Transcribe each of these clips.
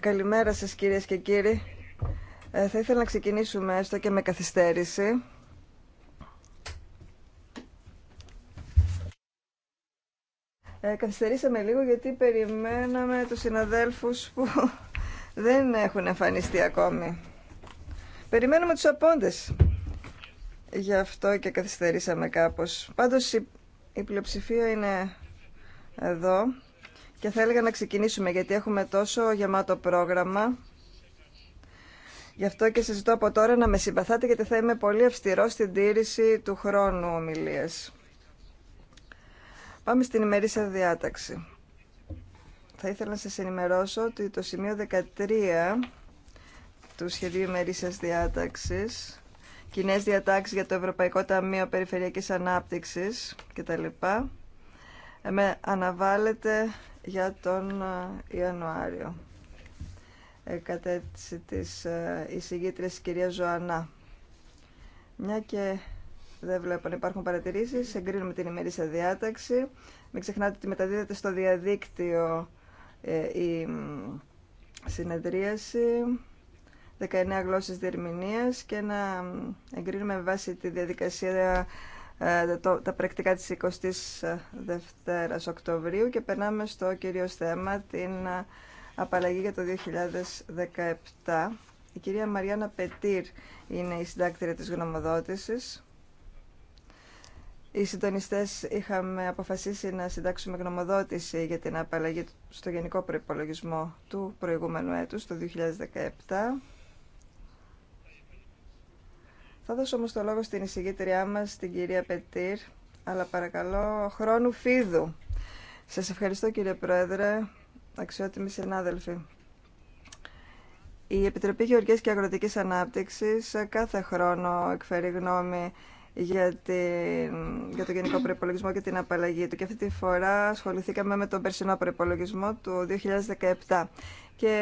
Καλημέρα σας κυρίες και κύριοι. Ε, θα ήθελα να ξεκινήσουμε έστω και με καθυστέρηση. Ε, καθυστερήσαμε λίγο γιατί περιμέναμε τους συναδέλφους που δεν έχουν εμφανιστεί ακόμη. Περιμένουμε τους απόντες. Γι' αυτό και καθυστερήσαμε κάπως. Πάντως η, η πλειοψηφία είναι εδώ και θα έλεγα να ξεκινήσουμε γιατί έχουμε τόσο γεμάτο πρόγραμμα. Γι' αυτό και σας ζητώ από τώρα να με συμπαθάτε γιατί θα είμαι πολύ αυστηρό στην τήρηση του χρόνου ομιλίας. Πάμε στην ημερήσια διάταξη. Θα ήθελα να σας ενημερώσω ότι το σημείο 13 του σχεδίου ημερήσιας διάταξης κοινέ διατάξεις για το Ευρωπαϊκό Ταμείο Περιφερειακής Ανάπτυξης κτλ. Με αναβάλλεται για τον ε, Ιανουάριο. Ε, κατέτηση της ε, κυρία Ζωανά. Μια και δεν βλέπω να υπάρχουν παρατηρήσεις, εγκρίνουμε την ημερήσια διάταξη. Μην ξεχνάτε ότι μεταδίδεται στο διαδίκτυο ε, η συνεδρίαση, 19 γλώσσες διερμηνίας και να εγκρίνουμε βάσει βάση τη διαδικασία ε, τα πρακτικά της 22ης ε, Οκτωβρίου και περνάμε στο κυρίως θέμα, την ε, απαλλαγή για το 2017. Η κυρία Μαριάννα Πετήρ είναι η συντάκτηρα της γνωμοδότησης. Οι συντονιστές είχαμε αποφασίσει να συντάξουμε γνωμοδότηση για την απαλλαγή στο Γενικό Προϋπολογισμό του προηγούμενου έτους, το 2017. Θα δώσω όμως το λόγο στην εισηγήτριά μας, την κυρία Πετήρ, αλλά παρακαλώ χρόνου φίδου. Σας ευχαριστώ κύριε Πρόεδρε, αξιότιμοι συνάδελφοι. Η Επιτροπή Γεωργίας και Αγροτικής Ανάπτυξης ε, κάθε χρόνο εκφέρει γνώμη για, για το Γενικό Προπολογισμό και την απαλλαγή του. Και αυτή τη φορά ασχοληθήκαμε με τον περσινό προπολογισμό του 2017. Και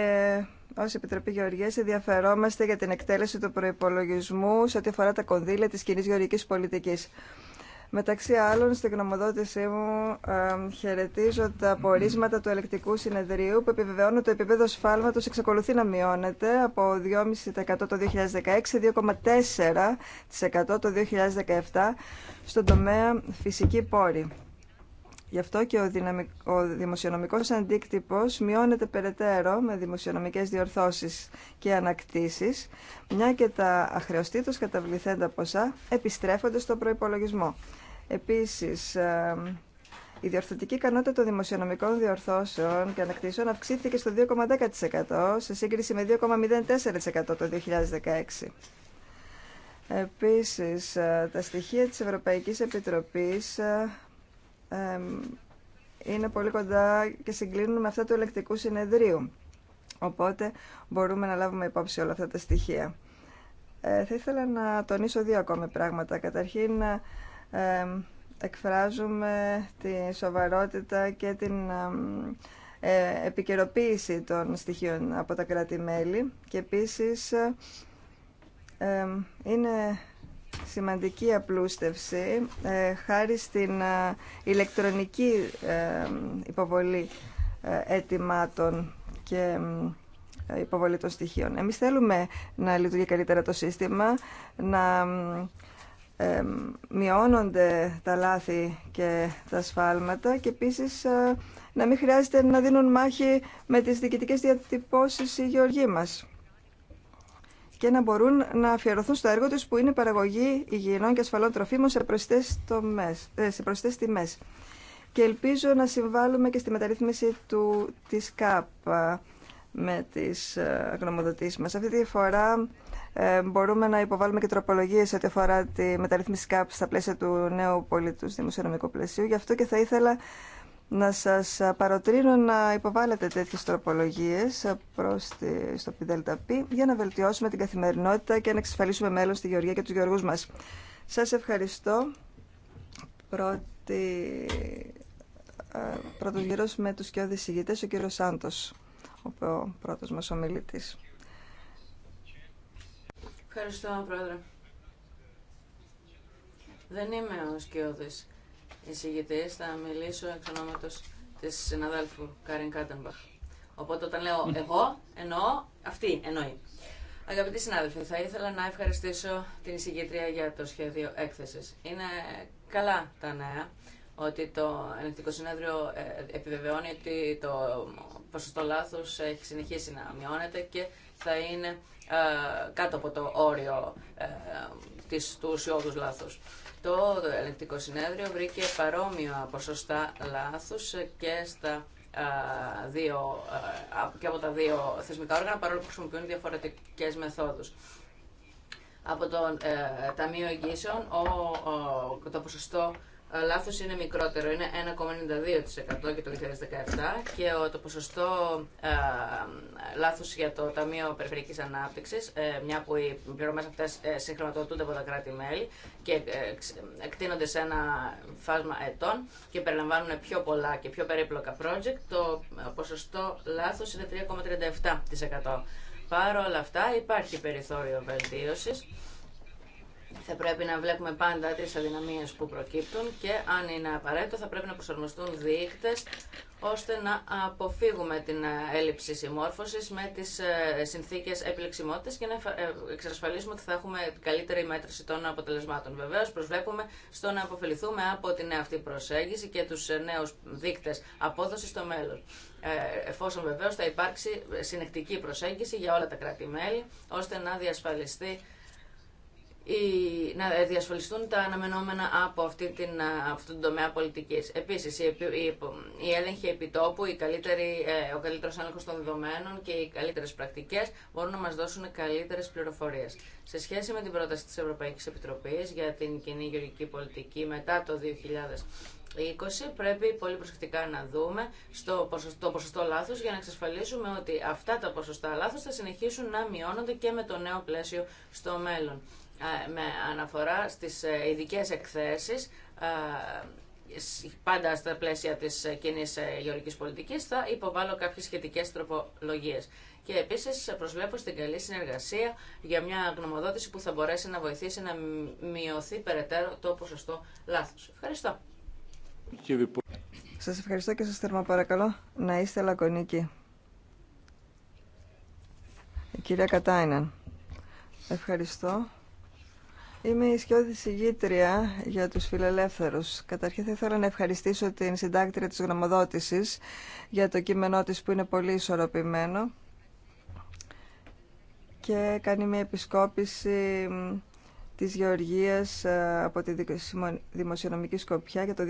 ω Επιτροπή Γεωργία ενδιαφερόμαστε για την εκτέλεση του προπολογισμού σε ό,τι αφορά τα κονδύλια τη κοινή γεωργική πολιτική. Μεταξύ άλλων, στην γνωμοδότησή μου χαιρετίζω τα απορίσματα του ελεκτικού συνεδρίου που επιβεβαιώνουν ότι το επίπεδο Σφάλματο εξακολουθεί να μειώνεται από 2,5% το 2016, 2,4% το 2017 στον τομέα φυσική πόρη. Γι' αυτό και ο, ο δημοσιονομικός αντίκτυπος μειώνεται περαιτέρω με δημοσιονομικές διορθώσεις και ανακτήσεις, μια και τα αχρεωστήτως καταβληθέντα ποσά επιστρέφονται στο προϋπολογισμό. Επίσης, η διορθωτική ικανότητα των δημοσιονομικών διορθώσεων και ανακτήσεων αυξήθηκε στο 2,10% σε σύγκριση με 2,04% το 2016. Επίσης, ε, τα στοιχεία της Ευρωπαϊκής Επιτροπής ε, είναι πολύ κοντά και συγκλίνουν με αυτά του ελεκτικού συνεδρίου. Οπότε μπορούμε να λάβουμε υπόψη όλα αυτά τα στοιχεία. Ε, θα ήθελα να τονίσω δύο ακόμη πράγματα. Καταρχήν, εκφράζουμε τη σοβαρότητα και την ε, επικαιροποίηση των στοιχείων από τα κράτη-μέλη και επίσης είναι σημαντική απλούστευση ε, χάρη στην ε, ηλεκτρονική υποβολή αίτημάτων και υποβολή των στοιχείων. Εμείς θέλουμε να λειτουργεί καλύτερα το σύστημα, να μειώνονται τα λάθη και τα σφάλματα και επίσης ε, να μην χρειάζεται να δίνουν μάχη με τις διοικητικές διατυπώσεις οι γεωργοί μας και να μπορούν να αφιερωθούν στο έργο τους που είναι η παραγωγή υγιεινών και ασφαλών τροφίμων σε προσιτές, τομές, ε, σε τιμές. Και ελπίζω να συμβάλλουμε και στη μεταρρύθμιση του, της ΚΑΠ ε, με τις γνωμοδοτήσεις μας. Αυτή τη φορά ε, μπορούμε να υποβάλουμε και τροπολογίε ό,τι αφορά τη μεταρρύθμιση ΚΑΠ στα πλαίσια του νέου πολίτου δημοσιονομικού πλαισίου. Γι' αυτό και θα ήθελα να σα παροτρύνω να υποβάλλετε τέτοιε τροπολογίε προς το στο για να βελτιώσουμε την καθημερινότητα και να εξασφαλίσουμε μέλλον στη Γεωργία και του γεωργούς μα. Σα ευχαριστώ. Πρώτη, ε, πρώτος γύρος με τους και οδησηγητές, ο κύριος Σάντος, ο πρώτος μας ομιλητής. Ευχαριστώ, Πρόεδρε. Δεν είμαι ο σκιώδης εισηγητής, θα μιλήσω εξ ονόματος της συναδέλφου Κάριν Κάντεμπαχ. Οπότε όταν λέω εγώ, εννοώ αυτή εννοεί. Αγαπητοί συνάδελφοι, θα ήθελα να ευχαριστήσω την εισηγητρία για το σχέδιο έκθεσης. Είναι καλά τα νέα ότι το Ενεκτικό Συνέδριο ε, επιβεβαιώνει ότι το ποσοστό λάθους έχει συνεχίσει να μειώνεται και θα είναι ε, κάτω από το όριο ε, της, του ουσιώδους λάθους. Το ελεγκτικό συνέδριο βρήκε παρόμοια ποσοστά λάθους και στα ε, δύο, και από τα δύο θεσμικά όργανα, παρόλο που χρησιμοποιούν διαφορετικές μεθόδους. Από το ε, Ταμείο Εγγύσεων, ο, ο, το ποσοστό ε, λάθος είναι μικρότερο, είναι 1,92% και το 2017 και το ποσοστό ε, λάθος για το Ταμείο Περιφερειακής Ανάπτυξης, ε, μια που οι πληρωμές αυτές συγχρηματοδοτούνται από τα κράτη-μέλη και εκτείνονται σε ένα φάσμα ετών και περιλαμβάνουν πιο πολλά και πιο περίπλοκα project, το ποσοστό λάθος είναι 3,37%. Παρ' όλα αυτά υπάρχει περιθώριο βελτίωσης θα πρέπει να βλέπουμε πάντα τι αδυναμίε που προκύπτουν και αν είναι απαραίτητο θα πρέπει να προσαρμοστούν δείκτε ώστε να αποφύγουμε την ε, έλλειψη συμμόρφωση με τι ε, συνθήκε επιλεξιμότητα και να ε, εξασφαλίσουμε ότι θα έχουμε καλύτερη μέτρηση των αποτελεσμάτων. Βεβαίω, προσβλέπουμε στο να αποφεληθούμε από την νέα αυτή προσέγγιση και του νέου δείκτε απόδοση στο μέλλον. Εφόσον βεβαίω θα υπάρξει συνεκτική προσέγγιση για όλα τα κράτη-μέλη ώστε να διασφαλιστεί να διασφαλιστούν τα αναμενόμενα από, αυτή την, τομέα πολιτική. Επίση, η, η, η έλεγχη επιτόπου, η καλύτερη, ε, ο καλύτερο έλεγχο των δεδομένων και οι καλύτερε πρακτικέ μπορούν να μα δώσουν καλύτερε πληροφορίε. Σε σχέση με την πρόταση τη Ευρωπαϊκή Επιτροπή για την κοινή γεωργική πολιτική μετά το 2020 20 πρέπει πολύ προσεκτικά να δούμε στο ποσοστό, το ποσοστό λάθος για να εξασφαλίσουμε ότι αυτά τα ποσοστά λάθος θα συνεχίσουν να μειώνονται και με το νέο πλαίσιο στο μέλλον με αναφορά στις ε, ειδικέ εκθέσεις πάντα στα πλαίσια της ε, κοινή ε, γεωργικής πολιτικής θα υποβάλω κάποιες σχετικές τροπολογίες. Και επίσης προσβλέπω στην καλή συνεργασία για μια γνωμοδότηση που θα μπορέσει να βοηθήσει να μειωθεί περαιτέρω το ποσοστό λάθος. Ευχαριστώ. Σας ευχαριστώ και σας θερμά παρακαλώ να είστε λακωνικοί. κυρία Κατάιναν. Ευχαριστώ. Είμαι η σκιώδη συγγήτρια για τους φιλελεύθερους. Καταρχήν θα ήθελα να ευχαριστήσω την συντάκτρια της γνωμοδότησης για το κείμενό της που είναι πολύ ισορροπημένο και κάνει μια επισκόπηση της Γεωργίας ε, από τη Δημοσιονομική Σκοπιά για το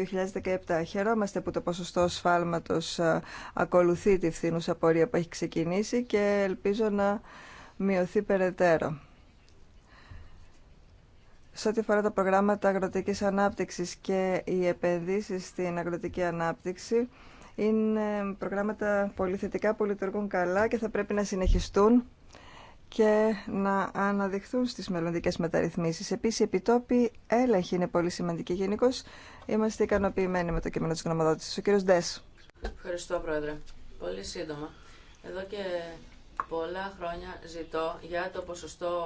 2017. Χαιρόμαστε που το ποσοστό σφάλματος ε, ακολουθεί τη φθήνουσα πορεία που έχει ξεκινήσει και ελπίζω να μειωθεί περαιτέρω σε ό,τι αφορά τα προγράμματα αγροτικής ανάπτυξης και οι επενδύσει στην αγροτική ανάπτυξη, είναι προγράμματα πολύ θετικά που λειτουργούν καλά και θα πρέπει να συνεχιστούν και να αναδειχθούν στις μελλοντικές μεταρρυθμίσεις. Επίσης, η επιτόπη έλεγχη είναι πολύ σημαντική. Γενικώ είμαστε ικανοποιημένοι με το κείμενο της γνωμοδότησης. Ο κύριος Ντές. Ευχαριστώ, Πρόεδρε. Πολύ σύντομα. Εδώ και πολλά χρόνια ζητώ για το ποσοστό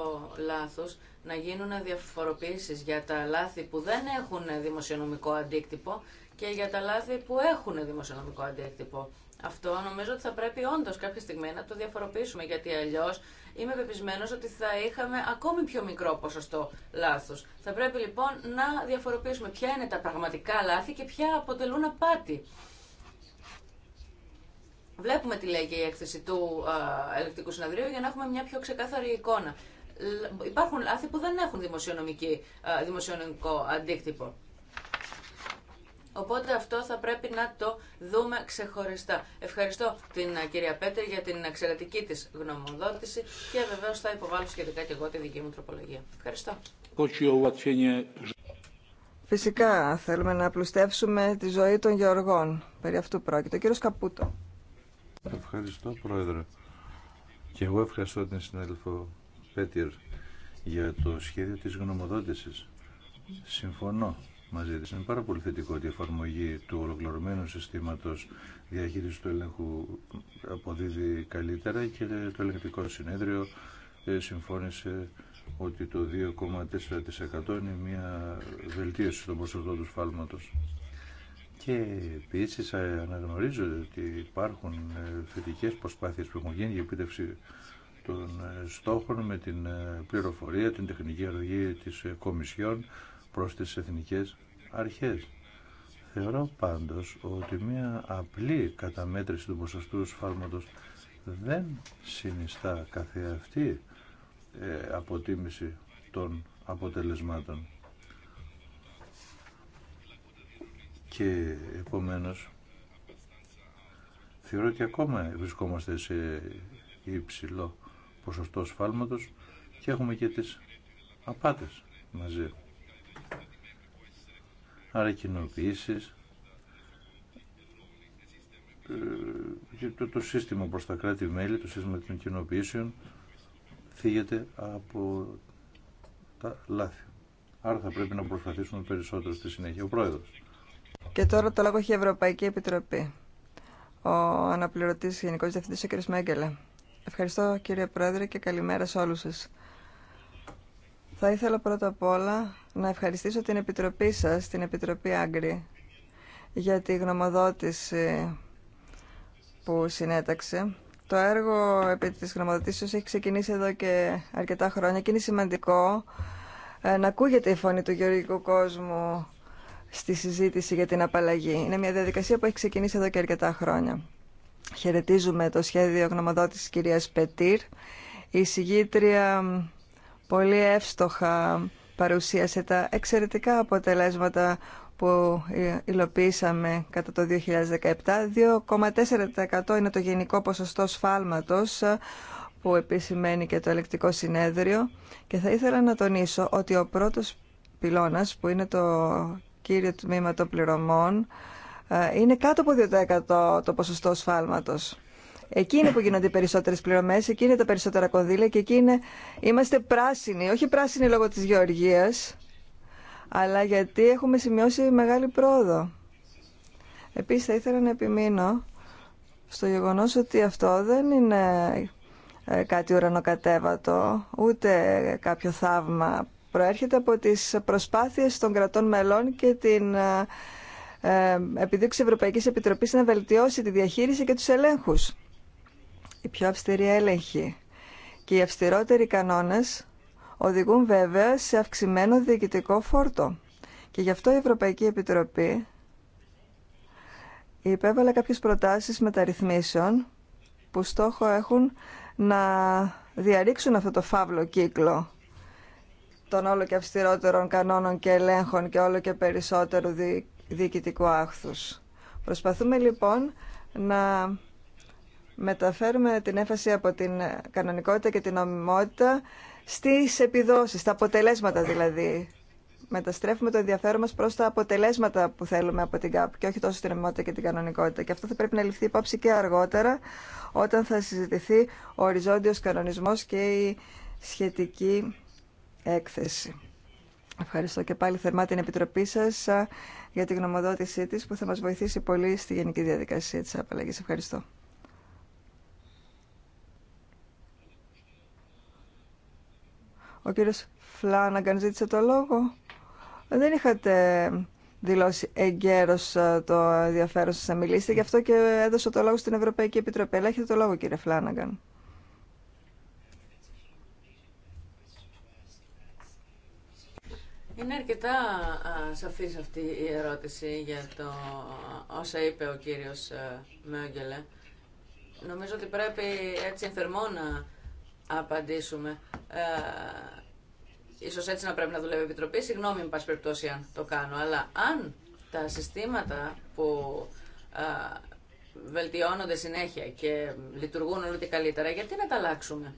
λάθους να γίνουν διαφοροποίησεις για τα λάθη που δεν έχουν δημοσιονομικό αντίκτυπο και για τα λάθη που έχουν δημοσιονομικό αντίκτυπο. Αυτό νομίζω ότι θα πρέπει όντω κάποια στιγμή να το διαφοροποιήσουμε, γιατί αλλιώ είμαι πεπισμένο ότι θα είχαμε ακόμη πιο μικρό ποσοστό λάθο. Θα πρέπει λοιπόν να διαφοροποιήσουμε ποια είναι τα πραγματικά λάθη και ποια αποτελούν απάτη. Βλέπουμε τι λέει και η έκθεση του ελεκτικού συναδρίου για να έχουμε μια πιο ξεκάθαρη εικόνα υπάρχουν λάθη που δεν έχουν δημοσιονομικό αντίκτυπο. Οπότε αυτό θα πρέπει να το δούμε ξεχωριστά. Ευχαριστώ την κυρία Πέτρη για την εξαιρετική της γνωμοδότηση και βεβαίως θα υποβάλω σχετικά και εγώ τη δική μου τροπολογία. Ευχαριστώ. Φυσικά θέλουμε να απλουστεύσουμε τη ζωή των γεωργών. Περί αυτού πρόκειται. κύριος Καπούτο. Ευχαριστώ Πρόεδρε. Και εγώ ευχαριστώ την συνάδελφο Πέτυρ για το σχέδιο της γνωμοδότησης. Συμφωνώ μαζί της. Είναι πάρα πολύ θετικό ότι η εφαρμογή του ολοκληρωμένου συστήματος διαχείρισης του ελέγχου αποδίδει καλύτερα και το ελεγκτικό συνέδριο ε, συμφώνησε ότι το 2,4% είναι μια βελτίωση των ποσοστών του σφάλματος. Και επίση ε, αναγνωρίζω ότι υπάρχουν ε, θετικέ προσπάθειε που έχουν γίνει για επίτευξη των ε, στόχων με την ε, πληροφορία, την τεχνική αρρωγή της ε, Κομισιόν προς τις εθνικές αρχές. Θεωρώ πάντως ότι μια απλή καταμέτρηση του ποσοστού σφάλματος δεν συνιστά καθεαυτή αποτίμηση των αποτελεσμάτων. Και επομένως θεωρώ ότι ακόμα βρισκόμαστε σε υψηλό ποσοστό σφάλματος και έχουμε και τις απάτες μαζί. Άρα κοινοποιήσει ε, και το, το σύστημα προς τα κράτη-μέλη, το σύστημα των κοινοποιήσεων φύγεται από τα λάθη. Άρα θα πρέπει να προσπαθήσουμε περισσότερο στη συνέχεια. Ο Πρόεδρος. Και τώρα το λόγο έχει η Ευρωπαϊκή Επιτροπή. Ο αναπληρωτής Γενικός Διευθυντής, ο κ. Μέγκελε. Ευχαριστώ κύριε Πρόεδρε και καλημέρα σε όλους σας. Θα ήθελα πρώτα απ' όλα να ευχαριστήσω την Επιτροπή σας, την Επιτροπή Άγκρη, για τη γνωμοδότηση που συνέταξε. Το έργο επί της γνωμοδοτήσεως έχει ξεκινήσει εδώ και αρκετά χρόνια και είναι σημαντικό ε, να ακούγεται η φωνή του γεωργικού κόσμου στη συζήτηση για την απαλλαγή. Είναι μια διαδικασία που έχει ξεκινήσει εδώ και αρκετά χρόνια. Χαιρετίζουμε το σχέδιο γνωμοδότησης κυρίας Πετήρ. Η συγγήτρια πολύ εύστοχα παρουσίασε τα εξαιρετικά αποτελέσματα που υλοποίησαμε κατά το 2017. 2,4% είναι το γενικό ποσοστό σφάλματος ε, που επισημαίνει και το ελεκτικό συνέδριο και θα ήθελα να τονίσω ότι ο πρώτος πυλώνας που είναι το κύριο τμήμα των πληρωμών ε, είναι κάτω από 2% το ποσοστό σφάλματος. Εκεί είναι που γίνονται οι περισσότερες πληρωμές, εκεί είναι τα περισσότερα κονδύλια και εκεί είναι... είμαστε πράσινοι, όχι πράσινοι λόγω της γεωργίας, αλλά γιατί έχουμε σημειώσει μεγάλη πρόοδο. Επίσης θα ήθελα να επιμείνω στο γεγονός ότι αυτό δεν είναι ε, κάτι ουρανοκατέβατο, ούτε κάποιο θαύμα. Προέρχεται από τις προσπάθειες των κρατών μελών και την ε, ε, επιδείξει Ευρωπαϊκή Επιτροπή να βελτιώσει τη διαχείριση και τους ελέγχους. Η πιο αυστηρή έλεγχη και οι αυστηρότεροι κανόνες οδηγούν βέβαια σε αυξημένο διοικητικό φόρτο. Και γι' αυτό η Ευρωπαϊκή Επιτροπή υπέβαλε κάποιες προτάσεις μεταρρυθμίσεων που στόχο έχουν να διαρρήξουν αυτό το φαύλο κύκλο των όλο και αυστηρότερων κανόνων και ελέγχων και όλο και περισσότερου δι διοικητικού άχθους. Προσπαθούμε λοιπόν να μεταφέρουμε την έφαση από την κανονικότητα και την νομιμότητα στις επιδόσεις, στα αποτελέσματα δηλαδή. Μεταστρέφουμε το ενδιαφέρον μας προς τα αποτελέσματα που θέλουμε από την ΚΑΠ και όχι τόσο την νομιμότητα και την κανονικότητα. Και αυτό θα πρέπει να ληφθεί υπόψη και αργότερα όταν θα συζητηθεί ο οριζόντιος κανονισμός και η σχετική έκθεση. Ευχαριστώ και πάλι θερμά την Επιτροπή σα για την γνωμοδότησή τη που θα μα βοηθήσει πολύ στη γενική διαδικασία τη απαλλαγή. Ευχαριστώ. Ο κύριο Φλάναγκαν ζήτησε το λόγο. Δεν είχατε δηλώσει εγκαίρω το ενδιαφέρον σας να μιλήσετε, γι' αυτό και έδωσα το λόγο στην Ευρωπαϊκή Επιτροπή. Αλλά έχετε το λόγο κύριε Φλάναγκαν. Είναι αρκετά σαφής αυτή η ερώτηση για το όσα είπε ο κύριος Μέγκελε. Νομίζω ότι πρέπει έτσι θερμό να απαντήσουμε. Ε, ίσως έτσι να πρέπει να δουλεύει η Επιτροπή. Συγγνώμη, εν πάση περιπτώσει, αν το κάνω. Αλλά αν τα συστήματα που βελτιώνονται συνέχεια και λειτουργούν όλο καλύτερα, γιατί να τα αλλάξουμε.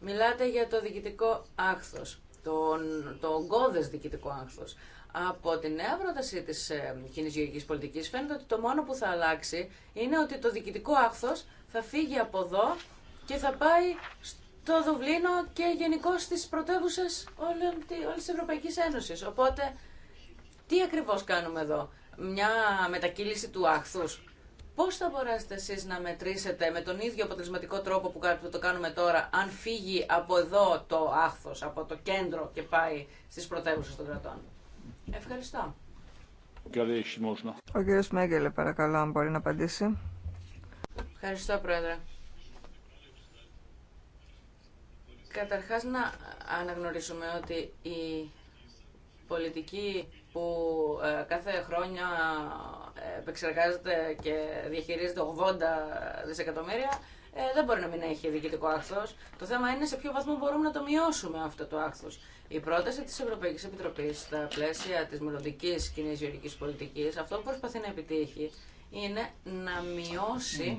Μιλάτε για το διοικητικό άχθος τον, το ογκώδες διοικητικό άγχος. Από την νέα πρόταση της ε, γεωργική πολιτική φαίνεται ότι το μόνο που θα αλλάξει είναι ότι το διοικητικό άγχο θα φύγει από εδώ και θα πάει στο Δουβλίνο και γενικώ στις πρωτεύουσε όλη τη Ευρωπαϊκή Ένωσης. Οπότε, τι ακριβώς κάνουμε εδώ. Μια μετακύληση του άχθους. Πώς θα μπορέσετε εσεί να μετρήσετε με τον ίδιο αποτελεσματικό τρόπο που το κάνουμε τώρα, αν φύγει από εδώ το άχθος, από το κέντρο και πάει στις πρωτεύουσες των κρατών. Ευχαριστώ. Ο κύριος Μέγκελε παρακαλώ αν μπορεί να απαντήσει. Ευχαριστώ Πρόεδρε. Καταρχάς να αναγνωρίσουμε ότι η πολιτική που ε, κάθε χρόνια ε, επεξεργάζεται και διαχειρίζεται 80 δισεκατομμύρια, ε, δεν μπορεί να μην έχει διοικητικό άκθο. Το θέμα είναι σε ποιο βαθμό μπορούμε να το μειώσουμε αυτό το άκθο. Η πρόταση τη Ευρωπαϊκή Επιτροπή στα πλαίσια τη μελλοντική κοινή γεωργική πολιτική, αυτό που προσπαθεί να επιτύχει είναι να μειώσει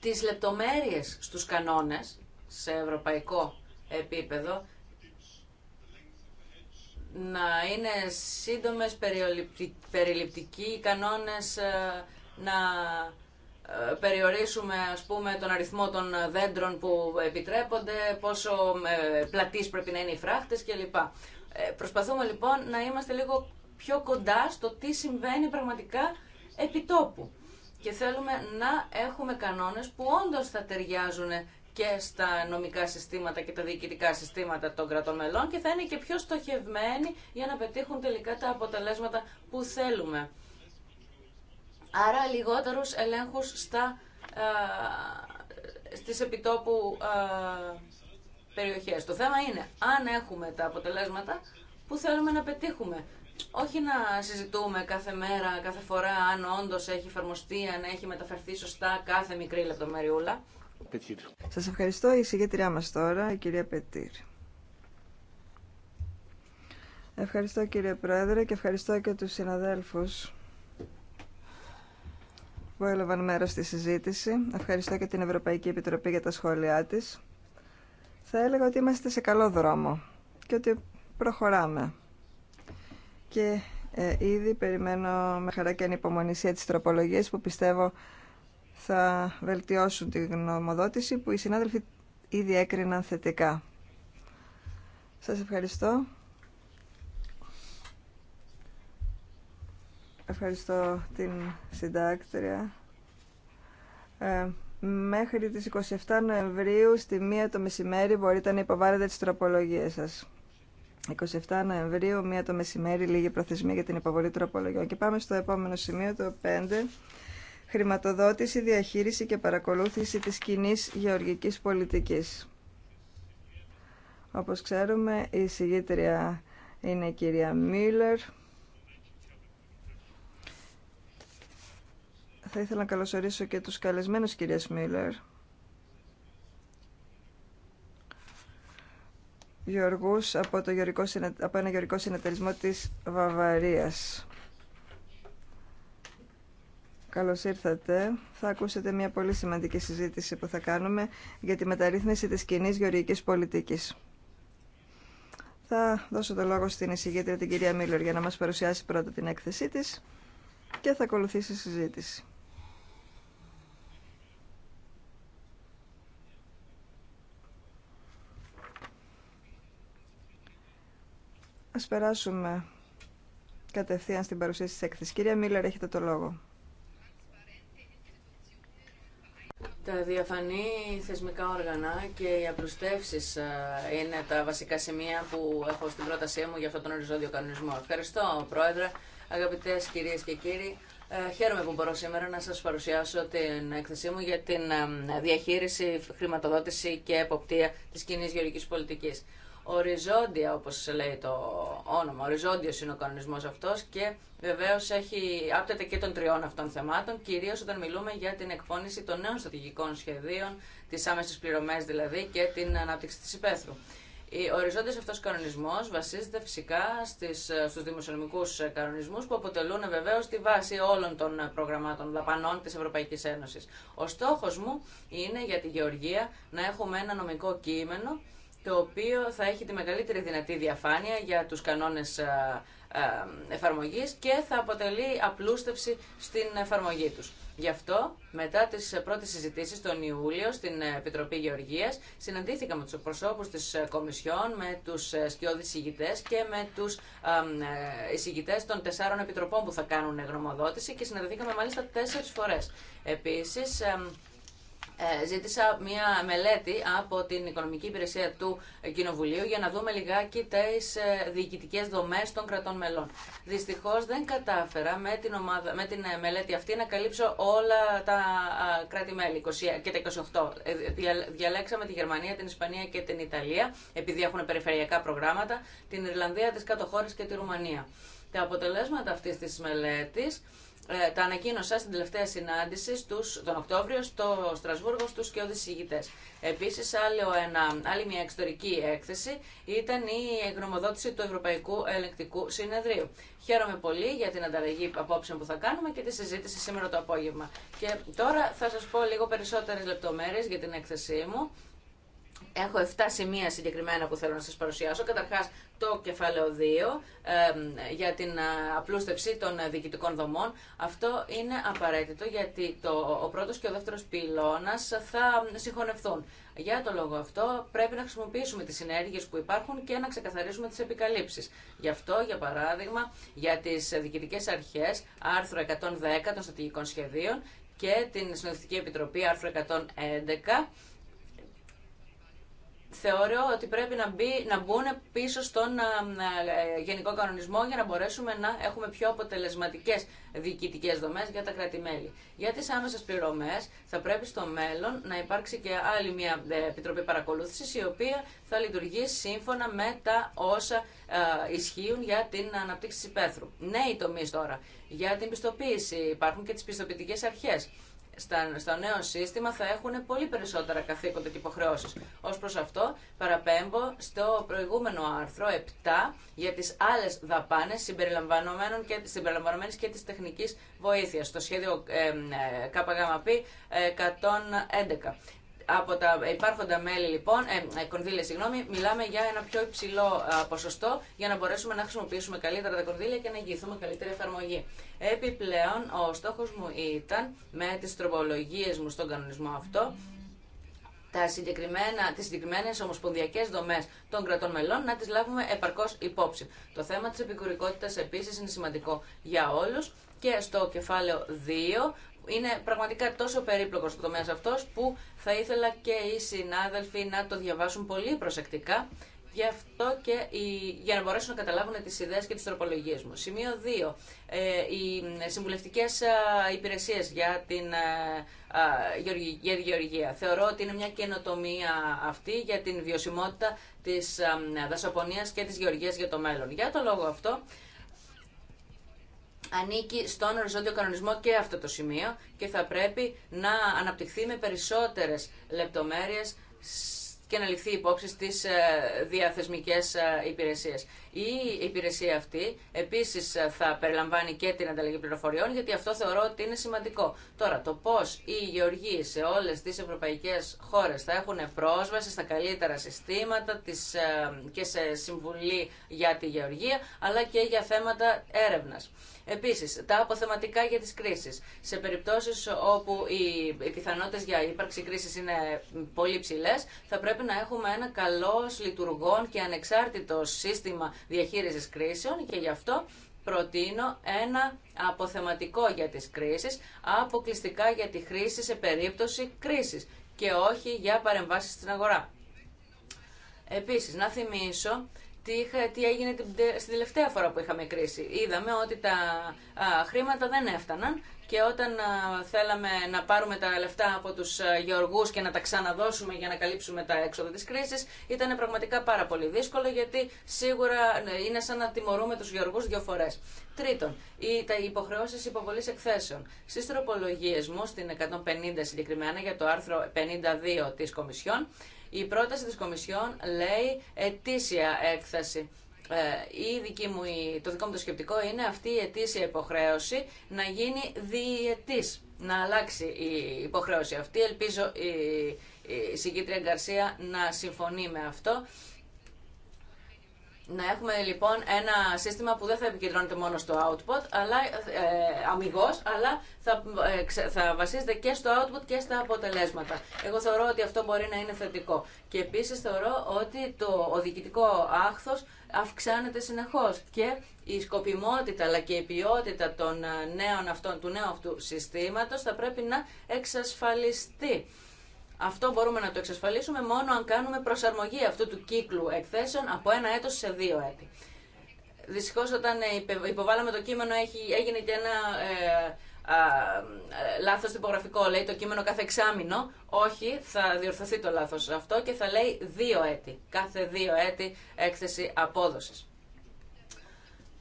τι λεπτομέρειε στου κανόνε σε ευρωπαϊκό επίπεδο να είναι σύντομες, περιληπτικοί οι κανόνες, ε, να ε, περιορίσουμε ας πούμε τον αριθμό των δέντρων που επιτρέπονται, πόσο ε, πλατής πρέπει να είναι οι φράχτες κλπ. Προσπαθούμε λοιπόν να είμαστε λίγο πιο κοντά στο τι συμβαίνει πραγματικά επιτόπου. Και θέλουμε να έχουμε κανόνες που όντως θα ταιριάζουν και στα νομικά συστήματα και τα διοικητικά συστήματα των κρατών μελών και θα είναι και πιο στοχευμένοι για να πετύχουν τελικά τα αποτελέσματα που θέλουμε. Άρα λιγότερους ελέγχους στα, α, στις επιτόπου α, περιοχές. Το θέμα είναι αν έχουμε τα αποτελέσματα που θέλουμε να πετύχουμε. Όχι να συζητούμε κάθε μέρα, κάθε φορά αν όντω έχει εφαρμοστεί, αν έχει μεταφερθεί σωστά κάθε μικρή λεπτομεριούλα. Σας ευχαριστώ. Η συγγετριά μας τώρα, η κυρία Πετήρ. Ευχαριστώ κύριε Πρόεδρε και ευχαριστώ και τους συναδέλφους που έλαβαν μέρος στη συζήτηση. Ευχαριστώ και την Ευρωπαϊκή Επιτροπή για τα σχόλιά της. Θα έλεγα ότι είμαστε σε καλό δρόμο και ότι προχωράμε. Και ε, ήδη περιμένω με χαρά και ανυπομονησία τις τροπολογίες που πιστεύω θα βελτιώσουν τη γνωμοδότηση που οι συνάδελφοι ήδη έκριναν θετικά. Σας ευχαριστώ. Ευχαριστώ την συντάκτρια. Ε, μέχρι τις 27 Νοεμβρίου στη 1 το μεσημέρι μπορείτε να υποβάλλετε τις τροπολογίες σας. 27 Νοεμβρίου, μία το μεσημέρι, λίγη προθεσμία για την υποβολή τροπολογιών. Και πάμε στο επόμενο σημείο, το 5 χρηματοδότηση, διαχείριση και παρακολούθηση της κοινή γεωργικής πολιτικής. Όπως ξέρουμε, η συγγήτρια είναι η κυρία Μίλλερ. Θα ήθελα να καλωσορίσω και τους καλεσμένους κυρίες Μίλλερ. Γεωργούς από, το γεωργικό, από ένα γεωργικό συνεταιρισμό της Βαβαρίας. Καλώς ήρθατε. Θα ακούσετε μια πολύ σημαντική συζήτηση που θα κάνουμε για τη μεταρρύθμιση της κοινή γεωργικής πολιτικής. Θα δώσω το λόγο στην εισηγήτρια την κυρία Μίλλορ για να μας παρουσιάσει πρώτα την έκθεσή της και θα ακολουθήσει η συζήτηση. Ας περάσουμε κατευθείαν στην παρουσίαση της έκθεσης. Κυρία Μίλλερ, έχετε το λόγο. Τα διαφανή θεσμικά όργανα και οι απλουστεύσεις ε, είναι τα βασικά σημεία που έχω στην πρότασή μου για αυτόν τον οριζόντιο κανονισμό. Ευχαριστώ, Πρόεδρε, Αγαπητέ κυρίες και κύριοι. Ε, χαίρομαι που μπορώ σήμερα να σας παρουσιάσω την έκθεσή μου για την ε, διαχείριση, χρηματοδότηση και εποπτεία της κοινή γεωργική πολιτική οριζόντια, όπως λέει το όνομα, οριζόντιος είναι ο κανονισμός αυτός και βεβαίως έχει άπτεται και των τριών αυτών θεμάτων, κυρίως όταν μιλούμε για την εκπόνηση των νέων στρατηγικών σχεδίων, τις άμεσες πληρωμές δηλαδή και την ανάπτυξη της υπαίθρου. Ο οριζόντιος αυτός κανονισμός βασίζεται φυσικά στις, στους δημοσιονομικούς κανονισμούς που αποτελούν βεβαίως τη βάση όλων των προγραμμάτων δαπανών της Ευρωπαϊκής Ένωσης. Ο στόχος μου είναι για τη Γεωργία να έχουμε ένα νομικό κείμενο το οποίο θα έχει τη μεγαλύτερη δυνατή διαφάνεια για τους κανόνες ε, ε, εφαρμογής και θα αποτελεί απλούστευση στην εφαρμογή τους. Γι' αυτό, μετά τι πρώτες συζητήσει τον Ιούλιο στην Επιτροπή Γεωργίας, συναντήθηκα με τους προσώπους της Κομισιόν, με τους ε, σκιώδει ηγητέ και με τους εισηγητέ των τεσσάρων επιτροπών που θα κάνουν γνωμοδότηση και συναντηθήκαμε μάλιστα τέσσερι φορέ. Επίση. Ε, ζήτησα μία μελέτη από την Οικονομική Υπηρεσία του Κοινοβουλίου για να δούμε λιγάκι τις ε, διοικητικέ δομές των κρατών μελών. Δυστυχώ, δεν κατάφερα με την, ομάδα, με την ε, μελέτη αυτή να καλύψω όλα τα κράτη-μέλη και τα 28. Διαλέξαμε τη Γερμανία, την Ισπανία και την Ιταλία, επειδή έχουν περιφερειακά προγράμματα, την Ιρλανδία, τι κάτω και τη Ρουμανία. Τα αποτελέσματα αυτή τη μελέτη. Ε, τα ανακοίνωσα στην τελευταία συνάντηση στους, τον Οκτώβριο στο Στρασβούργο στους και οδησηγητές. Επίσης άλλο ένα, άλλη μια εξωτερική έκθεση ήταν η εκνομοδότηση του Ευρωπαϊκού Ελεκτικού Συνεδρίου. Χαίρομαι πολύ για την ανταλλαγή απόψεων που θα κάνουμε και τη συζήτηση σήμερα το απόγευμα. Και τώρα θα σας πω λίγο περισσότερες λεπτομέρειες για την έκθεσή μου Έχω 7 σημεία συγκεκριμένα που θέλω να σας παρουσιάσω. Καταρχάς, το κεφάλαιο 2 για την ε, απλούστευση των ε, διοικητικών δομών. Αυτό είναι απαραίτητο γιατί το, ο πρώτος και ο δεύτερος πυλώνας θα συγχωνευτούν. Για το λόγο αυτό πρέπει να χρησιμοποιήσουμε τις συνέργειες που υπάρχουν και να ξεκαθαρίσουμε τις επικαλύψεις. Γι' αυτό, για παράδειγμα, για τις διοικητικές αρχές, άρθρο 110 των στρατηγικών σχεδίων και την Συνοδευτική Επιτροπή, άρθρο 111, θεωρώ ότι πρέπει να, μπει, να μπουν πίσω στον ε, ε, γενικό κανονισμό για να μπορέσουμε να έχουμε πιο αποτελεσματικέ διοικητικέ δομέ για τα κράτη-μέλη. Για τι άμεσε πληρωμέ θα πρέπει στο μέλλον να υπάρξει και άλλη μια ε, επιτροπή παρακολούθηση η οποία θα λειτουργεί σύμφωνα με τα όσα ισχύουν για την αναπτύξη τη υπαίθρου. Νέοι τομεί τώρα. Για την πιστοποίηση υπάρχουν και τι πιστοποιητικέ αρχέ στα, στο νέο σύστημα θα έχουν πολύ περισσότερα καθήκοντα και υποχρεώσεις. Ως προς αυτό παραπέμπω στο προηγούμενο άρθρο 7 για τις άλλες δαπάνε συμπεριλαμβανομένων και, τη τεχνική βοήθεια. τεχνικής στο σχέδιο ε, ΚΚΠ 111. Ε, από τα υπάρχοντα μέλη λοιπόν, ε, ε, κονδύλια συγγνώμη, μιλάμε για ένα πιο υψηλό ε, ποσοστό για να μπορέσουμε να χρησιμοποιήσουμε καλύτερα τα κονδύλια και να εγγυηθούμε καλύτερη εφαρμογή. Επιπλέον, ο στόχο μου ήταν με τι τροπολογίε μου στον κανονισμό αυτό τα συγκεκριμένα, τις συγκεκριμένες ομοσπονδιακές δομές των κρατών μελών να τις λάβουμε επαρκώς υπόψη. Το θέμα της επικουρικότητας επίσης είναι σημαντικό για όλους και στο κεφάλαιο 2 είναι πραγματικά τόσο περίπλοκος το τομέας αυτός που θα ήθελα και οι συνάδελφοι να το διαβάσουν πολύ προσεκτικά Γι' αυτό και για να μπορέσουν να καταλάβουν τι ιδέε και τι τροπολογίε μου. Σημείο 2. Ε, οι συμβουλευτικέ υπηρεσίε για, την, ε, τη γεωργία. Θεωρώ ότι είναι μια καινοτομία αυτή για την βιωσιμότητα τη δασοπονία και τη γεωργία για το μέλλον. Για το λόγο αυτό, ανήκει στον οριζόντιο κανονισμό και αυτό το σημείο και θα πρέπει να αναπτυχθεί με περισσότερες λεπτομέρειες και να ληφθεί υπόψη στις ε, διαθεσμικές ε, υπηρεσίες. Η υπηρεσία αυτή επίσης ε, θα περιλαμβάνει και την ανταλλαγή πληροφοριών γιατί αυτό θεωρώ ότι είναι σημαντικό. Τώρα, το πώς οι γεωργοί σε όλες τις ευρωπαϊκές χώρες θα έχουν πρόσβαση στα καλύτερα συστήματα και σε συμβουλή για τη γεωργία αλλά και για θέματα έρευνας. Επίση, τα αποθεματικά για τι κρίσει. Σε περιπτώσει όπου οι πιθανότητε για ύπαρξη κρίση είναι πολύ ψηλέ, θα πρέπει να έχουμε ένα καλό λειτουργών και ανεξάρτητο σύστημα διαχείριση κρίσεων και γι' αυτό προτείνω ένα αποθεματικό για τις κρίσεις, αποκλειστικά για τη χρήση σε περίπτωση κρίσης και όχι για παρεμβάσεις στην αγορά. Επίσης, να θυμίσω τι, έγινε την, στην τελευταία φορά που είχαμε κρίση. Είδαμε ότι τα χρήματα δεν έφταναν και όταν ε, θέλαμε να πάρουμε τα λεφτά από τους ε, γεωργούς και να τα ξαναδώσουμε για να καλύψουμε τα έξοδα της κρίσης ήταν πραγματικά πάρα πολύ δύσκολο γιατί σίγουρα ε, είναι σαν να τιμωρούμε τους γεωργούς δύο φορές. Τρίτον, οι, τα υποχρεώσει υποβολή εκθέσεων. Στι τροπολογίε μου, στην 150 συγκεκριμένα για το άρθρο 52 τη Κομισιόν, η πρόταση της Κομισιόν λέει ετήσια έκθεση ε, η μου, το δικό μου το σκεπτικό είναι αυτή η ετήσια υποχρέωση να γίνει διετής, να αλλάξει η υποχρέωση αυτή. Ελπίζω η, η Γκαρσία να συμφωνεί με αυτό. Να έχουμε λοιπόν ένα σύστημα που δεν θα επικεντρώνεται μόνο στο output, αλλά ε, αλλά θα, ε, θα βασίζεται και στο output και στα αποτελέσματα. Εγώ θεωρώ ότι αυτό μπορεί να είναι θετικό. Και επίσης θεωρώ ότι το, οδηγητικό άχθος αυξάνεται συνεχώς και η σκοπιμότητα αλλά και η ποιότητα των ε, νέων αυτών, του νέου αυτού συστήματος θα πρέπει να εξασφαλιστεί. Αυτό μπορούμε να το εξασφαλίσουμε μόνο αν κάνουμε προσαρμογή αυτού του κύκλου εκθέσεων από ένα έτος σε δύο έτη. Δυστυχώ όταν ε, υποβάλαμε το κείμενο έχει, έγινε και ένα ε, ε λάθος τυπογραφικό. Λέει το κείμενο κάθε εξάμεινο. Όχι, θα διορθωθεί το λάθος αυτό και θα λέει δύο έτη. Κάθε δύο έτη έκθεση απόδοσης.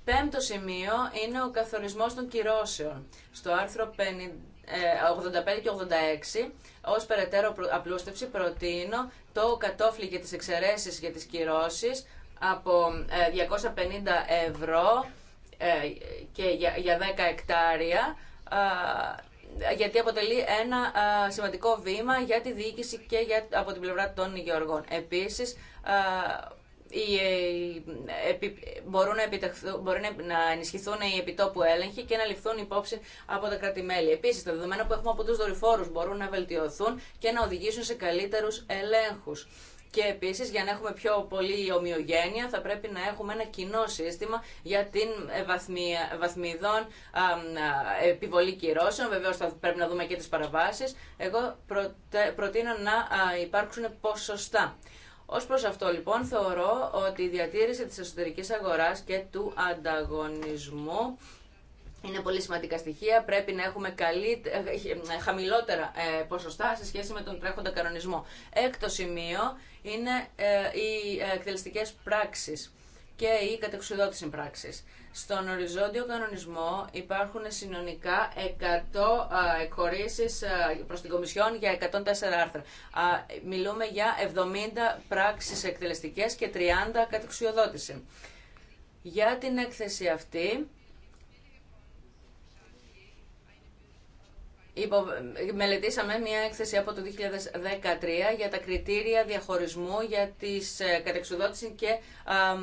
Πέμπτο σημείο είναι ο καθορισμός των κυρώσεων. Στο άρθρο 85 και 86 ως περαιτέρω απλούστευση προτείνω το κατόφλι για τις εξαιρέσεις για τις κυρώσεις από 250 ε, ευρώ ε, και για 10 εκτάρια γιατί αποτελεί ένα σημαντικό βήμα για τη διοίκηση και για, από την πλευρά των Γεωργών. Επίσης, ε, μπορούν να, μπορεί να ενισχυθούν οι επιτόπου έλεγχοι και να ληφθούν υπόψη από τα κράτη-μέλη. Επίση, τα δεδομένα που έχουμε από του δορυφόρου μπορούν να βελτιωθούν και να οδηγήσουν σε καλύτερου ελέγχου. Και επίση, για να έχουμε πιο πολύ ομοιογένεια, θα πρέπει να έχουμε ένα κοινό σύστημα για την βαθμιδόν επιβολή κυρώσεων. Βεβαίω, θα πρέπει να δούμε και τι παραβάσει. Εγώ προτείνω να υπάρξουν ποσοστά. Ως προς αυτό λοιπόν θεωρώ ότι η διατήρηση της εσωτερικής αγοράς και του ανταγωνισμού είναι πολύ σημαντικά στοιχεία. Πρέπει να έχουμε ε, χαμηλότερα ε, ποσοστά σε σχέση με τον τρέχοντα κανονισμό. Έκτο σημείο είναι ε, οι εκτελεστικέ πράξεις και η κατεξουδότηση πράξεις. Στον οριζόντιο κανονισμό υπάρχουν συνολικά 100 εκχωρήσει προς την Κομισιόν για 104 άρθρα. Μιλούμε για 70 πράξεις εκτελεστικές και 30 κατεξιοδότηση. Για την έκθεση αυτή μελετήσαμε μια έκθεση από το 2013 για τα κριτήρια διαχωρισμού για τις ε, κατεξουδότηση και α, α,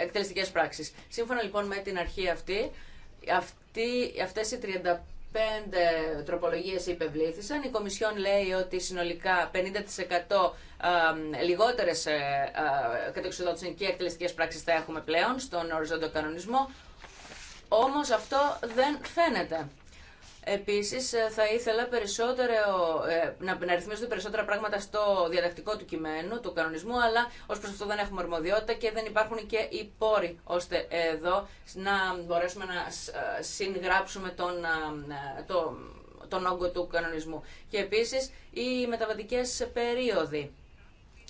εκτελεστικές πράξεις. Σύμφωνα λοιπόν με την αρχή αυτή, αυτή αυτές οι 35 τροπολογίες υπευλήθησαν. Η Κομισιόν λέει ότι συνολικά 50% λιγότερες ε, κατεξουδότηση και εκτελεστικές πράξεις θα έχουμε πλέον στον οριζόντο κανονισμό. Όμως αυτό δεν φαίνεται. Επίσης ε, θα ήθελα περισσότερο, ε, να ρυθμίζονται περισσότερα πράγματα στο διατακτικό του κειμένου, του κανονισμού, αλλά ως προς αυτό δεν έχουμε αρμοδιότητα και δεν υπάρχουν και οι πόροι ώστε εδώ να μπορέσουμε να ε, συγγράψουμε τον, το, τον όγκο του κανονισμού. Και επίσης οι μεταβατικές περίοδοι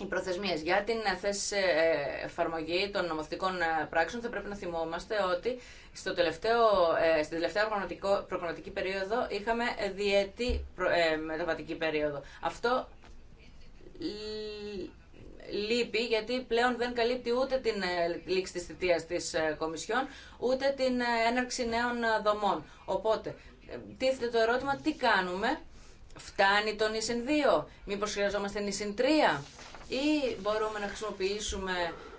οι προθεσμίε για την ε, θέση ε, εφαρμογή των νομοθετικών ε, πράξεων θα πρέπει να θυμόμαστε ότι στο τελευταίο, στην τελευταία προγραμματική περίοδο είχαμε διετή μεταβατική περίοδο. Αυτό λείπει γιατί πλέον δεν καλύπτει ούτε την λήξη της θητείας της Κομισιόν ούτε την έναρξη νέων δομών. Οπότε, τίθεται το ερώτημα τι κάνουμε, φτάνει το νησιν 2, μήπως χρειαζόμαστε νησιν 3 ή μπορούμε να χρησιμοποιήσουμε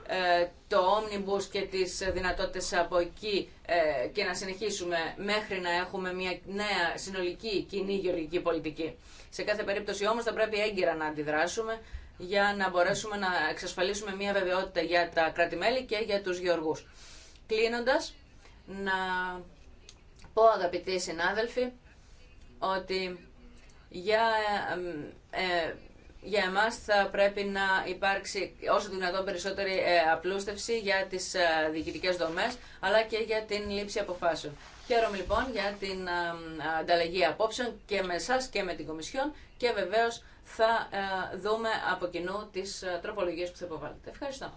ε, το Omnibus και τις δυνατότητες από εκεί ε, και να συνεχίσουμε μέχρι να έχουμε μια νέα συνολική κοινή γεωργική πολιτική. Σε κάθε περίπτωση όμως θα πρέπει έγκυρα να αντιδράσουμε για να μπορέσουμε να εξασφαλίσουμε μια βεβαιότητα για τα κρατη και για τους γεωργούς. Κλείνοντας, να πω αγαπητοί συνάδελφοι ότι για ε, για εμάς θα πρέπει να υπάρξει όσο δυνατόν περισσότερη ε, απλούστευση για τις ε, διοικητικές δομές αλλά και για την λήψη αποφάσεων. Χαίρομαι λοιπόν για την ε, ανταλλαγή απόψεων και με εσά και με την Κομισιόν και βεβαίως θα δούμε από κοινού τις τροπολογίες που θα υποβάλλετε. Ευχαριστώ.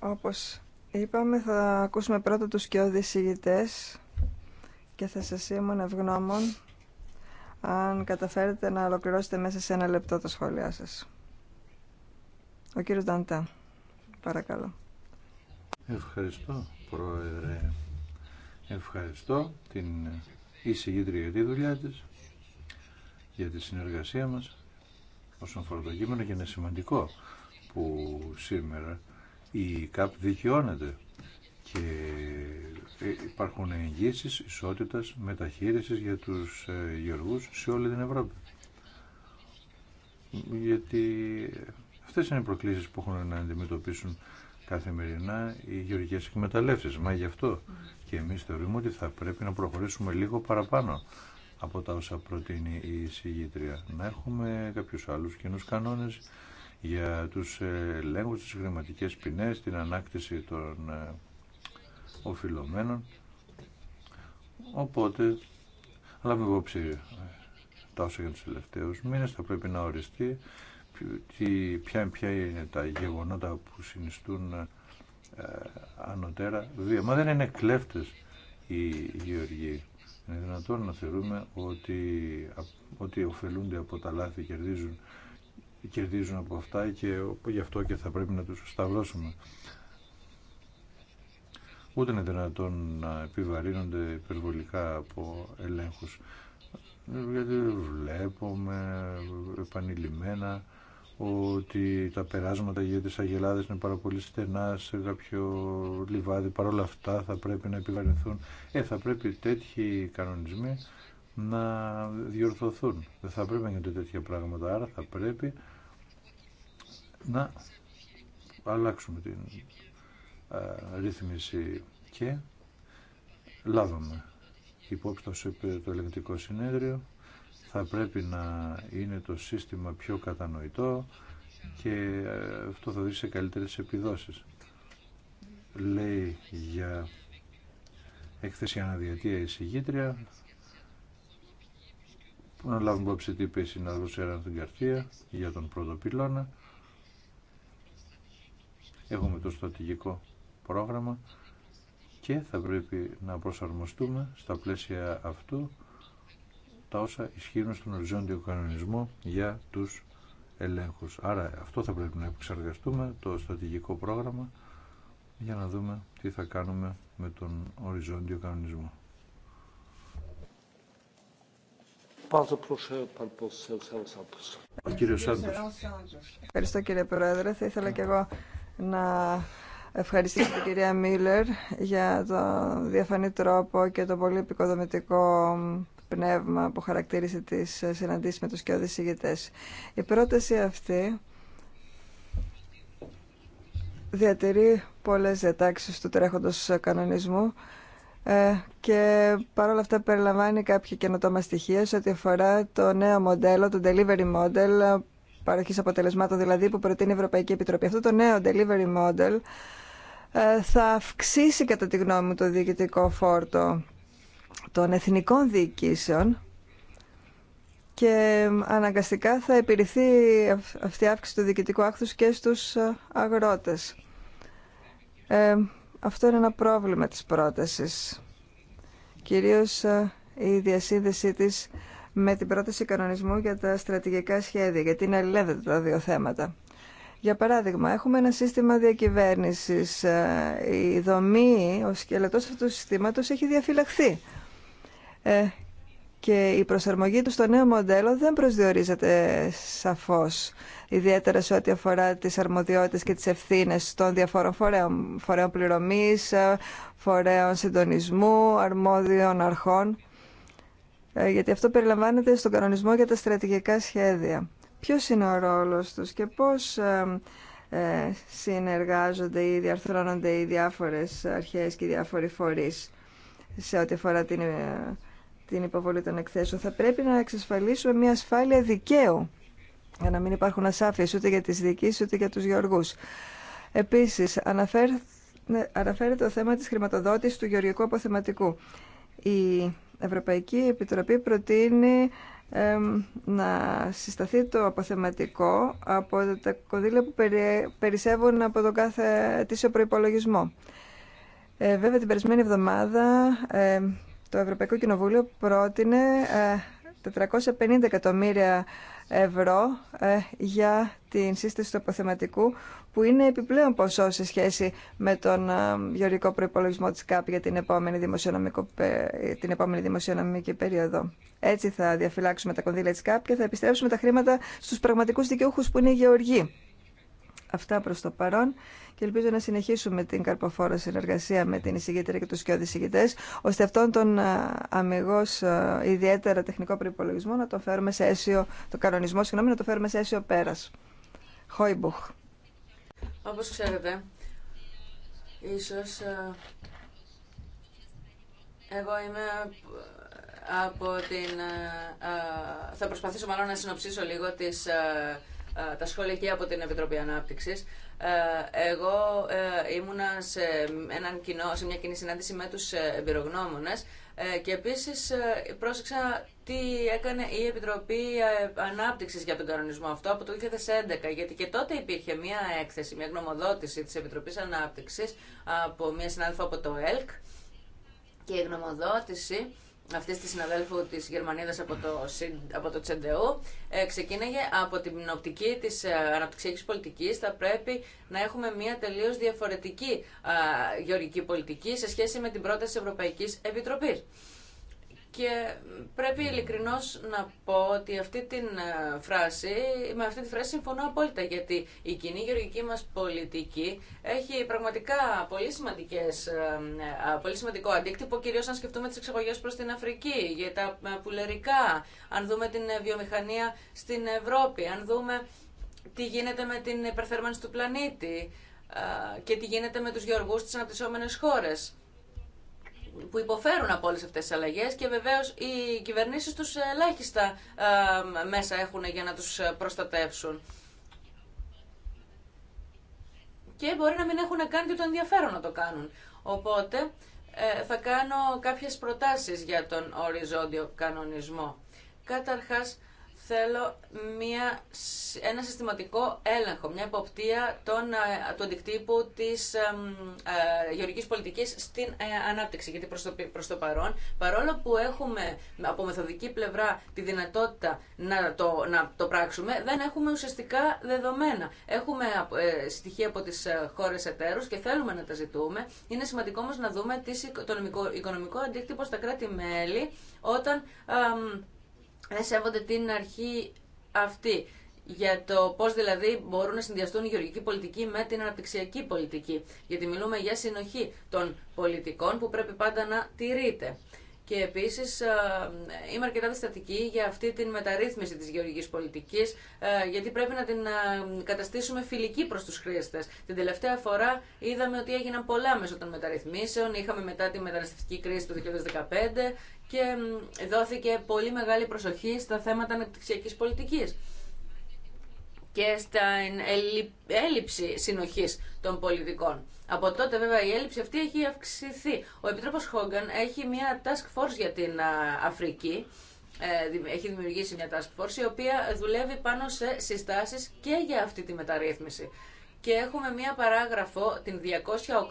Όπως είπαμε θα ακούσουμε πρώτα τους και ηγητές και θα σας ήμουν ευγνώμων αν καταφέρετε να ολοκληρώσετε μέσα σε ένα λεπτό τα σχόλιά σας. Ο κύριος Νταντά, παρακαλώ. Ευχαριστώ, Πρόεδρε. Ευχαριστώ την εισηγήτρια για τη δουλειά της, για τη συνεργασία μας όσον αφορά το κείμενο και είναι σημαντικό που σήμερα η ΚΑΠ δικαιώνεται και υπάρχουν εγγύσει, ισότητα μεταχείριση για τους ε, γεωργού σε όλη την Ευρώπη. Γιατί αυτέ είναι οι προκλήσεις που έχουν να αντιμετωπίσουν καθημερινά οι γεωργικέ εκμεταλλεύσεις. Μα γι' αυτό και εμεί θεωρούμε ότι θα πρέπει να προχωρήσουμε λίγο παραπάνω από τα όσα προτείνει η συγγήτρια. Να έχουμε κάποιου άλλου κοινού κανόνε για τους ελέγχους, τις χρηματικές ποινές, την ανάκτηση των ε, οφειλωμένων. Οπότε, λάβουμε υπόψη τα όσα για τους τελευταίους μήνες, θα πρέπει να οριστεί ποια, ποια είναι τα γεγονότα που συνιστούν ε, ανωτέρα βία. Μα δεν είναι κλέφτες οι γεωργοί. Είναι δυνατόν να θεωρούμε ότι, ότι ωφελούνται από τα λάθη, κερδίζουν, κερδίζουν από αυτά και γι' αυτό και θα πρέπει να τους σταυρώσουμε. Ούτε είναι δυνατόν να επιβαρύνονται υπερβολικά από ελέγχους. Γιατί βλέπουμε επανειλημμένα ότι τα περάσματα για τις αγελάδες είναι πάρα πολύ στενά σε κάποιο λιβάδι. Παρ' όλα αυτά θα πρέπει να επιβαρυνθούν. Ε, θα πρέπει τέτοιοι κανονισμοί να διορθωθούν. Δεν θα πρέπει να γίνονται τέτοια πράγματα. Άρα θα πρέπει να αλλάξουμε την ε, ρύθμιση και λάβαμε υπόψη το, ελεγκτικό συνέδριο θα πρέπει να είναι το σύστημα πιο κατανοητό και ε, αυτό θα δει σε καλύτερες επιδόσεις. Λέει για έκθεση αναδιατία εισηγήτρια που να λάβουμε υπόψη τι είπε η συνάδελφος Καρτία για τον πρώτο πυλώνα. Έχουμε το στρατηγικό πρόγραμμα και θα πρέπει να προσαρμοστούμε στα πλαίσια αυτού τα όσα ισχύουν στον οριζόντιο κανονισμό για τους ελέγχους. Άρα αυτό θα πρέπει να επεξεργαστούμε, το στρατηγικό πρόγραμμα, για να δούμε τι θα κάνουμε με τον οριζόντιο κανονισμό. Ο κύριος Ευχαριστώ κύριε Πρόεδρε. Θα ήθελα και εγώ να ευχαριστήσω την κυρία Μίλλερ για το διαφανή τρόπο και το πολύ επικοδομητικό πνεύμα που χαρακτήρισε τις συναντήσεις με τους κοιόδης ηγητές. Η πρόταση αυτή διατηρεί πολλές διατάξεις του τρέχοντος κανονισμού ε, και παρόλα αυτά περιλαμβάνει κάποια καινοτόμα στοιχεία σε ό,τι αφορά το νέο μοντέλο, το delivery model παροχής αποτελεσμάτων δηλαδή που προτείνει η Ευρωπαϊκή Επιτροπή. Αυτό το νέο delivery model ε, θα αυξήσει κατά τη γνώμη μου το διοικητικό φόρτο των εθνικών διοικήσεων και αναγκαστικά θα επιρρηθεί αυτή η αύξηση του διοικητικού άκθους και στους ε, αγρότες. Ε, αυτό είναι ένα πρόβλημα της πρότασης. Κυρίως ε, η διασύνδεσή της με την πρόταση κανονισμού για τα στρατηγικά σχέδια, γιατί είναι αλληλεύθετα τα δύο θέματα. Για παράδειγμα, έχουμε ένα σύστημα διακυβέρνησης. Ε, η δομή, ο σκελετός αυτού του συστήματος έχει διαφυλαχθεί. Ε, και η προσαρμογή του στο νέο μοντέλο δεν προσδιορίζεται σαφώς, ιδιαίτερα σε ό,τι αφορά τις αρμοδιότητες και τις ευθύνες των διαφόρων φορέων, φορέων πληρωμής, ε, φορέων συντονισμού, αρμόδιων αρχών, γιατί αυτό περιλαμβάνεται στον κανονισμό για τα στρατηγικά σχέδια ποιος είναι ο ρόλος τους και πώς ε, συνεργάζονται ή διαρθρώνονται οι διάφορες αρχές και οι διάφοροι φορείς σε ό,τι αφορά την, ε, την υποβολή των εκθέσεων. Θα πρέπει να εξασφαλίσουμε μια ασφάλεια δικαίου για να μην υπάρχουν ασάφειες ούτε για τις διοικήσεις ούτε για τους γεωργούς. Επίσης, ναι, αναφέρεται το θέμα της χρηματοδότησης του γεωργικού αποθεματικού. Η Ευρωπαϊκή Επιτροπή προτείνει να συσταθεί το αποθεματικό από τα κονδύλια που περισσεύουν από τον κάθε ετήσιο προϋπολογισμό. Ε, βέβαια την περισμένη εβδομάδα ε, το Ευρωπαϊκό Κοινοβούλιο πρότεινε 450 ε, εκατομμύρια ευρώ ε, για την σύσταση του αποθεματικού που είναι επιπλέον ποσό σε σχέση με τον ε, γεωργικό προϋπολογισμό της ΚΑΠ για την επόμενη, ε, την επόμενη δημοσιονομική περίοδο. Έτσι θα διαφυλάξουμε τα κονδύλια της ΚΑΠ και θα επιστρέψουμε τα χρήματα στους πραγματικούς δικαιούχους που είναι οι γεωργοί. Αυτά προς το παρόν και ελπίζω να συνεχίσουμε την καρποφόρα συνεργασία με την εισηγήτρια και του και εισηγητές, ώστε αυτόν τον αμυγό ιδιαίτερα τεχνικό προπολογισμό να το φέρουμε σε αίσιο, το κανονισμό, συγγνώμη, να το φέρουμε σε αίσιο πέρας. Χόιμπουχ. Όπως ξέρετε, ίσω, εγώ είμαι από την... Θα προσπαθήσω μάλλον να συνοψίσω λίγο τις ε, τα σχόλια και από την Επιτροπή ανάπτυξη. Ε, εγώ ε, ήμουνα σε, έναν κοινό, σε μια κοινή συνάντηση με του εμπειρογνώμονε. και επίσης πρόσεξα τι έκανε η Επιτροπή Ανάπτυξης για τον κανονισμό αυτό από το 2011, γιατί και τότε υπήρχε μια έκθεση, μια γνωμοδότηση της Επιτροπής ανάπτυξη από μια συνάδελφο από το ΕΛΚ και η γνωμοδότηση αυτή τη συναδέλφου τη Γερμανίδα από το, από το Τσεντεού ε, ξεκίναγε από την οπτική τη ε, αναπτυξιακή πολιτική. Θα πρέπει να έχουμε μια τελείω διαφορετική ε, γεωργική πολιτική σε σχέση με την πρόταση Ευρωπαϊκή Επιτροπή. Και πρέπει ειλικρινώ να πω ότι αυτή την ε, φράση, με αυτή τη φράση συμφωνώ απόλυτα γιατί η κοινή γεωργική μας πολιτική έχει πραγματικά πολύ, σημαντικές, ε, ε, πολύ σημαντικό αντίκτυπο κυρίως αν σκεφτούμε τι εξαγωγέ προ την Αφρική, για τα πουλερικά, αν δούμε την βιομηχανία στην Ευρώπη, αν δούμε τι γίνεται με την υπερθέρμανση του πλανήτη και τι γίνεται με τους γεωργούς στις αναπτυσσόμενες χώρες που υποφέρουν από όλε αυτές τις αλλαγές και βεβαίω οι κυβερνήσεις τους ελάχιστα ε, μέσα έχουν για να τους ε, προστατεύσουν. Και μπορεί να μην έχουν καν και το ενδιαφέρον να το κάνουν. Οπότε ε, θα κάνω κάποιες προτάσεις για τον οριζόντιο κανονισμό. Καταρχάς, θέλω μια, ένα συστηματικό έλεγχο, μια υποπτία των, ε, του αντικτύπου της ε, ε, γεωργικής πολιτικής στην ε, ανάπτυξη. Γιατί προς το, προς το παρόν, παρόλο που έχουμε από μεθοδική πλευρά τη δυνατότητα να το, να το πράξουμε, δεν έχουμε ουσιαστικά δεδομένα. Έχουμε ε, στοιχεία από τις χώρες εταίρους και θέλουμε να τα ζητούμε. Είναι σημαντικό όμως να δούμε τι οικονομικό, οικονομικό αντίκτυπο στα κράτη-μέλη όταν δεν σέβονται την αρχή αυτή για το πώς δηλαδή μπορούν να συνδυαστούν η γεωργική πολιτική με την αναπτυξιακή πολιτική. Γιατί μιλούμε για συνοχή των πολιτικών που πρέπει πάντα να τηρείται και επίσης ε, είμαι αρκετά διστατική για αυτή την μεταρρύθμιση της γεωργικής πολιτικής ε, γιατί πρέπει να την ε, καταστήσουμε φιλική προς τους χρήστε. Την τελευταία φορά είδαμε ότι έγιναν πολλά μέσω των μεταρρυθμίσεων, είχαμε μετά τη μεταναστευτική κρίση του 2015 και δόθηκε πολύ μεγάλη προσοχή στα θέματα αναπτυξιακή πολιτική. και στην έλλειψη συνοχής των πολιτικών. Από τότε βέβαια η έλλειψη αυτή έχει αυξηθεί. Ο Επιτρόπος Χόγκαν έχει μια task force για την Αφρική ε, έχει δημιουργήσει μια task force η οποία δουλεύει πάνω σε συστάσεις και για αυτή τη μεταρρύθμιση και έχουμε μία παράγραφο, την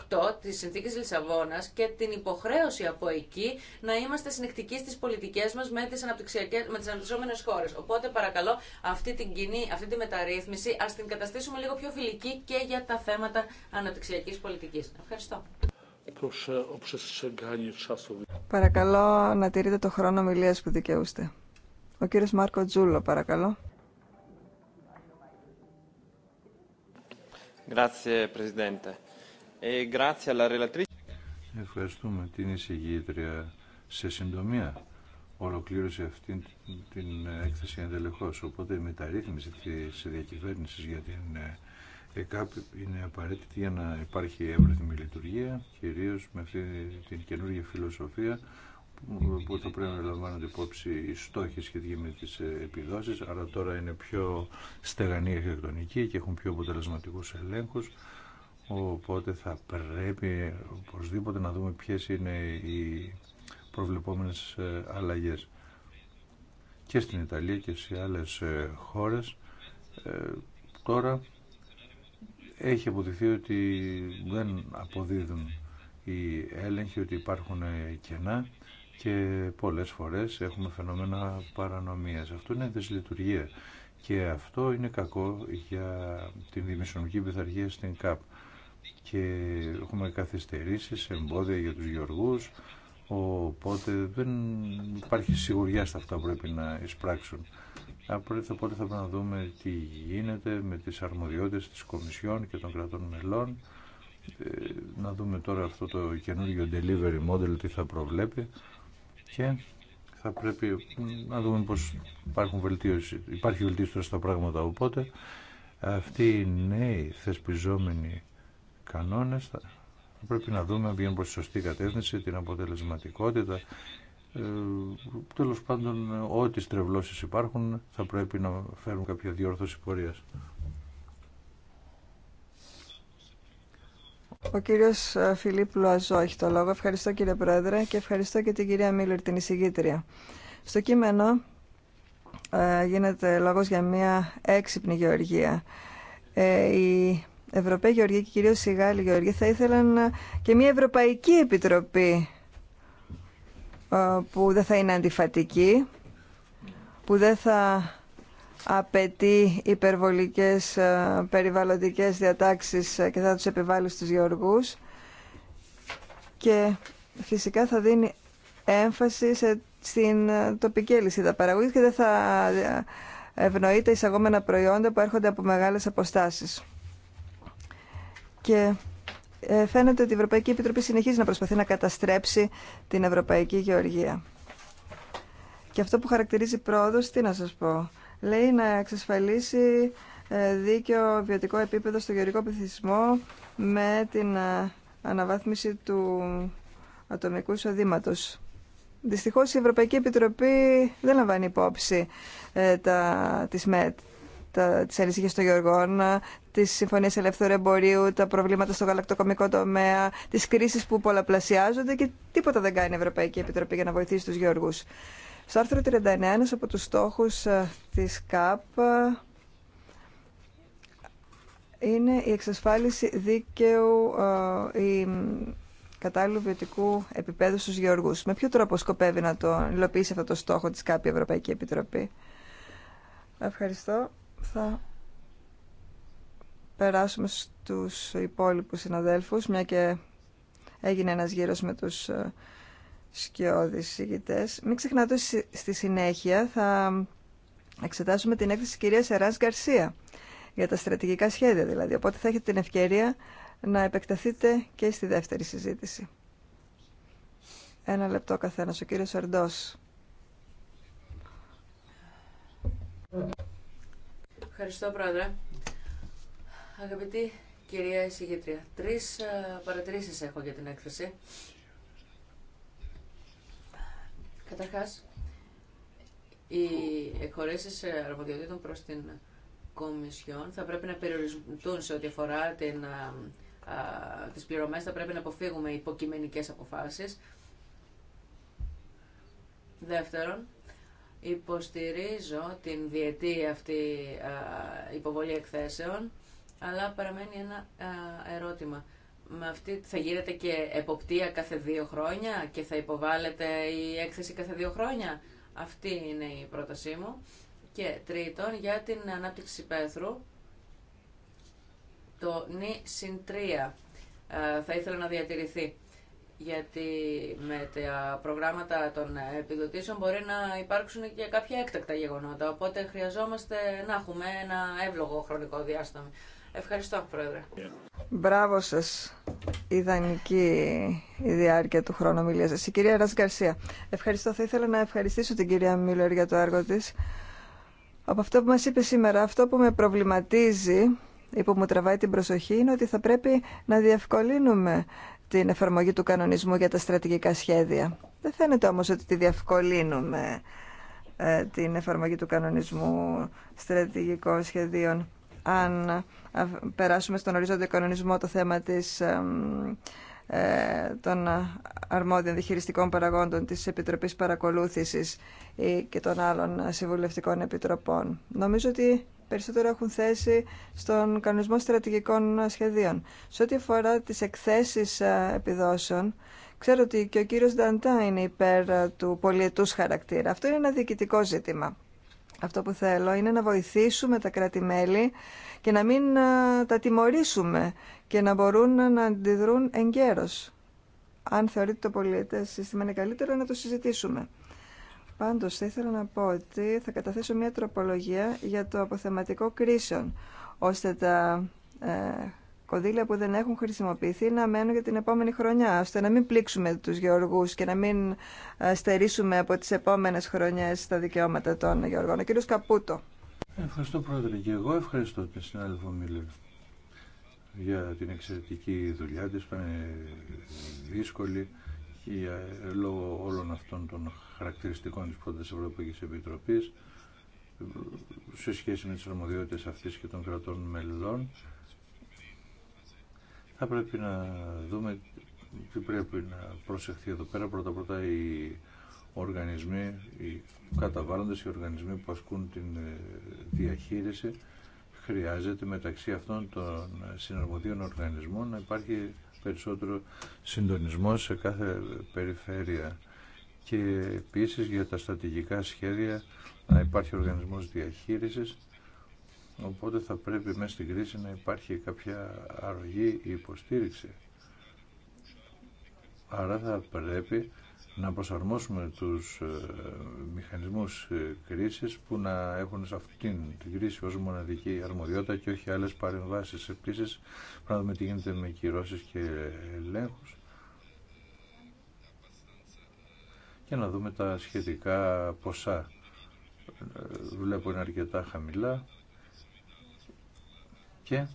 208 της Συνθήκης Λισαβόνας και την υποχρέωση από εκεί να είμαστε συνεκτικοί στις πολιτικές μας με τις, αναπτυξιακές, με τις χώρες. Οπότε παρακαλώ αυτή την κοινή, αυτή τη μεταρρύθμιση ας την καταστήσουμε λίγο πιο φιλική και για τα θέματα αναπτυξιακής πολιτικής. Ευχαριστώ. Παρακαλώ να τηρείτε το χρόνο μιλίας που δικαιούστε. Ο κύριος Μάρκο Τζούλο, παρακαλώ. E Ευχαριστούμε την εισηγήτρια σε συντομία. Ολοκλήρωσε αυτή την έκθεση εντελεχώ. Οπότε η μεταρρύθμιση της διακυβέρνηση για την ε, ΕΚΑΠ είναι απαραίτητη για να υπάρχει εύρυθμη λειτουργία, κυρίω με αυτή την καινούργια φιλοσοφία που θα πρέπει να λαμβάνονται υπόψη οι στόχοι σχετικά με τις ε, επιδόσεις, αλλά τώρα είναι πιο στεγανή η αρχιτεκτονική και έχουν πιο αποτελεσματικούς ελέγχους, οπότε θα πρέπει οπωσδήποτε να δούμε ποιες είναι οι προβλεπόμενες ε, αλλαγές. Και στην Ιταλία και σε άλλες ε, χώρες τώρα έχει αποδειχθεί ότι δεν αποδίδουν οι έλεγχοι, ότι υπάρχουν κενά και πολλές φορές έχουμε φαινόμενα παρανομίας. Αυτό είναι δυσλειτουργία και αυτό είναι κακό για την δημοσιονομική πειθαρχία στην ΚΑΠ και έχουμε καθυστερήσεις, εμπόδια για τους γεωργούς, οπότε δεν υπάρχει σιγουριά στα αυτά που πρέπει να εισπράξουν. Από θα πρέπει να δούμε τι γίνεται με τις αρμοδιότητες της Κομισιόν και των κρατών μελών, ε, να δούμε τώρα αυτό το καινούργιο delivery model τι θα προβλέπει και θα πρέπει να δούμε πως υπάρχουν βελτίωση, υπάρχει βελτίωση τώρα στα πράγματα. Οπότε αυτοί οι νέοι θεσπιζόμενοι κανόνες θα, πρέπει να δούμε αν βγαίνουν προς σωστή κατεύθυνση, την αποτελεσματικότητα. Ε, τέλος πάντων, ό,τι στρεβλώσεις υπάρχουν θα πρέπει να φέρουν κάποια διόρθωση πορείας. Ο κύριο ε, Φιλίπ Λουαζό έχει το λόγο. Ευχαριστώ κύριε Πρόεδρε και ευχαριστώ και την κυρία Μίλλερ, την εισηγήτρια. Στο κείμενο ε, γίνεται λόγος για μια έξυπνη γεωργία. η ε, Ευρωπαϊκή Γεωργοί και κυρίως οι Γάλλοι Γεωργοί θα ήθελαν και μια Ευρωπαϊκή Επιτροπή που δεν θα είναι αντιφατική, που δεν θα απαιτεί υπερβολικές ε, περιβαλλοντικές διατάξεις ε, και θα τους επιβάλλει στους γεωργούς και φυσικά θα δίνει έμφαση σε, στην ε, τοπική αλυσίδα παραγωγής και δεν θα ευνοεί τα εισαγόμενα προϊόντα που έρχονται από μεγάλες αποστάσεις. Και φαίνεται ότι η Ευρωπαϊκή Επιτροπή συνεχίζει να προσπαθεί να καταστρέψει την Ευρωπαϊκή Γεωργία. Και αυτό που χαρακτηρίζει πρόοδος, τι να σας πω, λέει να εξασφαλίσει ε, δίκαιο βιωτικό επίπεδο στο γεωργικό πληθυσμό με την ε, αναβάθμιση του ατομικού εισοδήματο. Δυστυχώ η Ευρωπαϊκή Επιτροπή δεν λαμβάνει υπόψη ε, τα, τις ΜΕΤ, τα, ανησυχίες των Γεωργών, τις συμφωνίες ελεύθερου εμπορίου, τα προβλήματα στο γαλακτοκομικό τομέα, τις κρίσεις που πολλαπλασιάζονται και τίποτα δεν κάνει η Ευρωπαϊκή Επιτροπή για να βοηθήσει τους Γεωργούς. Στο άρθρο 39, ένας από τους στόχους ε, της ΚΑΠ ε, είναι η εξασφάλιση δίκαιου ε, η κατάλληλου βιωτικού επίπεδου στους γεωργούς. Με ποιο τρόπο σκοπεύει να το υλοποιήσει αυτό το στόχο της ΚΑΠ η Ευρωπαϊκή Επιτροπή. Ευχαριστώ. Θα περάσουμε στους υπόλοιπους συναδέλφους, μια και έγινε ένας γύρος με τους σκιώδεις ηγητές. Μην ξεχνάτε ότι στη συνέχεια θα εξετάσουμε την έκθεση τη κυρίας Εράς Γκαρσία για τα στρατηγικά σχέδια δηλαδή. Οπότε θα έχετε την ευκαιρία να επεκταθείτε και στη δεύτερη συζήτηση. Ένα λεπτό καθένα, Ο κύριος Αρντός. Ευχαριστώ, Πρόεδρε. Αγαπητή κυρία εισηγήτρια, τρεις ε, παρατηρήσεις έχω για την έκθεση. Καταρχά, οι εκχωρήσει ε, αρμοδιοτήτων προς την Κομισιόν θα πρέπει να περιοριστούν σε ό,τι αφορά την, θα πρέπει να αποφύγουμε υποκειμενικές αποφάσεις. Δεύτερον, υποστηρίζω την διετή αυτή υποβολή εκθέσεων, αλλά παραμένει ένα ερώτημα με αυτή θα γίνεται και εποπτεία κάθε δύο χρόνια και θα υποβάλλεται η έκθεση κάθε δύο χρόνια. Αυτή είναι η πρότασή μου. Και τρίτον, για την ανάπτυξη πέθρου, το νη συν 3 ε, θα ήθελα να διατηρηθεί. Γιατί με τα προγράμματα των επιδοτήσεων μπορεί να υπάρξουν και κάποια έκτακτα γεγονότα. Οπότε χρειαζόμαστε να έχουμε ένα εύλογο χρονικό διάστημα. Ευχαριστώ, Πρόεδρε. Μπράβο σα. Ιδανική η διάρκεια του χρόνου ομιλία σα. Η κυρία Ρα Γκαρσία. Ευχαριστώ. Θα ήθελα να ευχαριστήσω την κυρία Μίλλερ για το έργο τη. Από αυτό που μα είπε σήμερα, αυτό που με προβληματίζει ή που μου τραβάει την προσοχή είναι ότι θα πρέπει να διευκολύνουμε την εφαρμογή του κανονισμού για τα στρατηγικά σχέδια. Δεν φαίνεται όμως ότι τη διευκολύνουμε ε, την εφαρμογή του κανονισμού στρατηγικών σχεδίων αν περάσουμε στον οριζόντιο κανονισμό το θέμα ε, των αρμόδιων διχειριστικών παραγόντων της Επιτροπής Παρακολούθησης και των άλλων συμβουλευτικών επιτροπών. Νομίζω ότι περισσότερο έχουν θέση στον κανονισμό στρατηγικών σχεδίων. Σε ό,τι αφορά τις εκθέσεις επιδόσεων, ξέρω ότι και ο κύριος Νταντά είναι υπέρ του πολιετούς χαρακτήρα. Αυτό είναι ένα διοικητικό ζήτημα. Αυτό που θέλω είναι να βοηθήσουμε τα κράτη-μέλη και να μην ε, τα τιμωρήσουμε και να μπορούν να αντιδρούν εγκαίρως. Αν θεωρείτε το πολιτέ σύστημα είναι καλύτερο να το συζητήσουμε. Πάντως θα ήθελα να πω ότι θα καταθέσω μια τροπολογία για το αποθεματικό κρίσεων, ώστε τα ε, κονδύλια που δεν έχουν χρησιμοποιηθεί να μένουν για την επόμενη χρονιά, ώστε να μην πλήξουμε τους γεωργούς και να μην ε, στερήσουμε από τις επόμενες χρονιές τα δικαιώματα των γεωργών. Ο κύριος Καπούτο. Ευχαριστώ πρόεδρε και εγώ ευχαριστώ την συνάδελφο Μίλλερ για την εξαιρετική δουλειά της, είναι δύσκολη για, λόγω όλων αυτών των χαρακτηριστικών της πρώτης Ευρωπαϊκής Επιτροπής ε, σε σχέση με τις αρμοδιότητες αυτής και των κρατών μελών πρέπει να δούμε τι πρέπει να προσεχθεί εδώ πέρα. Πρώτα πρώτα οι οργανισμοί, οι καταβάλλοντες, οι οργανισμοί που ασκούν την ε, διαχείριση χρειάζεται μεταξύ αυτών των συναρμοδίων οργανισμών να υπάρχει περισσότερο συντονισμό σε κάθε περιφέρεια και επίσης για τα στρατηγικά σχέδια να υπάρχει οργανισμός διαχείρισης Οπότε θα πρέπει μέσα στην κρίση να υπάρχει κάποια αρρωγή ή υποστήριξη. Άρα θα πρέπει να προσαρμόσουμε τους ε, μηχανισμούς ε, κρίσης που να έχουν σε αυτήν την κρίση ως μοναδική αρμοδιότητα και όχι άλλες παρεμβάσεις. Επίσης, πρέπει να δούμε τι γίνεται με κυρώσεις και ελέγχους και να δούμε τα σχετικά ποσά. Ε, βλέπω είναι αρκετά χαμηλά. Και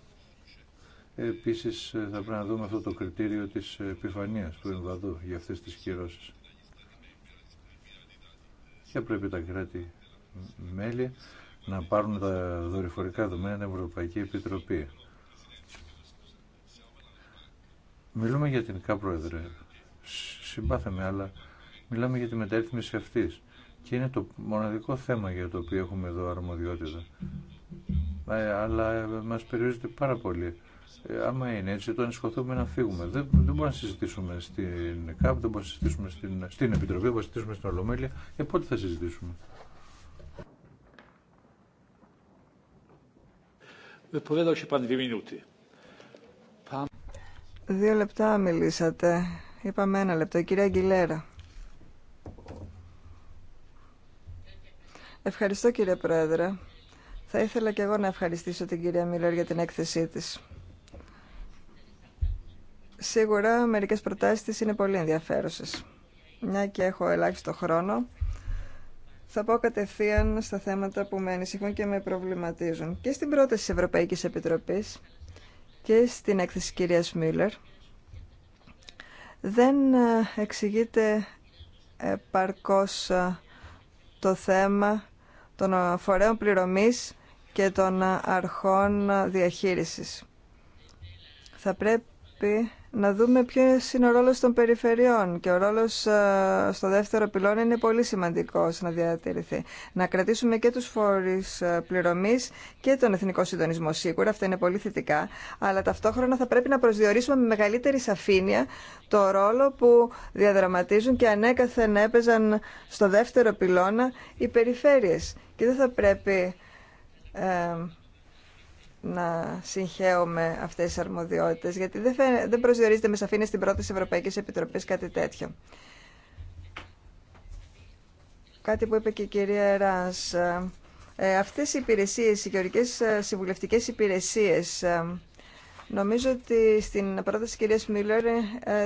επίσης θα πρέπει να δούμε αυτό το κριτήριο της επιφανείας του εμβαδού για αυτές τις κυρώσεις. Και πρέπει τα κράτη μέλη να πάρουν τα δορυφορικά δεδομένα Ευρωπαϊκή Επιτροπή. Μιλούμε για την ΚΑ Πρόεδρε. Συμπάθαμε, αλλά μιλάμε για τη μεταρρύθμιση αυτής. Και είναι το μοναδικό θέμα για το οποίο έχουμε εδώ αρμοδιότητα. Ε, αλλά ε, μας περιορίζεται πάρα πολύ. Ε, άμα είναι έτσι, το ανησυχωθούμε να φύγουμε. Δεν, δεν μπορούμε να συζητήσουμε στην ΚΑΠ, δεν μπορούμε να συζητήσουμε στην, στην Επιτροπή, δεν μπορούμε να συζητήσουμε στην Ολομέλεια. Ε, πότε θα συζητήσουμε. Δύο λεπτά μιλήσατε. Είπαμε ένα λεπτό. Κυρία Αγγιλέρα. Ευχαριστώ κύριε Πρόεδρε. Θα ήθελα και εγώ να ευχαριστήσω την κυρία Μίλλερ για την έκθεσή της. Σίγουρα μερικές προτάσεις της είναι πολύ ενδιαφέρουσες. Μια και έχω ελάχιστο χρόνο, θα πω κατευθείαν στα θέματα που με ανησυχούν και με προβληματίζουν. Και στην πρόταση της Ευρωπαϊκής Επιτροπής και στην έκθεση κυρίας Μίλλερ δεν ε, εξηγείται παρκώς ε, το θέμα των φορέων πληρωμής και των αρχών διαχείρισης. Θα πρέπει να δούμε ποιο είναι ο ρόλος των περιφερειών και ο ρόλος ε, στο δεύτερο πυλώνα είναι πολύ σημαντικός να διατηρηθεί. Να κρατήσουμε και τους φόρους ε, πληρωμής και τον εθνικό συντονισμό σίγουρα, αυτά είναι πολύ θετικά, αλλά ταυτόχρονα θα πρέπει να προσδιορίσουμε με μεγαλύτερη σαφήνεια το ρόλο που διαδραματίζουν και ανέκαθεν έπαιζαν στο δεύτερο πυλώνα οι περιφέρειες. Και δεν θα πρέπει ε, να συγχαίουμε αυτές τις αρμοδιότητες, γιατί δεν, δεν προσδιορίζεται με σαφήνεια στην πρώτη Ευρωπαϊκής Επιτροπής κάτι τέτοιο. Κάτι που είπε και η κυρία Εράς. Ε, αυτές οι υπηρεσίες, οι γεωργικές ε, συμβουλευτικές υπηρεσίες, ε, νομίζω ότι στην πρόταση της κυρίας Μιλόρ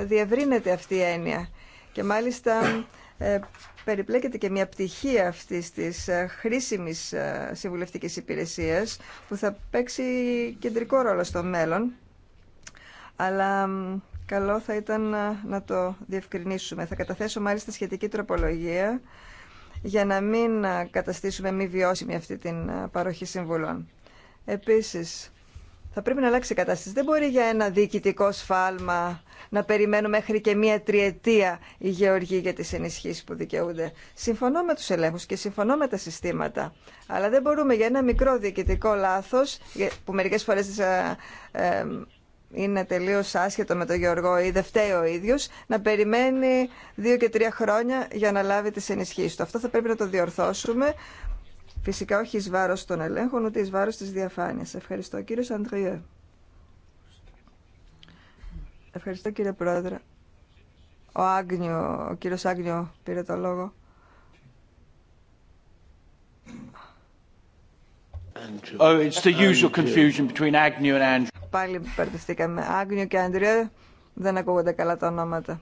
διευρύνεται αυτή η έννοια. Και μάλιστα ε, περιπλέκεται και μια πτυχή αυτής της ε, χρήσιμης ε, συμβουλευτικής υπηρεσίας που θα παίξει κεντρικό ρόλο στο μέλλον. Αλλά καλό θα ήταν να το διευκρινίσουμε. Θα καταθέσω μάλιστα σχετική τροπολογία για να μην καταστήσουμε μη βιώσιμη αυτή την παροχή συμβουλών. Επίσης, θα πρέπει να αλλάξει η κατάσταση. Δεν μπορεί για ένα διοικητικό σφάλμα να περιμένουμε μέχρι και μία τριετία οι γεωργοί για τις ενισχύσεις που δικαιούνται. Συμφωνώ με τους ελέγχους και συμφωνώ με τα συστήματα, αλλά δεν μπορούμε για ένα μικρό διοικητικό λάθος, που μερικές φορές ε, ε, είναι τελείως άσχετο με τον γεωργό ή δεν φταίει ο ίδιος, να περιμένει δύο και τρία χρόνια για να λάβει τις ενισχύσεις του. Αυτό θα πρέπει να το διορθώσουμε Φυσικά όχι εις βάρος των ελέγχων, ούτε εις βάρος της διαφάνειας. Ευχαριστώ κύριος Αντριέ. Ευχαριστώ κύριε Πρόεδρε. Ο, Άγνιο, ο κύριος Άγνιο πήρε το λόγο. Oh, it's the usual confusion between Agnew and Andrew. Πάλι περτιστήκαμε. Άγνιο και Αντρία δεν ακούγονται καλά τα ονόματα.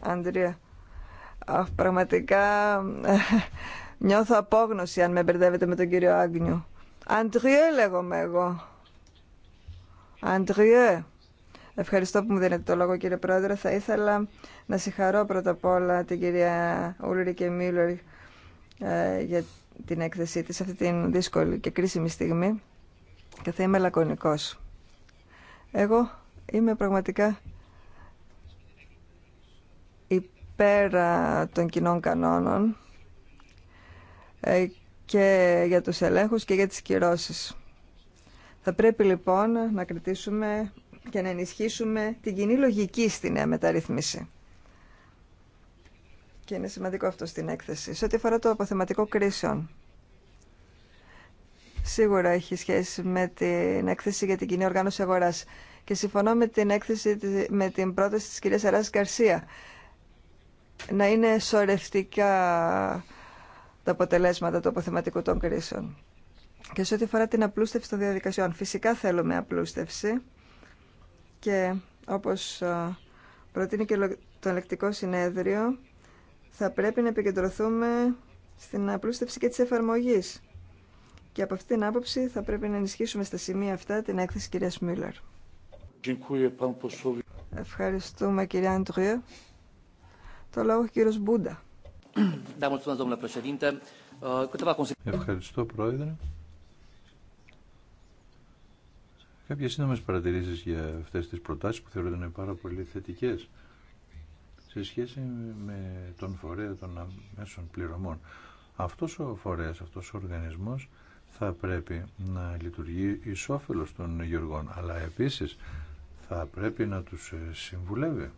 Αντρία. Πραγματικά Νιώθω απόγνωση αν με μπερδεύετε με τον κύριο Άγνιου. Αντριέ λέγομαι εγώ. Αντριέ. Ευχαριστώ που μου δίνετε το λόγο κύριε Πρόεδρε. Θα ήθελα να συγχαρώ πρώτα απ' όλα την κυρία Ούλρη και Μίλλορ ε, για την έκθεσή της αυτή την δύσκολη και κρίσιμη στιγμή και θα είμαι λακωνικός. Εγώ είμαι πραγματικά υπέρ των κοινών κανόνων ε, και για τους ελέγχους και για τις κυρώσεις. Θα πρέπει λοιπόν να κριτήσουμε και να ενισχύσουμε την κοινή λογική στη νέα μεταρρύθμιση. Και είναι σημαντικό αυτό στην έκθεση. Σε ό,τι αφορά το αποθεματικό κρίσεων, σίγουρα έχει σχέση με την έκθεση για την κοινή οργάνωση αγοράς. Και συμφωνώ με την έκθεση, με την πρόταση της κυρίας Αράς Καρσία, να είναι σορευτικά τα αποτελέσματα του αποθεματικού των κρίσεων. Και σε ό,τι αφορά την απλούστευση των διαδικασιών, φυσικά θέλουμε απλούστευση και όπως προτείνει και το ελεκτικό συνέδριο, θα πρέπει να επικεντρωθούμε στην απλούστευση και της εφαρμογής. Και από αυτή την άποψη θα πρέπει να ενισχύσουμε στα σημεία αυτά την έκθεση κυρίας Μίλλερ. Ευχαριστούμε κυρία Αντριέ. Το λόγο κύριος Μπούντα. Uh, Ευχαριστώ, Πρόεδρε. Κάποιε σύντομε παρατηρήσει για αυτέ τι προτάσει που θεωρούνται είναι πάρα πολύ θετικέ σε σχέση με τον φορέα των αμέσων πληρωμών. Αυτός ο φορέας, αυτός ο οργανισμός θα πρέπει να λειτουργεί εις των γεωργών, αλλά επίσης θα πρέπει να τους συμβουλεύει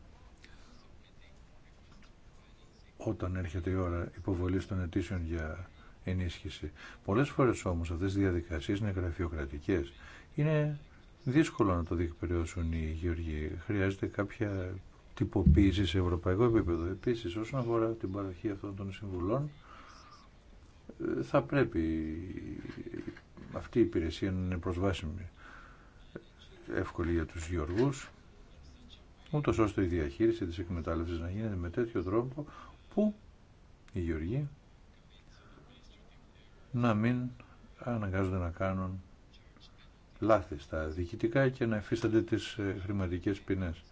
όταν έρχεται η ώρα υποβολής των αιτήσεων για ενίσχυση. Πολλές φορές όμως αυτές οι διαδικασίες είναι γραφειοκρατικές. Είναι δύσκολο να το διεκπαιρεώσουν οι γεωργοί. Χρειάζεται κάποια τυποποίηση σε ευρωπαϊκό επίπεδο. Επίση, όσον αφορά την παροχή αυτών των συμβουλών, θα πρέπει αυτή η υπηρεσία να είναι προσβάσιμη εύκολη για τους γεωργούς, ούτως ώστε η διαχείριση της εκμετάλλευσης να γίνεται με τέτοιο τρόπο, που οι Γεωργοί να μην αναγκάζονται να κάνουν λάθη στα διοικητικά και να εφίστανται τις ε, χρηματικές ποινές.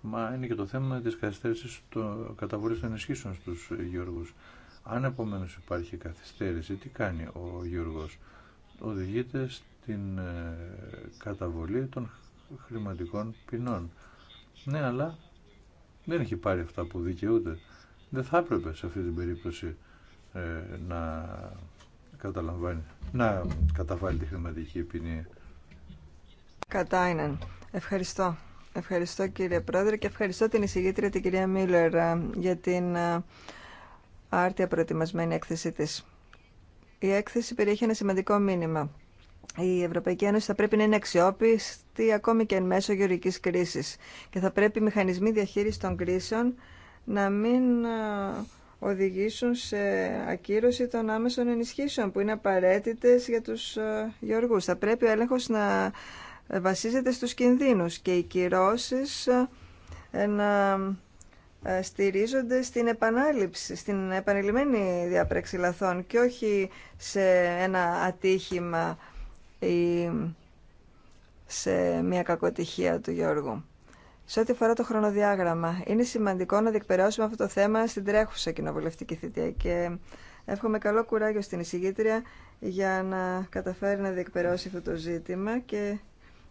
Μα είναι και το θέμα της καθυστέρησης το καταβολής των ενισχύσεων στους Γεωργούς. Αν επομένως υπάρχει καθυστέρηση, τι κάνει ο Γεωργός. Οδηγείται στην ε, καταβολή των χρηματικών ποινών. Ναι, αλλά δεν έχει πάρει αυτά που δικαιούται. Δεν θα έπρεπε σε αυτή την περίπτωση ε, να καταλαμβάνει, να καταβάλει τη χρηματική ποινή. Κατάινεν. Ευχαριστώ. Ευχαριστώ κύριε Πρόεδρε και ευχαριστώ την εισηγήτρια την κυρία Μίλλερ ε, για την ε, άρτια προετοιμασμένη έκθεσή της. Η έκθεση περιέχει ένα σημαντικό μήνυμα η Ευρωπαϊκή Ένωση θα πρέπει να είναι αξιόπιστη ακόμη και εν μέσω γεωργική κρίσης και θα πρέπει οι μηχανισμοί διαχείρισης των κρίσεων να μην οδηγήσουν σε ακύρωση των άμεσων ενισχύσεων που είναι απαραίτητε για τους γεωργού. Θα πρέπει ο έλεγχος να ε, βασίζεται στους κινδύνους και οι κυρώσεις ε, να ε, στηρίζονται στην επανάληψη, στην επανειλημμένη διάπραξη λαθών και όχι σε ένα ατύχημα ή σε μια κακοτυχία του Γιώργου. Σε ό,τι αφορά το χρονοδιάγραμμα, είναι σημαντικό να διεκπαιρεώσουμε αυτό το θέμα στην τρέχουσα κοινοβουλευτική θητεία και εύχομαι καλό κουράγιο στην εισηγήτρια για να καταφέρει να διεκπαιρεώσει αυτό το ζήτημα και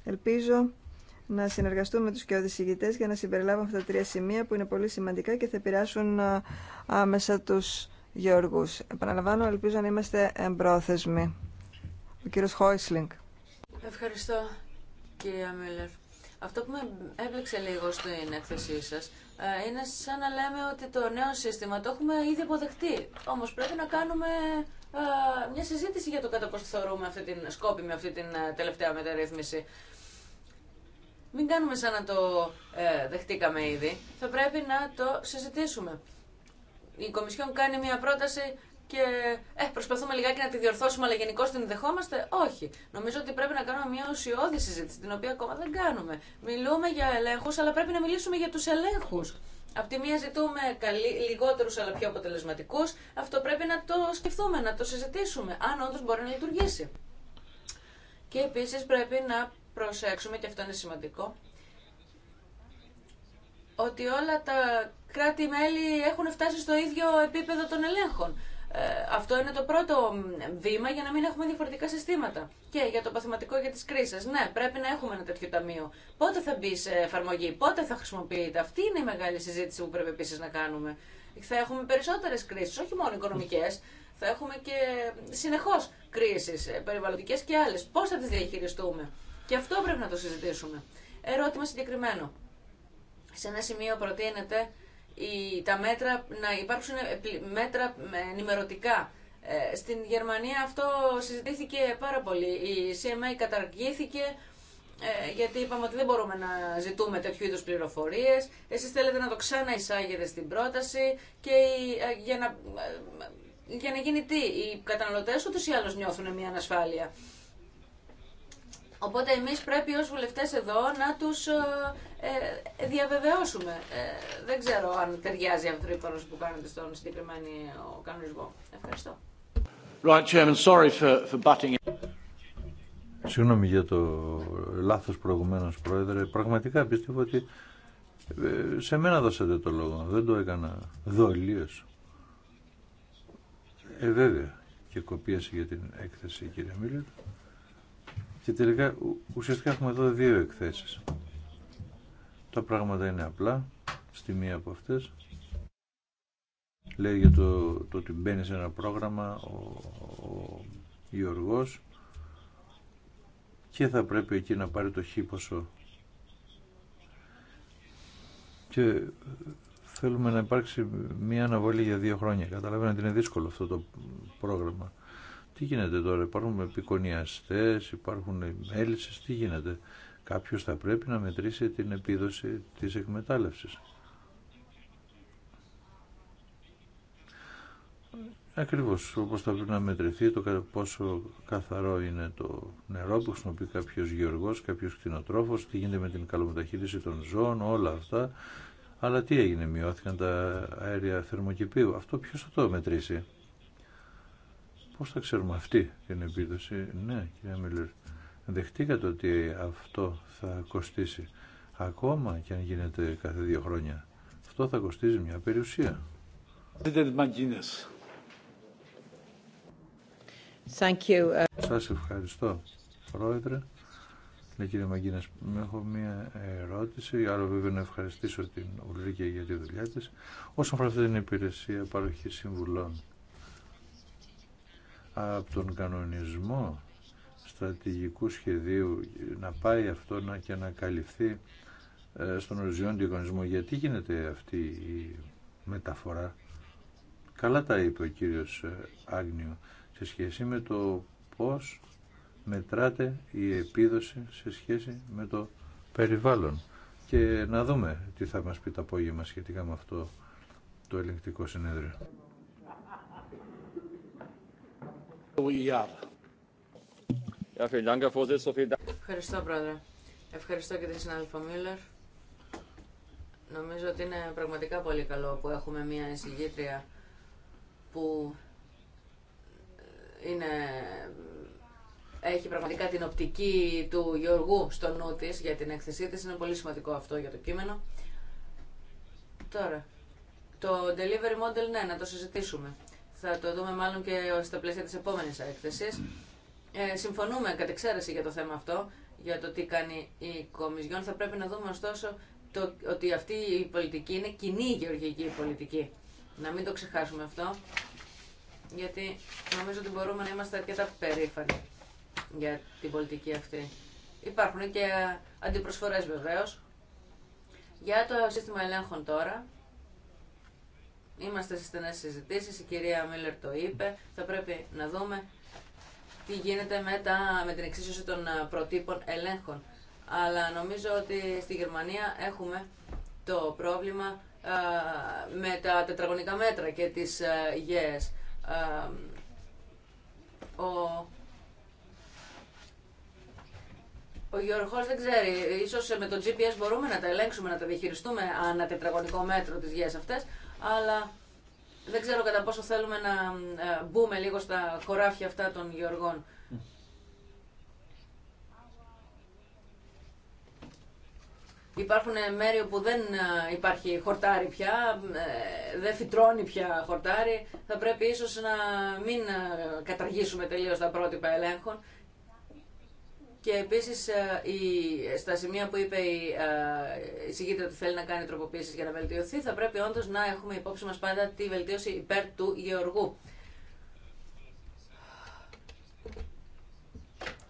ελπίζω να συνεργαστούμε με τους και ηγητές για να συμπεριλάβουν αυτά τα τρία σημεία που είναι πολύ σημαντικά και θα επηρεάσουν άμεσα τους γεωργούς. Επαναλαμβάνω, ελπίζω να είμαστε εμπρόθεσμοι ο κύριος Χόισλινγκ. Ευχαριστώ, κυρία Μίλλερ. Αυτό που με έπλεξε λίγο στην έκθεσή σα ε, είναι σαν να λέμε ότι το νέο σύστημα το έχουμε ήδη αποδεχτεί. Όμω πρέπει να κάνουμε ε, μια συζήτηση για το κατά πώ θεωρούμε αυτή την με αυτή την ε, τελευταία μεταρρύθμιση. Μην κάνουμε σαν να το δεχτήκαμε ήδη. Θα πρέπει να το συζητήσουμε. Η Κομισιόν κάνει μια πρόταση και ε, προσπαθούμε λιγάκι να τη διορθώσουμε, αλλά γενικώ την δεχόμαστε. Όχι. Νομίζω ότι πρέπει να κάνουμε μια ουσιώδη συζήτηση, την οποία ακόμα δεν κάνουμε. Μιλούμε για ελέγχου, αλλά πρέπει να μιλήσουμε για του ελέγχου. Απ' τη μία ζητούμε λιγότερου αλλά πιο αποτελεσματικού. Αυτό πρέπει να το σκεφτούμε, να το συζητήσουμε, αν όντω μπορεί να λειτουργήσει. Και επίση πρέπει να προσέξουμε, και αυτό είναι σημαντικό, ότι όλα τα κράτη-μέλη έχουν φτάσει στο ίδιο επίπεδο των ελέγχων. Ε, αυτό είναι το πρώτο βήμα για να μην έχουμε διαφορετικά συστήματα. Και για το παθηματικό για τι κρίσει. Ναι, πρέπει να έχουμε ένα τέτοιο ταμείο. Πότε θα μπει σε εφαρμογή, πότε θα χρησιμοποιείται. Αυτή είναι η μεγάλη συζήτηση που πρέπει επίση να κάνουμε. Θα έχουμε περισσότερε κρίσει, όχι μόνο οικονομικέ. Θα έχουμε και συνεχώ κρίσει, ε, περιβαλλοντικέ και άλλε. Πώ θα τι διαχειριστούμε. Και αυτό πρέπει να το συζητήσουμε. Ερώτημα συγκεκριμένο. Σε ένα σημείο προτείνεται η, τα μέτρα, να υπάρξουν μέτρα ε, ενημερωτικά. Ε, στην Γερμανία αυτό συζητήθηκε πάρα πολύ. Η CMA καταργήθηκε ε, γιατί είπαμε ότι δεν μπορούμε να ζητούμε τέτοιου είδους πληροφορίες. Εσείς θέλετε να το ξαναεισάγετε στην πρόταση και για, να, για να γίνει τι. Οι καταναλωτές ούτως ή άλλω νιώθουν μια ανασφάλεια. Οπότε εμείς πρέπει ως βουλευτές εδώ να τους ε, διαβεβαιώσουμε. Ε, δεν ξέρω αν ταιριάζει αυτό η υπόλοιπο που κάνετε στον συγκεκριμένο κανονισμό. Ευχαριστώ. Right, Chairman, sorry for, for butting Συγγνώμη για το λάθος προηγουμένως, Πρόεδρε. Πραγματικά πιστεύω ότι ε, σε μένα δώσατε το λόγο. Δεν το έκανα δολίως. Ε, βέβαια. Και κοπίασε για την έκθεση η κυρία Και τελικά ουσιαστικά έχουμε εδώ δύο εκθέσεις. Τα πράγματα είναι απλά στη μία από αυτές. Λέει για το, το ότι μπαίνει σε ένα πρόγραμμα ο, ο Γιωργός και θα πρέπει εκεί να πάρει το χ ποσό. Και θέλουμε να υπάρξει μία αναβολή για δύο χρόνια. Καταλαβαίνετε είναι δύσκολο αυτό το πρόγραμμα. Τι γίνεται τώρα, υπάρχουν επικονιαστές, υπάρχουν μέλησες τι γίνεται. Κάποιος θα πρέπει να μετρήσει την επίδοση της εκμετάλλευσης. Ακριβώς, όπως θα πρέπει να μετρηθεί το πόσο καθαρό είναι το νερό που χρησιμοποιεί κάποιος γεωργός, κάποιος κτηνοτρόφος, τι γίνεται με την καλομεταχείριση των ζώων, όλα αυτά. Αλλά τι έγινε, μειώθηκαν τα αέρια θερμοκηπίου. Αυτό ποιος θα το μετρήσει. Πώς θα ξέρουμε αυτή την επίδοση. Ναι, κύριε Μιλήρ δεχτήκατε ότι αυτό θα κοστίσει ακόμα και αν γίνεται κάθε δύο χρόνια. Αυτό θα κοστίζει μια περιουσία. Σα Σας ευχαριστώ, Πρόεδρε. Ναι, κύριε Μαγκίνας, έχω μία ερώτηση, άλλο βέβαια να ευχαριστήσω την Ουλρίκη για τη δουλειά τη. Όσον αφορά αυτή την υπηρεσία παροχή συμβουλών, από τον κανονισμό στρατηγικού σχεδίου να πάει αυτό και να καλυφθεί ε, στον οριζόντιο οικονομισμό. Γιατί γίνεται αυτή η μεταφορά. Καλά τα είπε ο κύριος ε, Άγνιο σε σχέση με το πώς μετράτε η επίδοση σε σχέση με το περιβάλλον. Και να δούμε τι θα μας πει το απόγευμα σχετικά με αυτό το ελεγκτικό συνέδριο. Ευχαριστώ, Πρόεδρε. Ευχαριστώ και τη συνάδελφο Μίλλερ. Νομίζω ότι είναι πραγματικά πολύ καλό που έχουμε μια εισηγήτρια που ε, είναι, έχει πραγματικά την οπτική του Γιωργού στο νου τη για την έκθεσή τη Είναι πολύ σημαντικό αυτό για το κείμενο. Τώρα, το delivery model, ναι, να το συζητήσουμε. Θα το δούμε μάλλον και στα πλαίσια της επόμενης έκθεσης ε, συμφωνούμε κατ' εξαίρεση για το θέμα αυτό, για το τι κάνει η Κομισιόν. Θα πρέπει να δούμε ωστόσο το, ότι αυτή η πολιτική είναι κοινή γεωργική πολιτική. Να μην το ξεχάσουμε αυτό, γιατί νομίζω ότι μπορούμε να είμαστε αρκετά περήφανοι για την πολιτική αυτή. Υπάρχουν και αντιπροσφορές βεβαίως. Για το σύστημα ελέγχων τώρα, είμαστε σε στενές συζητήσεις, η κυρία Μίλλερ το είπε, θα πρέπει να δούμε τι γίνεται με, με την εξίσωση των ε, προτύπων ελέγχων. Αλλά νομίζω ότι στη Γερμανία έχουμε το πρόβλημα ε, με τα τετραγωνικά μέτρα και τις ε, γέες. Ο ο Γιώργο δεν ξέρει. ίσως με το GPS μπορούμε να τα ελέγξουμε, να τα διαχειριστούμε ανά τετραγωνικό μέτρο τι γέε αυτές, Αλλά δεν ξέρω κατά πόσο θέλουμε να ε, μπούμε λίγο στα χωράφια αυτά των γεωργών. Υπάρχουν ε, μέρη όπου δεν ε, υπάρχει χορτάρι πια, δεν φυτρώνει πια χορτάρι. Θα πρέπει ίσως να μην καταργήσουμε τελείως τα πρότυπα ελέγχων και επίση ε, στα σημεία που είπε η, ε, η ότι θέλει να κάνει τροποποίηση για να βελτιωθεί, θα πρέπει όντω να έχουμε υπόψη μα πάντα τη βελτίωση υπέρ του γεωργού.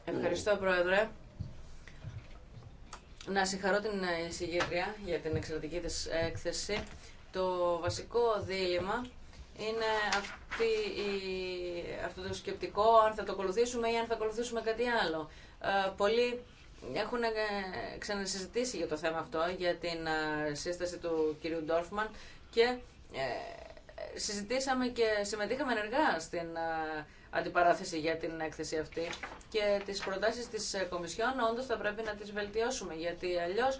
Ευχαριστώ, Πρόεδρε. Να συγχαρώ την ε, εισηγήτρια για την εξαιρετική της έκθεση. Το βασικό δίλημα είναι αυτό αυτή, αυτό το σκεπτικό, αν θα το ακολουθήσουμε ή αν θα ακολουθήσουμε κάτι άλλο. Ε, πολλοί έχουν ε, ξανασυζητήσει για το θέμα αυτό, για την ε, σύσταση του κυρίου Ντόρφμαν και συζητήσαμε και συμμετείχαμε ενεργά στην αντιπαράθεση για την έκθεση αυτή και τις προτάσεις της Κομισιόν όντως θα πρέπει να τις βελτιώσουμε γιατί αλλιώς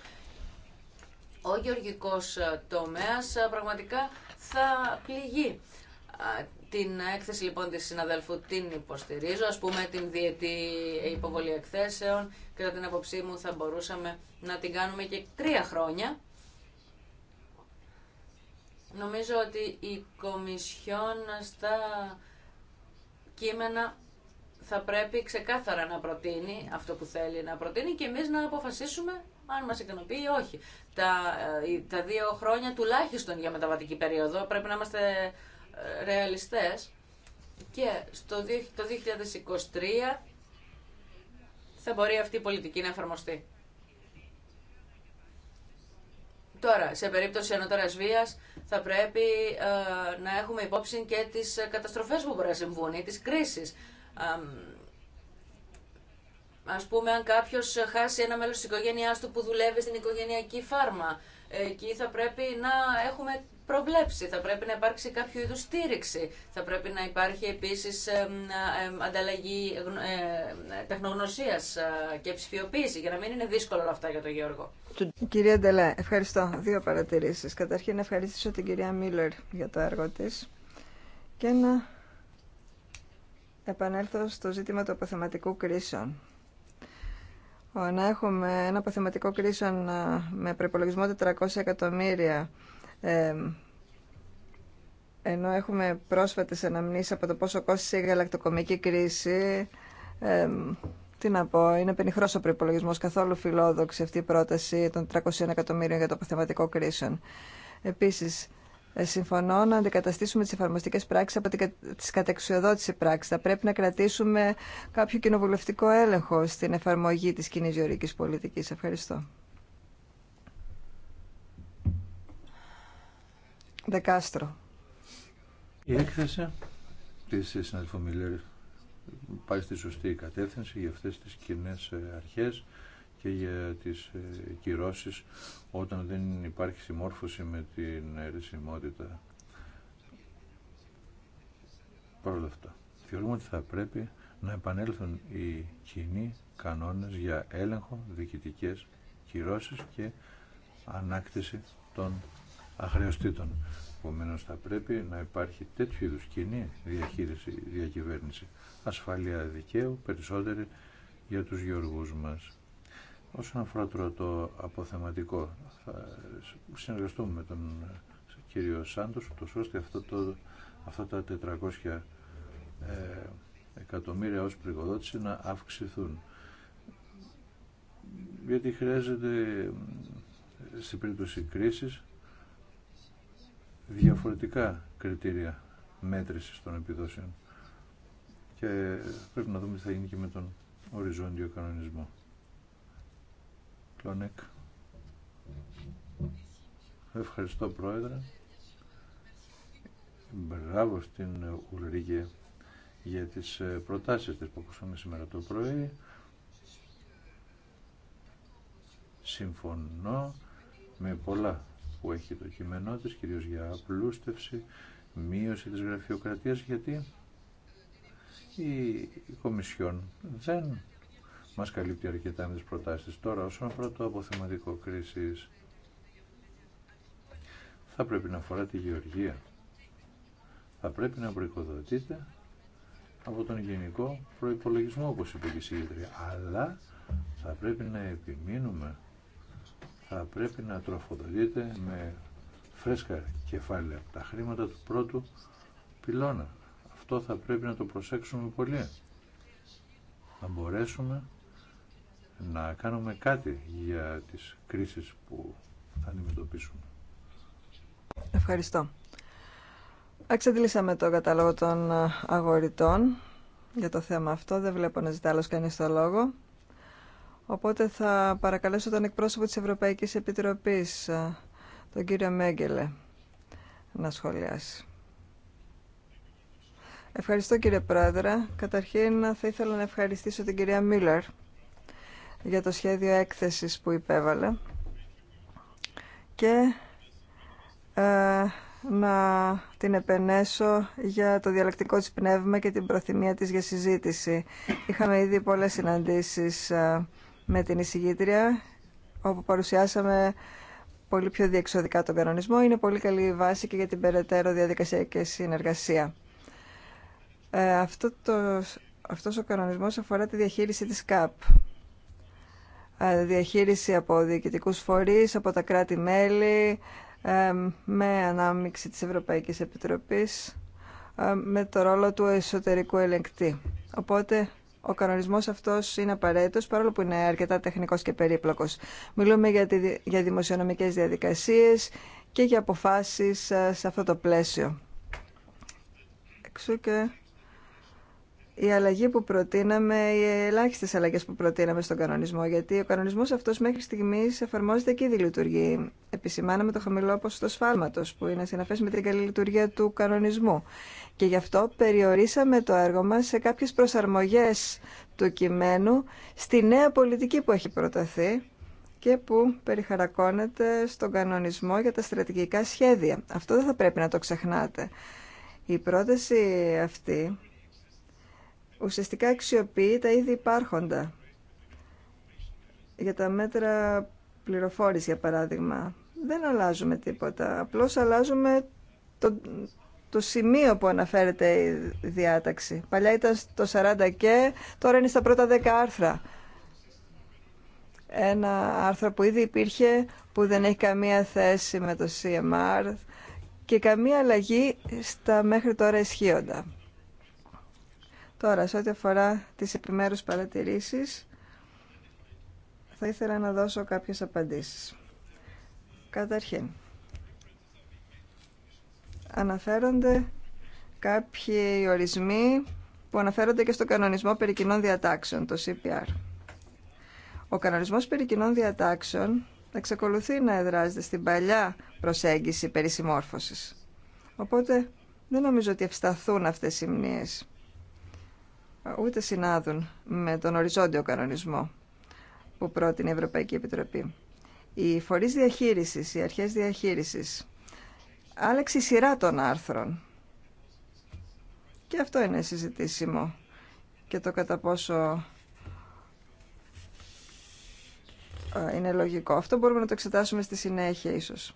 ο γεωργικός τομέας πραγματικά θα πληγεί. Την έκθεση λοιπόν της συναδέλφου την υποστηρίζω, ας πούμε την διετή υποβολή εκθέσεων. Κατά την απόψή μου θα μπορούσαμε να την κάνουμε και τρία χρόνια. Νομίζω ότι η Κομισιόν στα κείμενα θα πρέπει ξεκάθαρα να προτείνει αυτό που θέλει να προτείνει και εμείς να αποφασίσουμε αν μας ικανοποιεί ή όχι. Τα, ε, τα δύο χρόνια τουλάχιστον για μεταβατική περίοδο πρέπει να είμαστε ρεαλιστές και στο, το 2023 θα μπορεί αυτή η πολιτική να εφαρμοστεί. Τώρα, σε περίπτωση ανωτέρας βίας θα πρέπει ε, να έχουμε υπόψη και τις ε, καταστροφές που μπορεί να συμβούν ή τις κρίσεις. Ε, ας πούμε, αν κάποιος χάσει ένα μέλος της οικογένειάς του που δουλεύει στην οικογενειακή φάρμα, εκεί θα πρέπει να έχουμε προβλέψει. Θα πρέπει να υπάρξει κάποιο είδου στήριξη. Θα πρέπει να υπάρχει επίσης ανταλλαγή ε, τεχνογνωσίας και ψηφιοποίηση για να μην είναι δύσκολο όλα αυτά για τον Γιώργο. Κυρία Ντελέ, ευχαριστώ. Δύο παρατηρήσεις. Καταρχήν ευχαριστήσω την κυρία Μίλλερ για το έργο της και να επανέλθω στο ζήτημα του αποθεματικού κρίσεων. Να έχουμε ένα αποθεματικό κρίσεων με προπολογισμό 400 εκατομμύρια ενώ έχουμε πρόσφατες αναμνήσεις από το πόσο κόστησε η γαλακτοκομική κρίση, τι να πω, είναι πενιχρός ο προπολογισμό καθόλου φιλόδοξη αυτή η πρόταση των 300 εκατομμύριων για το αποθεματικό κρίσεων. Επίσης, ε, συμφωνώ να αντικαταστήσουμε τις εφαρμοστικές πράξεις από τις κατεξιοδότηση πράξεις. Θα πρέπει να κρατήσουμε κάποιο κοινοβουλευτικό έλεγχο στην εφαρμογή της κοινή γεωρικής πολιτικής. Ευχαριστώ. Δεκάστρο. Η έκθεση της συναδελφού Μιλέρ πάει στη σωστή κατεύθυνση για αυτές τις κοινέ ε, αρχές και για τις ε, κυρώσεις όταν δεν υπάρχει συμμόρφωση με την αιρεσιμότητα. Παρ' όλα αυτά, θεωρούμε ότι θα πρέπει να επανέλθουν οι κοινοί κανόνες για έλεγχο, διοικητικές κυρώσεις και ανάκτηση των αχρεωστήτων. Επομένω θα πρέπει να υπάρχει τέτοιου είδου κοινή διαχείριση, διακυβέρνηση, ασφάλεια δικαίου, περισσότερη για τους γεωργού μας. Όσον αφορά τώρα το αποθεματικό, θα συνεργαστούμε με τον κύριο Σάντος, ώστε αυτό το, αυτά τα 400 ε, εκατομμύρια ω πρικοδότηση να αυξηθούν. Γιατί χρειάζεται ε, στην περίπτωση κρίσης διαφορετικά κριτήρια μέτρησης των επιδόσεων και πρέπει να δούμε τι θα γίνει και με τον οριζόντιο κανονισμό. Κλονέκ. Ευχαριστώ Πρόεδρε. Μπράβο στην Ουλρίγε για τις ε, προτάσεις της που ακούσαμε σήμερα το πρωί. Συμφωνώ με πολλά που έχει το κείμενό της, κυρίως για απλούστευση, μείωση της γραφειοκρατίας, γιατί η Κομισιόν δεν μας καλύπτει αρκετά με τις προτάσεις. Τώρα, όσον αφορά το αποθεματικό κρίση. θα πρέπει να αφορά τη γεωργία. Θα πρέπει να προοικοδοτείται από τον γενικό προϋπολογισμό, όπως είπε και η Αλλά θα πρέπει να επιμείνουμε θα πρέπει να τροφοδοτείται με φρέσκα κεφάλαια τα χρήματα του πρώτου πυλώνα. Αυτό θα πρέπει να το προσέξουμε πολύ. Να μπορέσουμε να κάνουμε κάτι για τις κρίσεις που θα αντιμετωπίσουμε. Ευχαριστώ. Εξαντλήσαμε το κατάλογο των αγοριτών για το θέμα αυτό. Δεν βλέπω να ζητά άλλος κανείς το λόγο. Οπότε θα παρακαλέσω τον εκπρόσωπο της Ευρωπαϊκής Επιτροπής, ε, τον κύριο Μέγκελε, να σχολιάσει. Ευχαριστώ κύριε Πρόεδρε. Καταρχήν θα ήθελα να ευχαριστήσω την κυρία Μίλλερ για το σχέδιο έκθεσης που υπέβαλε και ε, να την επενέσω για το διαλεκτικό της πνεύμα και την προθυμία της για συζήτηση. Είχαμε ήδη πολλές συναντήσεις ε, με την εισηγήτρια, όπου παρουσιάσαμε πολύ πιο διεξοδικά τον κανονισμό. Είναι πολύ καλή βάση και για την περαιτέρω διαδικασία και συνεργασία. Ε, αυτό το, αυτός ο κανονισμός αφορά τη διαχείριση της ΚΑΠ. Ε, διαχείριση από διοικητικούς φορείς, από τα κράτη-μέλη, ε, με ανάμειξη της Ευρωπαϊκής Επιτροπής, με το ρόλο του εσωτερικού ελεγκτή. Οπότε ο κανονισμός αυτός είναι απαραίτητο, παρόλο που είναι αρκετά τεχνικός και περίπλοκος. Μιλούμε για, τη, για δημοσιονομικές διαδικασίες και για αποφάσεις ε, σε αυτό το πλαίσιο. Εξού και η αλλαγή που προτείναμε, οι ελάχιστε αλλαγές που προτείναμε στον κανονισμό, γιατί ο κανονισμό αυτό μέχρι στιγμή εφαρμόζεται και ήδη λειτουργεί. Επισημάναμε το χαμηλό ποσοστό σφάλματο, που είναι συναφές με την καλή λειτουργία του κανονισμού. Και γι' αυτό περιορίσαμε το έργο μα σε κάποιε προσαρμογέ του κειμένου στη νέα πολιτική που έχει προταθεί και που περιχαρακώνεται στον κανονισμό για τα στρατηγικά σχέδια. Αυτό δεν θα πρέπει να το ξεχνάτε. Η πρόταση αυτή ουσιαστικά αξιοποιεί τα ήδη υπάρχοντα. Για τα μέτρα πληροφόρηση, για παράδειγμα, δεν αλλάζουμε τίποτα. Απλώς αλλάζουμε το, το σημείο που αναφέρεται η διάταξη. Παλιά ήταν στο 40 και, τώρα είναι στα πρώτα 10 άρθρα. Ένα άρθρο που ήδη υπήρχε, που δεν έχει καμία θέση με το CMR και καμία αλλαγή στα μέχρι τώρα ισχύοντα. Τώρα, σε ό,τι αφορά τις επιμέρους παρατηρήσεις, θα ήθελα να δώσω κάποιες απαντήσεις. Καταρχήν, αναφέρονται κάποιοι ορισμοί που αναφέρονται και στο κανονισμό περί κοινών διατάξεων, το CPR. Ο κανονισμός περί κοινών διατάξεων εξακολουθεί να εδράζεται στην παλιά προσέγγιση περί συμμόρφωσης. Οπότε δεν νομίζω ότι ευσταθούν αυτές οι μνήες ούτε συνάδουν με τον οριζόντιο κανονισμό που πρότεινε η Ευρωπαϊκή Επιτροπή. Οι φορείς διαχείρισης, οι αρχές διαχείρισης, άλλαξε η σειρά των άρθρων. Και αυτό είναι συζητήσιμο. Και το κατά πόσο είναι λογικό. Αυτό μπορούμε να το εξετάσουμε στη συνέχεια ίσως.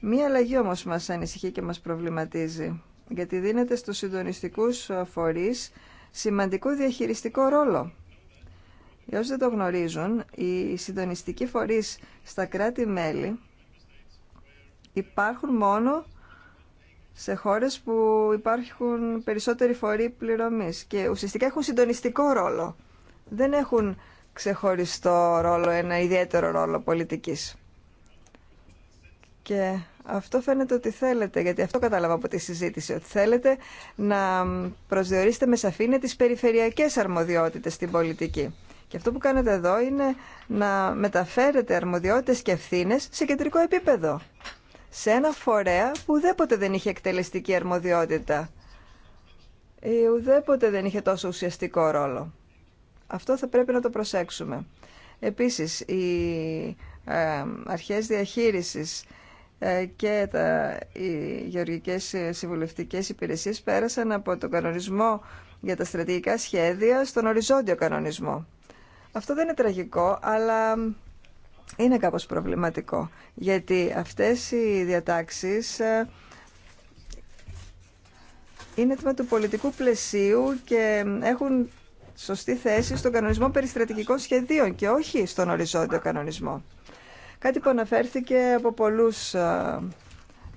Μία αλλαγή όμως μας ανησυχεί και μας προβληματίζει, γιατί δίνεται στους συντονιστικούς φορείς σημαντικό διαχειριστικό ρόλο. Για όσοι δεν το γνωρίζουν, οι συντονιστικοί φορείς στα κράτη-μέλη υπάρχουν μόνο σε χώρες που υπάρχουν περισσότεροι φορεί πληρωμής και ουσιαστικά έχουν συντονιστικό ρόλο. Δεν έχουν ξεχωριστό ρόλο, ένα ιδιαίτερο ρόλο πολιτικής. Και αυτό φαίνεται ότι θέλετε, γιατί αυτό κατάλαβα από τη συζήτηση, ότι θέλετε να προσδιορίσετε με σαφήνεια τις περιφερειακές αρμοδιότητες στην πολιτική. Και αυτό που κάνετε εδώ είναι να μεταφέρετε αρμοδιότητες και ευθύνε σε κεντρικό επίπεδο. Σε ένα φορέα που ουδέποτε δεν είχε εκτελεστική αρμοδιότητα ή ουδέποτε δεν είχε τόσο ουσιαστικό ρόλο. Αυτό θα πρέπει να το προσέξουμε. Επίσης, οι ε, αρχές διαχείρισης ε, και τα, οι γεωργικές ε, συμβουλευτικές υπηρεσίες πέρασαν από τον κανονισμό για τα στρατηγικά σχέδια στον οριζόντιο κανονισμό. Αυτό δεν είναι τραγικό, αλλά είναι κάπως προβληματικό, γιατί αυτές οι διατάξεις ε, είναι τμήμα του πολιτικού πλαισίου και έχουν σωστή θέση στον κανονισμό περί στρατηγικών σχεδίων και όχι στον οριζόντιο κανονισμό. Κάτι που αναφέρθηκε από πολλούς ε,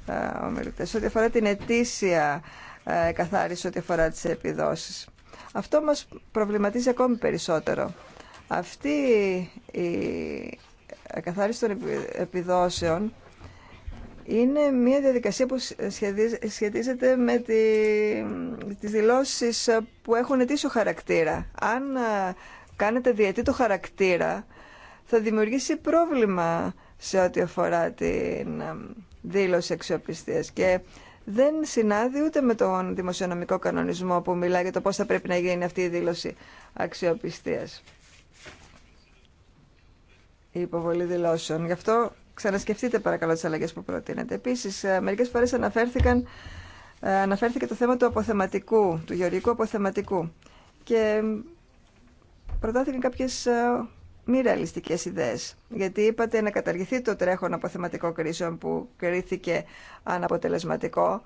ε, ομιλητές, ό,τι αφορά την ετήσια ε, καθάριση, ό,τι αφορά τις επιδόσεις. Αυτό μας προβληματίζει ακόμη περισσότερο. Αυτή η καθάριση των επιδόσεων είναι μια διαδικασία που σχετίζεται με τη, τις δηλώσεις που έχουν ετήσιο χαρακτήρα. Αν κάνετε διαιτή το χαρακτήρα, θα δημιουργήσει πρόβλημα σε ό,τι αφορά την ε, δήλωση αξιοπιστίας και δεν συνάδει ούτε με τον δημοσιονομικό κανονισμό που μιλάει για το πώς θα πρέπει να γίνει αυτή η δήλωση αξιοπιστίας. Η υποβολή δηλώσεων. Γι' αυτό ξανασκεφτείτε παρακαλώ τις αλλαγές που προτείνετε. Επίσης, ε, μερικές φορές αναφέρθηκαν, ε, αναφέρθηκε το θέμα του αποθεματικού, του γεωργικού αποθεματικού. Και προτάθηκαν κάποιες μη ρεαλιστικέ ιδέε. Γιατί είπατε να καταργηθεί το τρέχον αποθεματικό κρίσεων που κρίθηκε αναποτελεσματικό.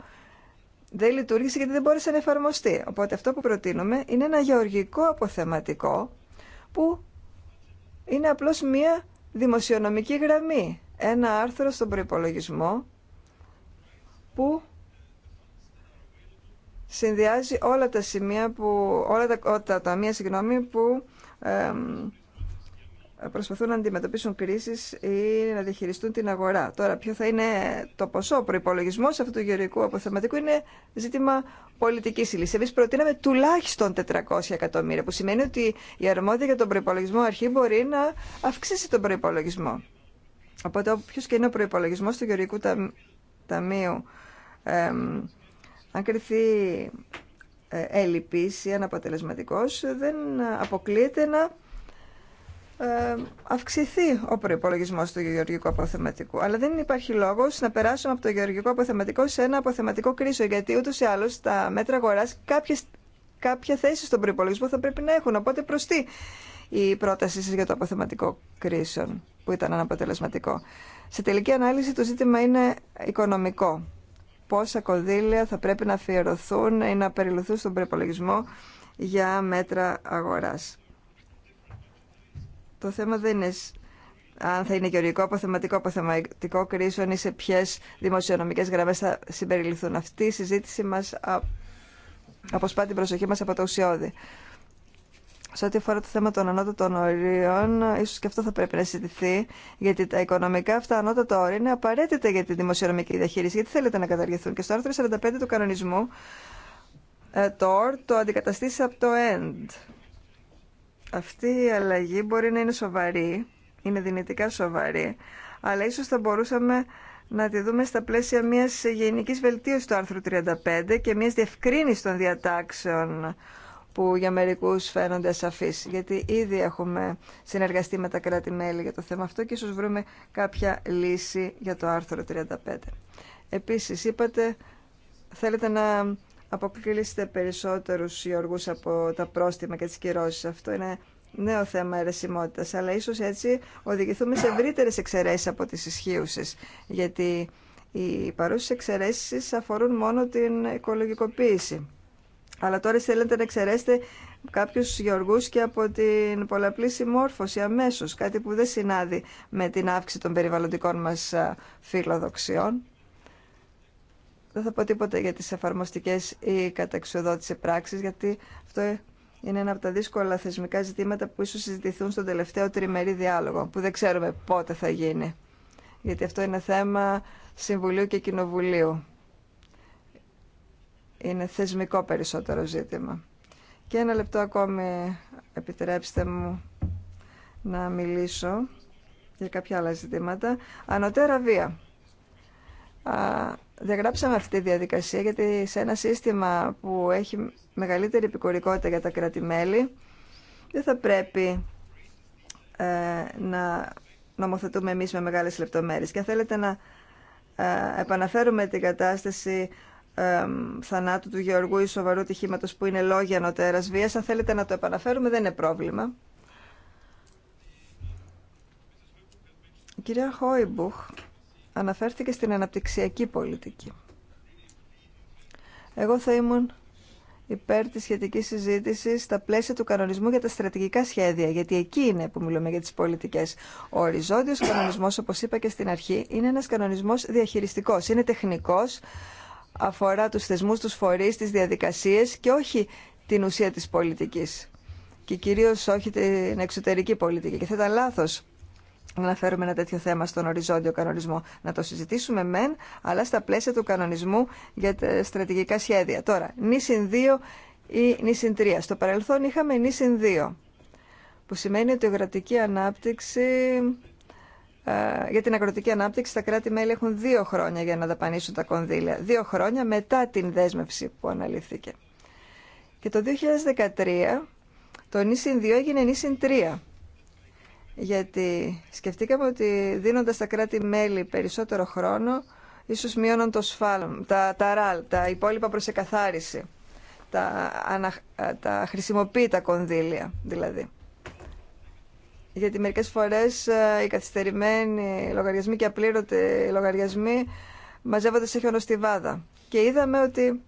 Δεν λειτουργήσε γιατί δεν μπόρεσε να εφαρμοστεί. Οπότε αυτό που προτείνουμε είναι ένα γεωργικό αποθεματικό που είναι απλώς μία δημοσιονομική γραμμή. Ένα άρθρο στον προϋπολογισμό που συνδυάζει όλα τα σημεία που, όλα τα, τα συγγνώμη, που προσπαθούν να αντιμετωπίσουν κρίσει ή να διαχειριστούν την αγορά. Τώρα, ποιο θα είναι το ποσό προπολογισμό αυτού του γεωργικού αποθεματικού είναι ζήτημα πολιτική λύση. Εμεί προτείναμε τουλάχιστον 400 εκατομμύρια, που σημαίνει ότι η αρμόδια για τον προπολογισμό αρχή μπορεί να αυξήσει τον προπολογισμό. Οπότε, όποιο και είναι ο προπολογισμό του γεωργικού ταμείου, αν κρυθεί ε, έλλειπης ή αναποτελεσματικός, δεν αποκλείεται να ε, αυξηθεί ο προπολογισμό του γεωργικού αποθεματικού. Αλλά δεν υπάρχει λόγο να περάσουμε από το γεωργικό αποθεματικό σε ένα αποθεματικό μέτρα αγοράς κάποια θέσεις γιατί ούτω ή άλλω τα μέτρα αγορά κάποια θέση στον προπολογισμό θα πρέπει να έχουν. Οπότε προ τι η πρότασή σα για το αποθεματικό κρίσιο, που ήταν αναποτελεσματικό. Σε τελική ανάλυση το ζήτημα είναι οικονομικό. Πόσα κονδύλια θα πρέπει να αφιερωθούν ή να περιλουθούν στον προπολογισμό για μέτρα αγοράς. Το θέμα δεν είναι αν θα είναι γεωργικό, αποθεματικό, αποθεματικό κρίσεων ή σε ποιε δημοσιονομικέ γραμμέ θα συμπεριληφθούν. Αυτή η συζήτηση μα αποσπά την προσοχή μα από το ουσιώδη. Σε ό,τι αφορά το θέμα των ανώτατων ορίων, ίσω και αυτό θα πρέπει να συζητηθεί, γιατί τα οικονομικά αυτά ανώτατα όρια είναι απαραίτητα για τη δημοσιονομική διαχείριση. Γιατί θέλετε να καταργηθούν. Και στο άρθρο 45 του κανονισμού, ε, το όρ το αντικαταστήσει από το end. Αυτή η αλλαγή μπορεί να είναι σοβαρή, είναι δυνητικά σοβαρή, αλλά ίσως θα μπορούσαμε να τη δούμε στα πλαίσια μιας γενικής βελτίωσης του άρθρου 35 και μιας διευκρίνησης των διατάξεων που για μερικούς φαίνονται ασαφείς, γιατί ήδη έχουμε συνεργαστεί με τα κράτη-μέλη για το θέμα αυτό και ίσως βρούμε κάποια λύση για το άρθρο 35. Επίσης, είπατε, θέλετε να αποκλείσετε περισσότερους γεωργούς από τα πρόστιμα και τις κυρώσεις. Αυτό είναι νέο θέμα αιρεσιμότητας, αλλά ίσως έτσι οδηγηθούμε σε ευρύτερες εξαιρέσεις από τις ισχύουσε. γιατί οι παρούσες εξαιρέσεις αφορούν μόνο την οικολογικοποίηση. Αλλά τώρα θέλετε να εξαιρέσετε κάποιους γεωργούς και από την πολλαπλή συμμόρφωση αμέσως, κάτι που δεν συνάδει με την αύξηση των περιβαλλοντικών μας φιλοδοξιών δεν θα πω τίποτα για τις εφαρμοστικές ή καταξιοδότηση πράξεις, γιατί αυτό είναι ένα από τα δύσκολα θεσμικά ζητήματα που ίσως συζητηθούν στον τελευταίο τριμερή διάλογο, που δεν ξέρουμε πότε θα γίνει. Γιατί αυτό είναι θέμα Συμβουλίου και Κοινοβουλίου. Είναι θεσμικό περισσότερο ζήτημα. Και ένα λεπτό ακόμη επιτρέψτε μου να μιλήσω για κάποια άλλα ζητήματα. Ανωτέρα βία διαγράψαμε αυτή τη διαδικασία γιατί σε ένα σύστημα που έχει μεγαλύτερη επικορικότητα για τα κράτη-μέλη δεν θα πρέπει ε, να νομοθετούμε εμείς με μεγάλες λεπτομέρειες. Και αν θέλετε να ε, επαναφέρουμε την κατάσταση ε, θανάτου του Γεωργού ή σοβαρού τυχήματο που είναι λόγια νοτέρας βίας, αν θέλετε να το επαναφέρουμε δεν είναι πρόβλημα. κυρία Χόιμπουχ αναφέρθηκε στην αναπτυξιακή πολιτική. Εγώ θα ήμουν υπέρ της σχετικής συζήτησης στα πλαίσια του κανονισμού για τα στρατηγικά σχέδια, γιατί εκεί είναι που μιλούμε για τις πολιτικές. Ο οριζόντιος κανονισμός, όπως είπα και στην αρχή, είναι ένας κανονισμός διαχειριστικός, είναι τεχνικός, αφορά τους θεσμούς, τους φορείς, τις διαδικασίες και όχι την ουσία της πολιτικής και κυρίως όχι την εξωτερική πολιτική. Και θα ήταν λάθος να φέρουμε ένα τέτοιο θέμα στον οριζόντιο κανονισμό. Να το συζητήσουμε μεν, αλλά στα πλαίσια του κανονισμού για στρατηγικά σχέδια. Τώρα, νησιν 2 ή νησιν 3. Στο παρελθόν είχαμε νησιν 2, που σημαίνει ότι η αγροτική ανάπτυξη... Ε, για την αγροτική ανάπτυξη τα κράτη-μέλη έχουν δύο χρόνια για να δαπανίσουν τα κονδύλια. Δύο χρόνια μετά την δέσμευση που αναλύθηκε. Και το 2013 το νησιν 2 έγινε νησιν 3 γιατί σκεφτήκαμε ότι δίνοντας τα κράτη-μέλη περισσότερο χρόνο, ίσως μειώνουν το σφάλ, τα, τα ραλ, τα υπόλοιπα προς εκαθάριση, τα, ανα, ε, τα χρησιμοποιητά κονδύλια δηλαδή. Γιατί μερικές φορές ε, οι καθυστερημένοι λογαριασμοί και απλήρωτοι λογαριασμοί μαζεύονται σε χιονοστιβάδα. Και είδαμε ότι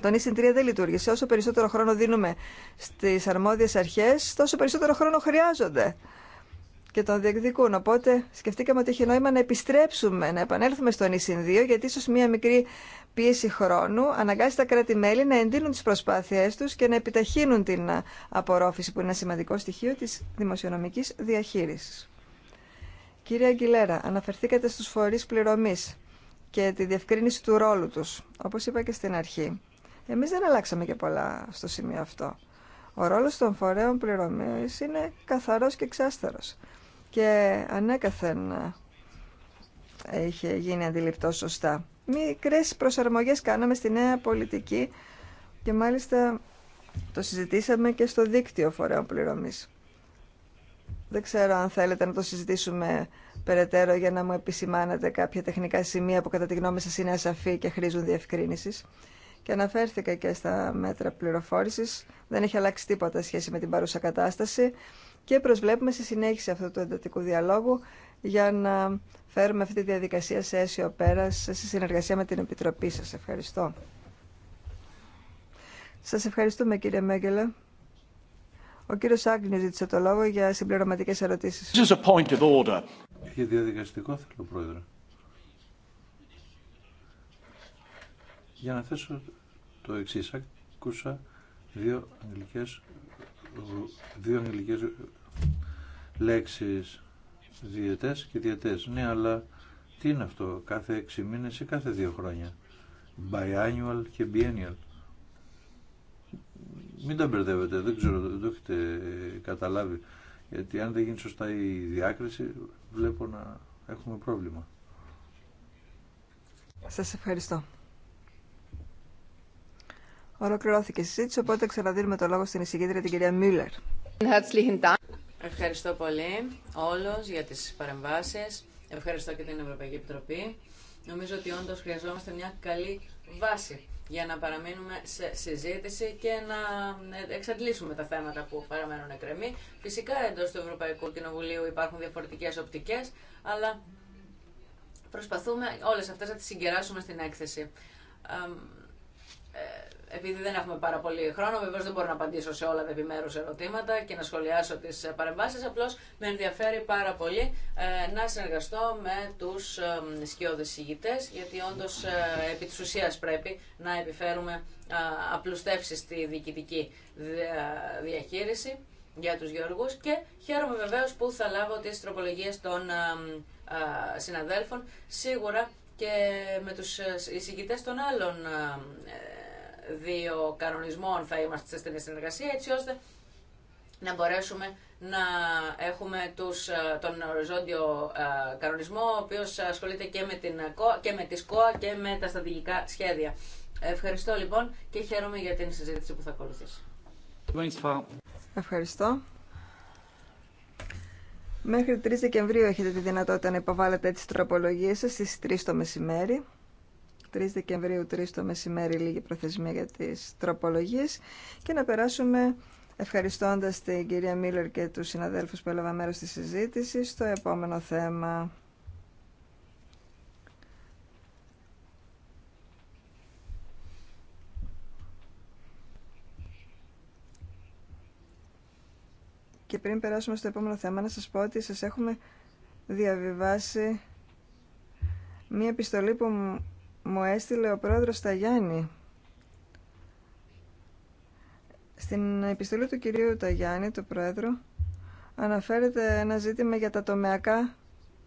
το νησιν 3 δεν λειτουργήσε. Όσο περισσότερο χρόνο δίνουμε στις αρμόδιες αρχές, τόσο περισσότερο χρόνο χρειάζονται και τον διεκδικούν. Οπότε σκεφτήκαμε ότι έχει νόημα να επιστρέψουμε, να επανέλθουμε στον ΙΣΙΝ γιατί ίσω μία μικρή πίεση χρόνου αναγκάζει τα κράτη-μέλη να εντείνουν τι προσπάθειέ του και να επιταχύνουν την απορρόφηση, που είναι ένα σημαντικό στοιχείο τη δημοσιονομική διαχείριση. Κύριε Αγγιλέρα, αναφερθήκατε στου φορεί πληρωμή και τη διευκρίνηση του ρόλου του, όπω είπα και στην αρχή. Εμεί δεν αλλάξαμε και πολλά στο σημείο αυτό. Ο ρόλος των φορέων πληρωμής είναι καθαρός και εξάστερος και ανέκαθεν ε, είχε γίνει αντιληπτό σωστά. Μικρές προσαρμογές κάναμε στη νέα πολιτική και μάλιστα το συζητήσαμε και στο δίκτυο φορέων πληρωμής. Δεν ξέρω αν θέλετε να το συζητήσουμε περαιτέρω για να μου επισημάνετε κάποια τεχνικά σημεία που κατά τη γνώμη σας είναι ασαφή και χρήζουν διευκρίνησης. Και αναφέρθηκα και στα μέτρα πληροφόρησης. Δεν έχει αλλάξει τίποτα σχέση με την παρούσα κατάσταση και προσβλέπουμε στη συνέχιση αυτού του εντατικού διαλόγου για να φέρουμε αυτή τη διαδικασία σε αίσιο πέρα, σε συνεργασία με την Επιτροπή σας. Ευχαριστώ. Σας ευχαριστούμε κύριε Μέγκελε. Ο κύριος Άγνιος ζήτησε το λόγο για συμπληρωματικές ερωτήσεις. This is a order. Για διαδικαστικό θέλω πρόεδρε. Για να θέσω το εξής. Άκουσα δύο αγγλικές, δύο αγγλικές λέξεις διαιτές και διαιτές. Ναι, αλλά τι είναι αυτό, κάθε έξι μήνες ή κάθε δύο χρόνια. Biannual και biennial. Μην τα μπερδεύετε, δεν ξέρω, δεν το έχετε καταλάβει. Γιατί αν δεν γίνει σωστά η διάκριση, βλέπω να έχουμε πρόβλημα. Σας ευχαριστώ. Ολοκληρώθηκε η συζήτηση, οπότε ξαναδίνουμε το λόγο στην εισηγήτρια την κυρία Μίλλερ. Ευχαριστώ πολύ όλους για τις παρεμβάσεις. Ευχαριστώ και την Ευρωπαϊκή Επιτροπή. Νομίζω ότι όντως χρειαζόμαστε μια καλή βάση για να παραμείνουμε σε συζήτηση και να εξαντλήσουμε τα θέματα που παραμένουν εκκρεμή. Φυσικά εντός του Ευρωπαϊκού Κοινοβουλίου υπάρχουν διαφορετικές οπτικές, αλλά προσπαθούμε όλες αυτές να τις συγκεράσουμε στην έκθεση. Ε, επειδή δεν έχουμε πάρα πολύ χρόνο, βεβαίω δεν μπορώ να απαντήσω σε όλα τα επιμέρου ερωτήματα και να σχολιάσω τι ε, παρεμβάσει. Απλώ με ενδιαφέρει πάρα πολύ ε, να συνεργαστώ με του ε, σκιώδε ηγητέ, γιατί όντω επί τη ουσία πρέπει να επιφέρουμε απλουστεύσει στη διοικητική διαχείριση για τους γεωργούς και χαίρομαι βεβαίως που θα λάβω τις τροπολογίες των συναδέλφων σίγουρα και με τους εισηγητές των άλλων δύο κανονισμών θα είμαστε σε στενή συνεργασία έτσι ώστε να μπορέσουμε να έχουμε τους, ε, τον οριζόντιο ε, κανονισμό ο οποίος ασχολείται και με, την, ε, και με τη ΣΚΟΑ και με τα στρατηγικά σχέδια. Ευχαριστώ λοιπόν και χαίρομαι για την συζήτηση που θα ακολουθήσει. Ευχαριστώ. Μέχρι 3 Δεκεμβρίου έχετε τη δυνατότητα να υποβάλλετε τις τροπολογίες σας στις 3 το μεσημέρι. 3 Δεκεμβρίου 3 το μεσημέρι λίγη προθεσμία για τις τροπολογίες και να περάσουμε ευχαριστώντας την κυρία Μίλλερ και του συναδέλφου που έλαβαν μέρο στη συζήτηση στο επόμενο θέμα. Και πριν περάσουμε στο επόμενο θέμα, να σας πω ότι σας έχουμε διαβιβάσει μία επιστολή που μου έστειλε ο πρόεδρος Ταγιάννη. Στην επιστολή του κυρίου Ταγιάννη, του πρόεδρου, αναφέρεται ένα ζήτημα για τα τομεακά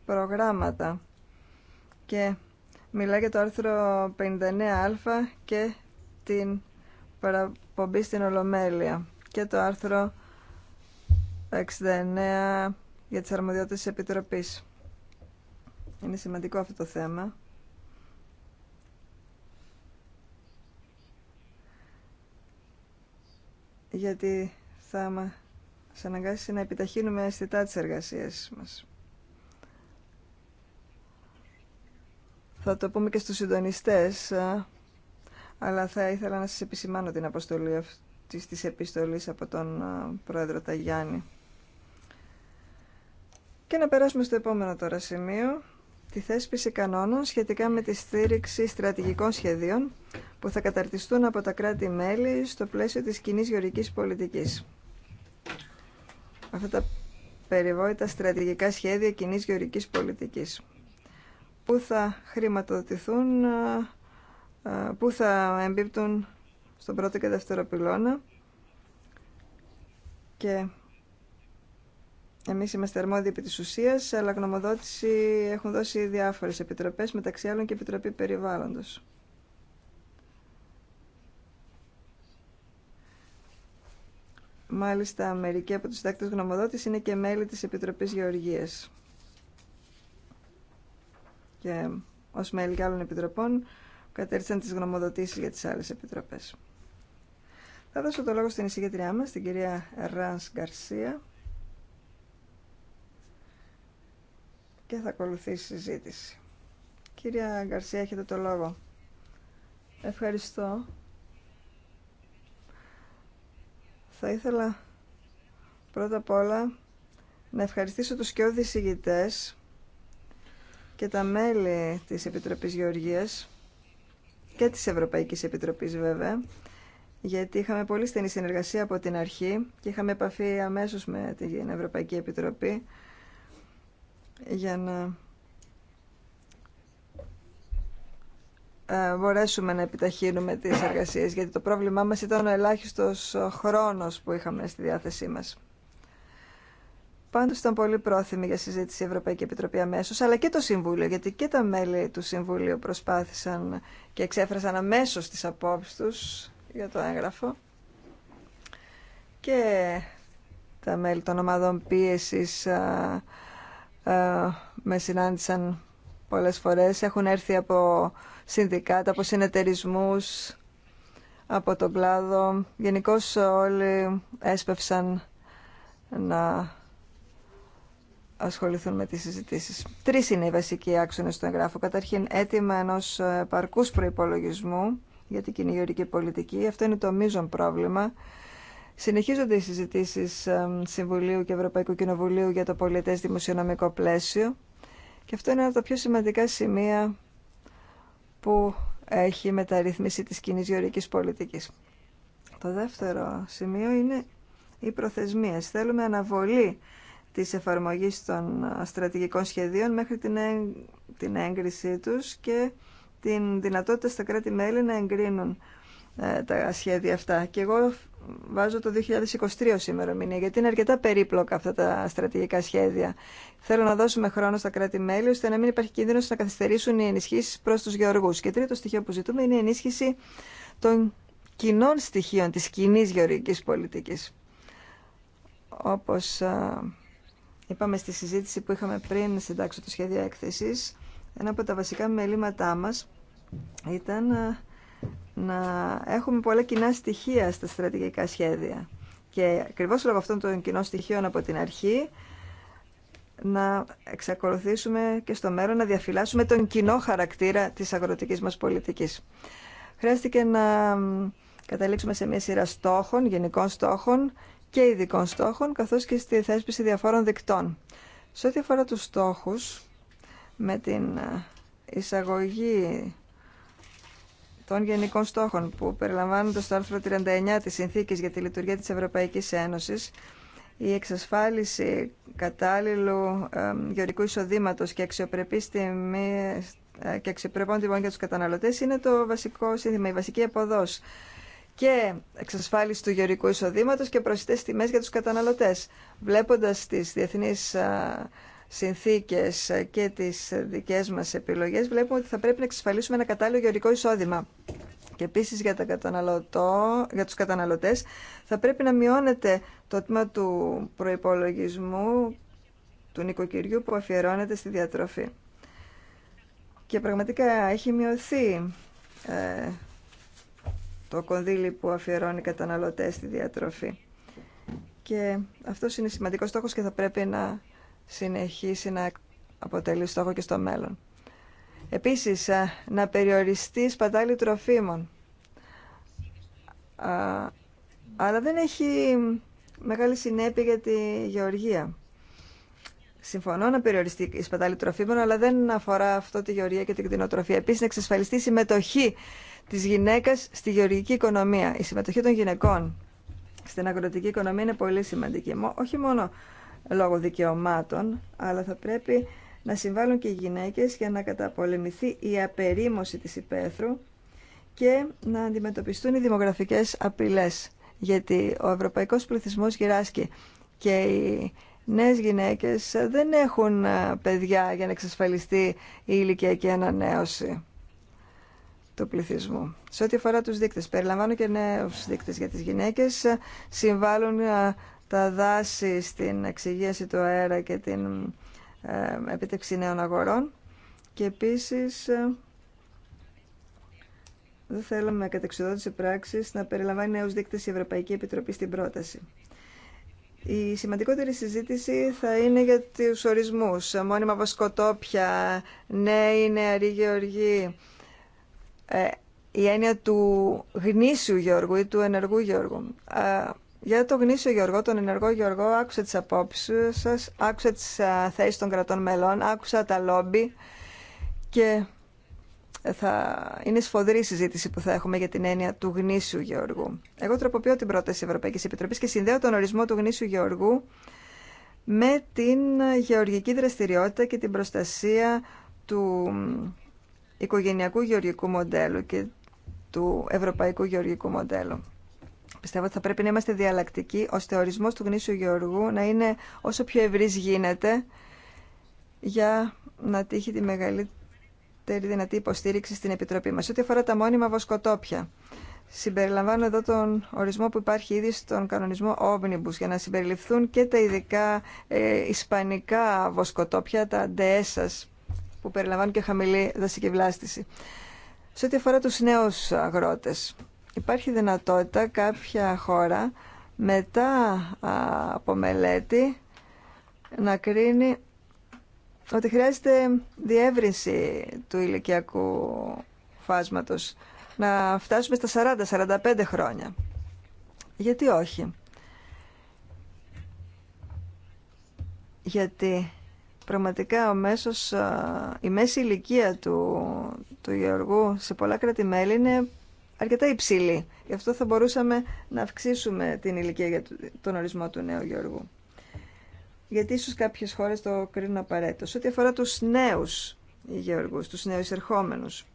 προγράμματα και μιλά για το άρθρο 59α και την παραπομπή στην Ολομέλεια και το άρθρο 69 για τις αρμοδιότητες της Επιτροπής. Είναι σημαντικό αυτό το θέμα γιατί θα μας αναγκάσει να επιταχύνουμε αισθητά τις εργασίες μας. Θα το πούμε και στους συντονιστές, αλλά θα ήθελα να σας επισημάνω την αποστολή αυτής της επιστολής από τον Πρόεδρο Ταγιάννη. Και να περάσουμε στο επόμενο τώρα σημείο τη θέσπιση κανόνων σχετικά με τη στήριξη στρατηγικών σχεδίων που θα καταρτιστούν από τα κράτη-μέλη στο πλαίσιο της κοινή γεωργικής πολιτικής. Αυτά τα περιβόητα στρατηγικά σχέδια κοινή γεωργικής πολιτικής που θα χρηματοδοτηθούν, που θα εμπίπτουν στον πρώτο και δεύτερο πυλώνα και εμείς είμαστε αρμόδιοι επί τη ουσία, αλλά γνωμοδότηση έχουν δώσει διάφορε επιτροπέ μεταξύ άλλων και Επιτροπή Περιβάλλοντος. Μάλιστα, μερικοί από τους συντάκτες γνωμοδότης είναι και μέλη της Επιτροπής Γεωργίας. Και ως μέλη και άλλων επιτροπών κατέρθησαν τις γνωμοδοτήσεις για τις άλλες επιτροπές. Θα δώσω το λόγο στην εισηγητριά μας, την κυρία Ρανς Γκαρσία, και θα ακολουθήσει η συζήτηση. Κυρία Γκαρσία, έχετε το λόγο. Ευχαριστώ. Θα ήθελα πρώτα απ' όλα να ευχαριστήσω τους και οδησηγητές και τα μέλη της Επιτροπής Γεωργίας και της Ευρωπαϊκής Επιτροπής βέβαια γιατί είχαμε πολύ στενή συνεργασία από την αρχή και είχαμε επαφή αμέσως με την Ευρωπαϊκή Επιτροπή για να ε, μπορέσουμε να επιταχύνουμε τις εργασίες, γιατί το πρόβλημά μας ήταν ο ελάχιστος χρόνος που είχαμε στη διάθεσή μας. Πάντως ήταν πολύ πρόθυμη για συζήτηση η Ευρωπαϊκή Επιτροπή αμέσω, αλλά και το Συμβούλιο, γιατί και τα μέλη του Συμβουλίου προσπάθησαν και εξέφρασαν αμέσω τις απόψεις τους για το έγγραφο. Και τα μέλη των ομάδων πίεση ε, ε, με συνάντησαν πολλές φορές. Έχουν έρθει από συνδικάτα, από συνεταιρισμούς, από τον κλάδο. Γενικώ όλοι έσπευσαν να ασχοληθούν με τις συζητήσεις. Τρεις είναι οι βασικοί άξονες του εγγράφου. Καταρχήν, έτοιμα ενός επαρκούς προϋπολογισμού για την κοινή πολιτική. Αυτό είναι το μείζον πρόβλημα Συνεχίζονται οι συζητήσει Συμβουλίου και Ευρωπαϊκού Κοινοβουλίου για το πολιτέ δημοσιονομικό πλαίσιο και αυτό είναι ένα από τα πιο σημαντικά σημεία που έχει μεταρρύθμιση της κοινή γεωρική πολιτικής. Το δεύτερο σημείο είναι οι προθεσμίε. Θέλουμε αναβολή της εφαρμογή των ε, στρατηγικών σχεδίων μέχρι την έγκρισή τους και την δυνατότητα στα κράτη-μέλη να εγκρίνουν ε, τα σχέδια αυτά. Και βάζω το 2023 σήμερα ημερομηνία, γιατί είναι αρκετά περίπλοκα αυτά τα στρατηγικά σχέδια. Θέλω να δώσουμε χρόνο στα κράτη-μέλη, ώστε να μην υπάρχει κίνδυνο να καθυστερήσουν οι ενισχύσει προς τους γεωργούς. Και τρίτο στοιχείο που ζητούμε είναι η ενίσχυση των κοινών στοιχείων της κοινή γεωργική πολιτικής. Όπω είπαμε στη συζήτηση που είχαμε πριν συντάξω το σχέδιο Έκθεση, ένα από τα βασικά μελήματά μα ήταν να έχουμε πολλά κοινά στοιχεία στα στρατηγικά σχέδια. Και ακριβώ λόγω αυτών των κοινών στοιχείων από την αρχή να εξακολουθήσουμε και στο μέρο να διαφυλάσσουμε τον κοινό χαρακτήρα της αγροτικής μας πολιτικής. Χρειάστηκε να καταλήξουμε σε μια σειρά στόχων, γενικών στόχων και ειδικών στόχων, καθώς και στη θέσπιση διαφόρων δικτών. Σε ό,τι αφορά τους στόχους, με την ε, εισαγωγή των γενικών στόχων που περιλαμβάνονται στο άρθρο 39 της Συνθήκης για τη Λειτουργία της Ευρωπαϊκής Ένωσης η εξασφάλιση κατάλληλου ε, γεωρικού εισοδήματος και αξιοπρεπής ε, και αξιοπρεπών τιμών για τους καταναλωτές είναι το βασικό σύνθημα, η βασική αποδός και εξασφάλιση του γεωρικού εισοδήματος και προσιτές τιμές για τους καταναλωτές. Βλέποντας τις διεθνείς ε, συνθήκες και τις δικές μας επιλογές, βλέπουμε ότι θα πρέπει να εξασφαλίσουμε ένα κατάλληλο γεωρικό εισόδημα. Και επίσης για, τα καταναλωτό, για τους καταναλωτές θα πρέπει να μειώνεται το τμήμα του προϋπολογισμού του νοικοκυριού που αφιερώνεται στη διατροφή. Και πραγματικά έχει μειωθεί ε, το κονδύλι που αφιερώνει οι καταναλωτές στη διατροφή. Και αυτό είναι σημαντικό στόχος και θα πρέπει να συνεχίσει να αποτελεί στόχο και στο μέλλον. Επίσης, ε, να περιοριστεί η σπατάλη τροφίμων. Αλλά δεν έχει μεγάλη συνέπεια για τη γεωργία. Συμφωνώ να περιοριστεί η σπατάλη τροφίμων, αλλά δεν αφορά αυτό τη γεωργία και την κτηνοτροφία. Επίσης, να εξασφαλιστεί η συμμετοχή της γυναίκας στη γεωργική οικονομία. Η συμμετοχή των γυναικών στην αγροτική οικονομία είναι πολύ σημαντική. Όχι μόνο λόγω δικαιωμάτων, αλλά θα πρέπει να συμβάλλουν και οι γυναίκες για να καταπολεμηθεί η απερίμωση της υπαίθρου και να αντιμετωπιστούν οι δημογραφικές απειλές. Γιατί ο ευρωπαϊκός πληθυσμός γυράσκει και οι νέες γυναίκες δεν έχουν ε, παιδιά για να εξασφαλιστεί η ηλικιακή ανανέωση του πληθυσμού. Σε ό,τι αφορά τους δείκτες, περιλαμβάνω και νέους δείκτες για τις γυναίκες, ε, συμβάλλουν ε, τα δάση στην εξυγίαση του αέρα και την ε, επίτευξη νέων αγορών. Και επίσης ε, δεν θέλουμε εξοδότηση πράξης να περιλαμβάνει νέους δείκτες η Ευρωπαϊκή Επιτροπή στην πρόταση. Η σημαντικότερη συζήτηση θα είναι για τους ορισμούς. Μόνιμα βοσκοτόπια, νέοι, νεαροί γεωργοί. Ε, η έννοια του γνήσιου γεωργού ή του ενεργού γεωργού. Για το γνήσιο Γεωργό, τον ενεργό Γεωργό, άκουσα τις απόψεις σας, άκουσα τις θέσεις των κρατών μελών, άκουσα τα λόμπι και ε, θα είναι σφοδρή η συζήτηση που θα έχουμε για την έννοια του γνήσιου Γεωργού. Εγώ τροποποιώ την πρόταση Ευρωπαϊκής Επιτροπής και συνδέω τον ορισμό του γνήσιου Γεωργού με την γεωργική δραστηριότητα και την προστασία του οικογενειακού γεωργικού μοντέλου και του ευρωπαϊκού γεωργικού μοντέλου. Πιστεύω ότι θα πρέπει να είμαστε διαλλακτικοί ώστε ο ορισμός του γνήσιου γεωργού να είναι όσο πιο ευρύς γίνεται για να τύχει τη μεγαλύτερη δυνατή υποστήριξη στην Επιτροπή μας. Ό,τι αφορά τα μόνιμα βοσκοτόπια. Συμπεριλαμβάνω εδώ τον ορισμό που υπάρχει ήδη στον κανονισμό Omnibus για να συμπεριληφθούν και τα ειδικά ε, ισπανικά βοσκοτόπια, τα DESAS, που περιλαμβάνουν και χαμηλή δασική βλάστηση. Σε ό,τι αφορά τους νέους αγρότες, υπάρχει δυνατότητα κάποια χώρα μετά από μελέτη να κρίνει ότι χρειάζεται διεύρυνση του ηλικιακού φάσματος, να φτάσουμε στα 40-45 χρόνια. Γιατί όχι. Γιατί πραγματικά ο μέσος, η μέση ηλικία του, του Γεωργού σε πολλά κράτη-μέλη είναι αρκετά υψηλή. Γι' αυτό θα μπορούσαμε να αυξήσουμε την ηλικία για τον ορισμό του νέου Γεωργού. Γιατί ίσως κάποιες χώρες το κρίνουν απαραίτητο. Σε ό,τι αφορά τους νέους Γεωργούς, τους νέους ερχόμενους,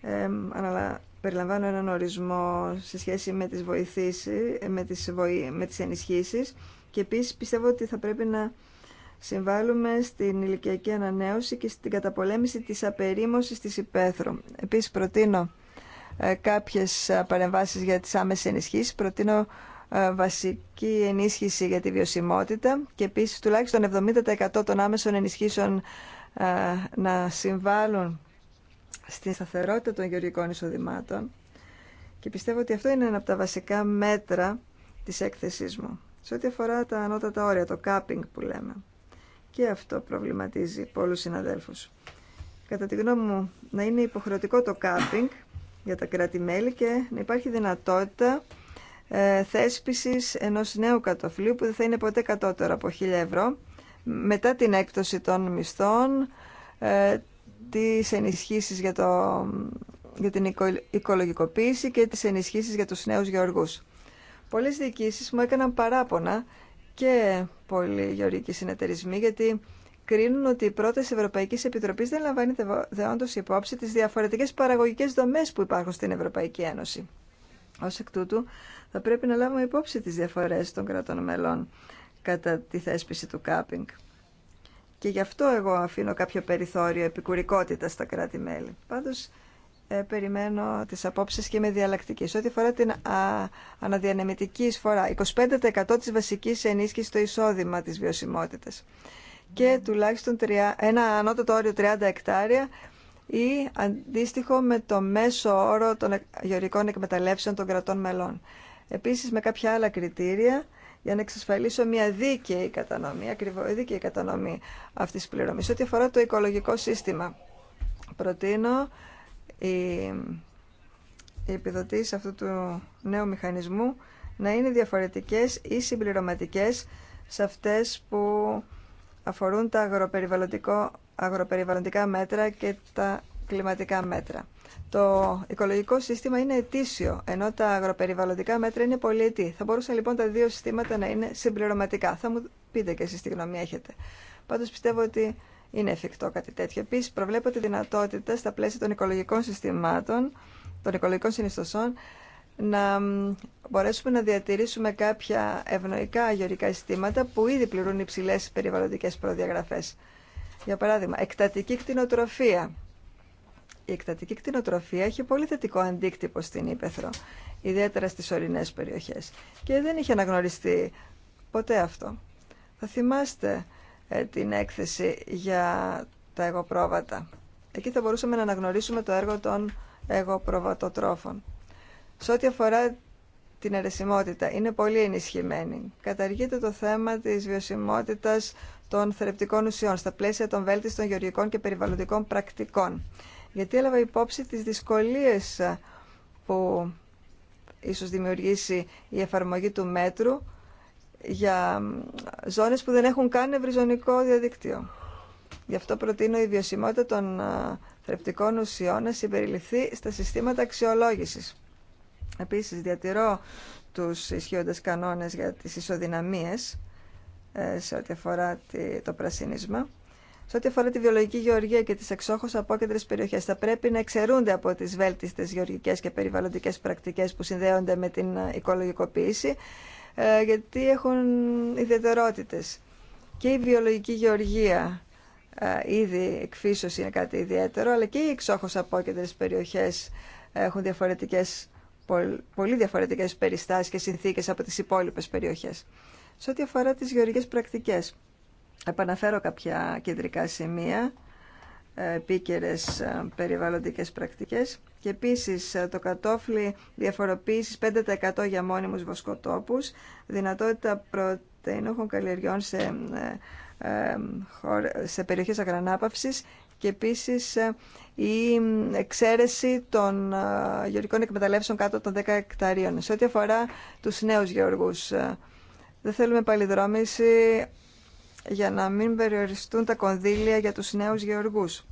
ε, αλλά περιλαμβάνω έναν ορισμό σε σχέση με τις, βοηθήσεις, με τις, βοή, ενισχύσεις και επίσης πιστεύω ότι θα πρέπει να συμβάλλουμε στην ηλικιακή ανανέωση και στην καταπολέμηση της απερίμωσης της υπαίθρου. Επίσης προτείνω ε, κάποιες ε, παρεμβάσεις για τις άμεσες ενισχύσεις. Προτείνω ε, βασική ενίσχυση για τη βιωσιμότητα και επίσης τουλάχιστον 70% των άμεσων ενισχύσεων να συμβάλλουν στη σταθερότητα των γεωργικών εισοδημάτων και πιστεύω ότι αυτό είναι ένα από τα βασικά μέτρα της έκθεσής μου σε ό,τι αφορά τα ανώτατα όρια, το κάπινγκ που λέμε. Και αυτό προβληματίζει πολλούς συναδέλφους. Κατά τη γνώμη μου, να είναι υποχρεωτικό το κάπινγκ για τα κράτη-μέλη και να υπάρχει δυνατότητα ε, θέσπισης ενός νέου κατοφλίου που δεν θα είναι ποτέ κατώτερο από 1.000 ευρώ μετά την έκπτωση των μισθών, ε, τις ενισχύσεις για, το, για την οικολογικοποίηση και τις ενισχύσεις για τους νέους γεωργούς. Πολλές διοικήσεις μου έκαναν παράπονα και πολλοί γεωργικοί συνεταιρισμοί γιατί κρίνουν ότι η πρόταση Ευρωπαϊκή Επιτροπής δεν λαμβάνει δεόντως υπόψη τις διαφορετικές παραγωγικές δομές που υπάρχουν στην Ευρωπαϊκή Ένωση. Ως εκ τούτου, θα πρέπει να λάβουμε υπόψη τις διαφορές των κρατών μελών κατά τη θέσπιση του κάπινγκ. Και γι' αυτό εγώ αφήνω κάποιο περιθώριο επικουρικότητα στα κράτη-μέλη. Πάντως, ε, περιμένω τις απόψεις και με διαλλακτική. ό,τι αφορά την α, αναδιανεμητική εισφορά, 25% τη βασική ενίσχυση στο εισόδημα τη βιωσιμότητας και τουλάχιστον ένα ανώτατο όριο 30 εκτάρια ή αντίστοιχο με το μέσο όρο των γεωρικών εκμεταλλεύσεων των κρατών μελών. Επίσης με κάποια άλλα κριτήρια για να εξασφαλίσω μια δίκαιη κατανομή, ακριβώς δίκαιη κατανομή αυτής της πληρωμής. Ό,τι αφορά το οικολογικό σύστημα, προτείνω οι, οι αυτού του νέου μηχανισμού να είναι διαφορετικές ή συμπληρωματικές σε αυτές που αφορούν τα αγροπεριβαλλοντικά μέτρα και τα κλιματικά μέτρα. Το οικολογικό σύστημα είναι ετήσιο, ενώ τα αγροπεριβαλλοντικά μέτρα είναι πολυετή. Θα μπορούσαν λοιπόν τα δύο συστήματα να είναι συμπληρωματικά. Θα μου πείτε και εσείς τι γνώμη έχετε. Πάντως πιστεύω ότι είναι εφικτό κάτι τέτοιο. Επίση, τη δυνατότητα στα πλαίσια των οικολογικών συστημάτων, των οικολογικών συνιστοσών, να μπορέσουμε να διατηρήσουμε κάποια ευνοϊκά αγιορικά συστήματα που ήδη πληρούν υψηλέ περιβαλλοντικέ προδιαγραφέ. Για παράδειγμα, εκτατική κτηνοτροφία. Η εκτατική κτηνοτροφία έχει πολύ θετικό αντίκτυπο στην Ήπεθρο, ιδιαίτερα στι ορεινέ περιοχές. Και δεν είχε αναγνωριστεί ποτέ αυτό. Θα θυμάστε ε, την έκθεση για τα εγωπρόβατα. Εκεί θα μπορούσαμε να αναγνωρίσουμε το έργο των εγωπροβατοτρόφων. Σε ό,τι αφορά την αρεσιμότητα. Είναι πολύ ενισχυμένη. Καταργείται το θέμα της βιωσιμότητας των θρεπτικών ουσιών στα πλαίσια των βέλτιστων γεωργικών και περιβαλλοντικών πρακτικών. Γιατί έλαβα υπόψη τις δυσκολίες που ίσως δημιουργήσει η εφαρμογή του μέτρου για ζώνες που δεν έχουν καν ευρυζωνικό διαδίκτυο. Γι' αυτό προτείνω η βιωσιμότητα των ε, θρεπτικών ουσιών να συμπεριληφθεί στα συστήματα αξιολόγησης. Επίσης, διατηρώ τους ισχύοντες κανόνες για τις ισοδυναμίες ε, σε ό,τι αφορά το πρασίνισμα. Σε ό,τι αφορά τη βιολογική γεωργία και τι εξόχω απόκεντρε περιοχέ, θα πρέπει να εξαιρούνται από τι βέλτιστες γεωργικέ και περιβαλλοντικέ πρακτικέ που συνδέονται με την ε, οικολογικοποίηση, ε, γιατί έχουν ιδιαίτερότητε Και η βιολογική γεωργία ήδη εκφίσωση είναι κάτι ιδιαίτερο, αλλά και οι εξόχω απόκεντρε περιοχέ έχουν διαφορετικέ πολύ διαφορετικές περιστάσεις και συνθήκες από τις υπόλοιπες περιοχές. Σε ό,τι αφορά τις γεωργικές πρακτικές, επαναφέρω κάποια κεντρικά σημεία, ε, επίκαιρε ε, περιβαλλοντικές πρακτικές και επίσης ε, το κατόφλι διαφοροποίησης 5% για μόνιμους βοσκοτόπους, δυνατότητα πρωτεϊνούχων καλλιεργιών σε, σε περιοχές αγρανάπαυσης και επίσης ε, η εξαίρεση των ε, γεωργικών εκμεταλλεύσεων κάτω των 10 εκταρίων. Σε ό,τι αφορά τους νέους γεωργούς, ε, δεν θέλουμε παλιδρόμηση για να μην περιοριστούν τα κονδύλια για τους νέους γεωργούς.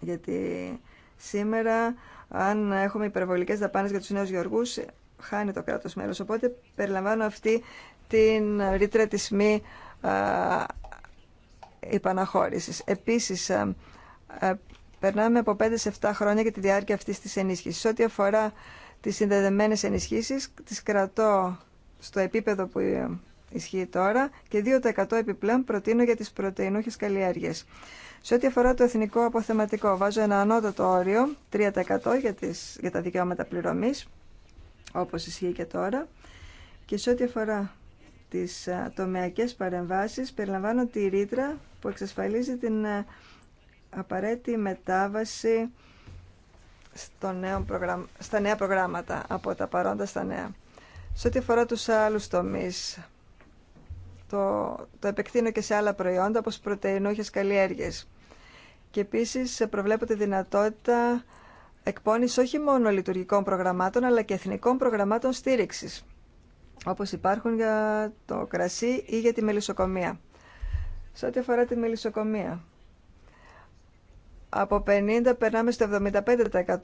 Γιατί σήμερα, αν έχουμε υπερβολικές δαπάνες για τους νέους γεωργούς, χάνει το κράτος μέλος. Οπότε περιλαμβάνω αυτή την ρήτρα της μη υπαναχώρησης. Επίσης, ε, περνάμε από 5 σε 7 χρόνια για τη διάρκεια αυτής της ενίσχυσης. Ό,τι αφορά τις συνδεδεμένες ενισχύσεις, τις κρατώ στο επίπεδο που ε, ισχύει τώρα και 2% επιπλέον προτείνω για τις πρωτεϊνούχες καλλιέργειες. Σε ό,τι αφορά το εθνικό αποθεματικό, βάζω ένα ανώτατο όριο, 3% για, τις, για τα δικαιώματα πληρωμής, όπως ισχύει και τώρα. Και σε ό,τι αφορά τις ε, τομεακές παρεμβάσεις, περιλαμβάνω τη ρήτρα που εξασφαλίζει την απαραίτητη μετάβαση στο νέο στα νέα προγράμματα, από τα παρόντα στα νέα. Σε ό,τι αφορά τους άλλους τομείς, το, το επεκτείνω και σε άλλα προϊόντα, όπως πρωτεϊνούχες καλλιέργειες. Και επίσης ε, τη δυνατότητα εκπόνηση όχι μόνο λειτουργικών προγραμμάτων, αλλά και εθνικών προγραμμάτων στήριξης, όπως υπάρχουν για το κρασί ή για τη μελισσοκομεία. Σε ό,τι αφορά τη μελισσοκομεία, από 50% περνάμε στο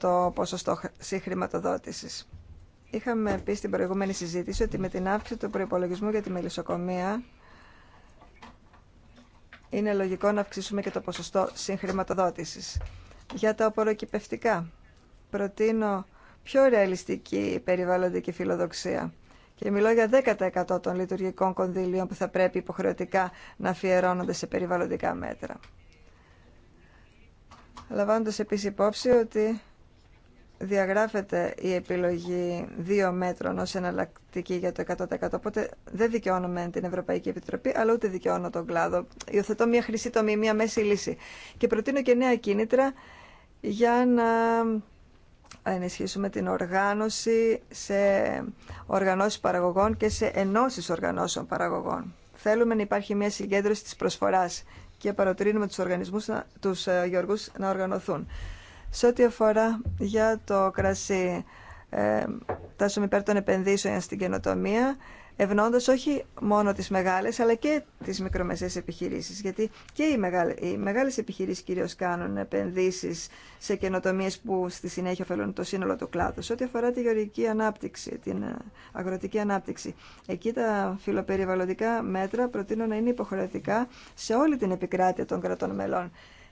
75% ποσοστό συγχρηματοδότησης. Είχαμε πει στην προηγούμενη συζήτηση ότι με την αύξηση του προπολογισμού για τη μελισσοκομεία είναι λογικό να αυξήσουμε και το ποσοστό συγχρηματοδότηση. Για τα οποροκυπευτικά προτείνω πιο ρεαλιστική περιβαλλοντική φιλοδοξία και μιλώ για 10% των λειτουργικών κονδύλιων που θα πρέπει υποχρεωτικά να αφιερώνονται σε περιβαλλοντικά μέτρα λαμβάνοντας επίσης υπόψη ότι διαγράφεται η επιλογή δύο μέτρων ως εναλλακτική για το 100%. Οπότε δεν δικαιώνομαι την Ευρωπαϊκή Επιτροπή, αλλά ούτε δικαιώνω τον κλάδο. Υιοθετώ μια χρυσή τομή, μια μέση λύση. Και προτείνω και νέα κίνητρα για να ενισχύσουμε την οργάνωση σε οργανώσεις παραγωγών και σε ενώσεις οργανώσεων παραγωγών. Θέλουμε να υπάρχει μια συγκέντρωση της προσφοράς και παροτρύνουμε τους οργανισμούς, τους ε, γεωργούς να οργανωθούν. Σε ό,τι αφορά για το κρασί, ε, υπέρ των επενδύσεων στην καινοτομία ευνοώντας όχι μόνο τις μεγάλες αλλά και τις μικρομεσαίες επιχειρήσεις. Γιατί και οι, μεγάλε, οι μεγάλες επιχειρήσεις κυρίως κάνουν επενδύσεις σε καινοτομίες που στη συνέχεια ωφελούν το σύνολο του κλάδου. ό,τι αφορά τη γεωργική ανάπτυξη, την ε, αγροτική ανάπτυξη, εκεί τα φιλοπεριβαλλοντικά μέτρα προτείνω να είναι υποχρεωτικά σε όλη την επικράτεια των κρατών μελών.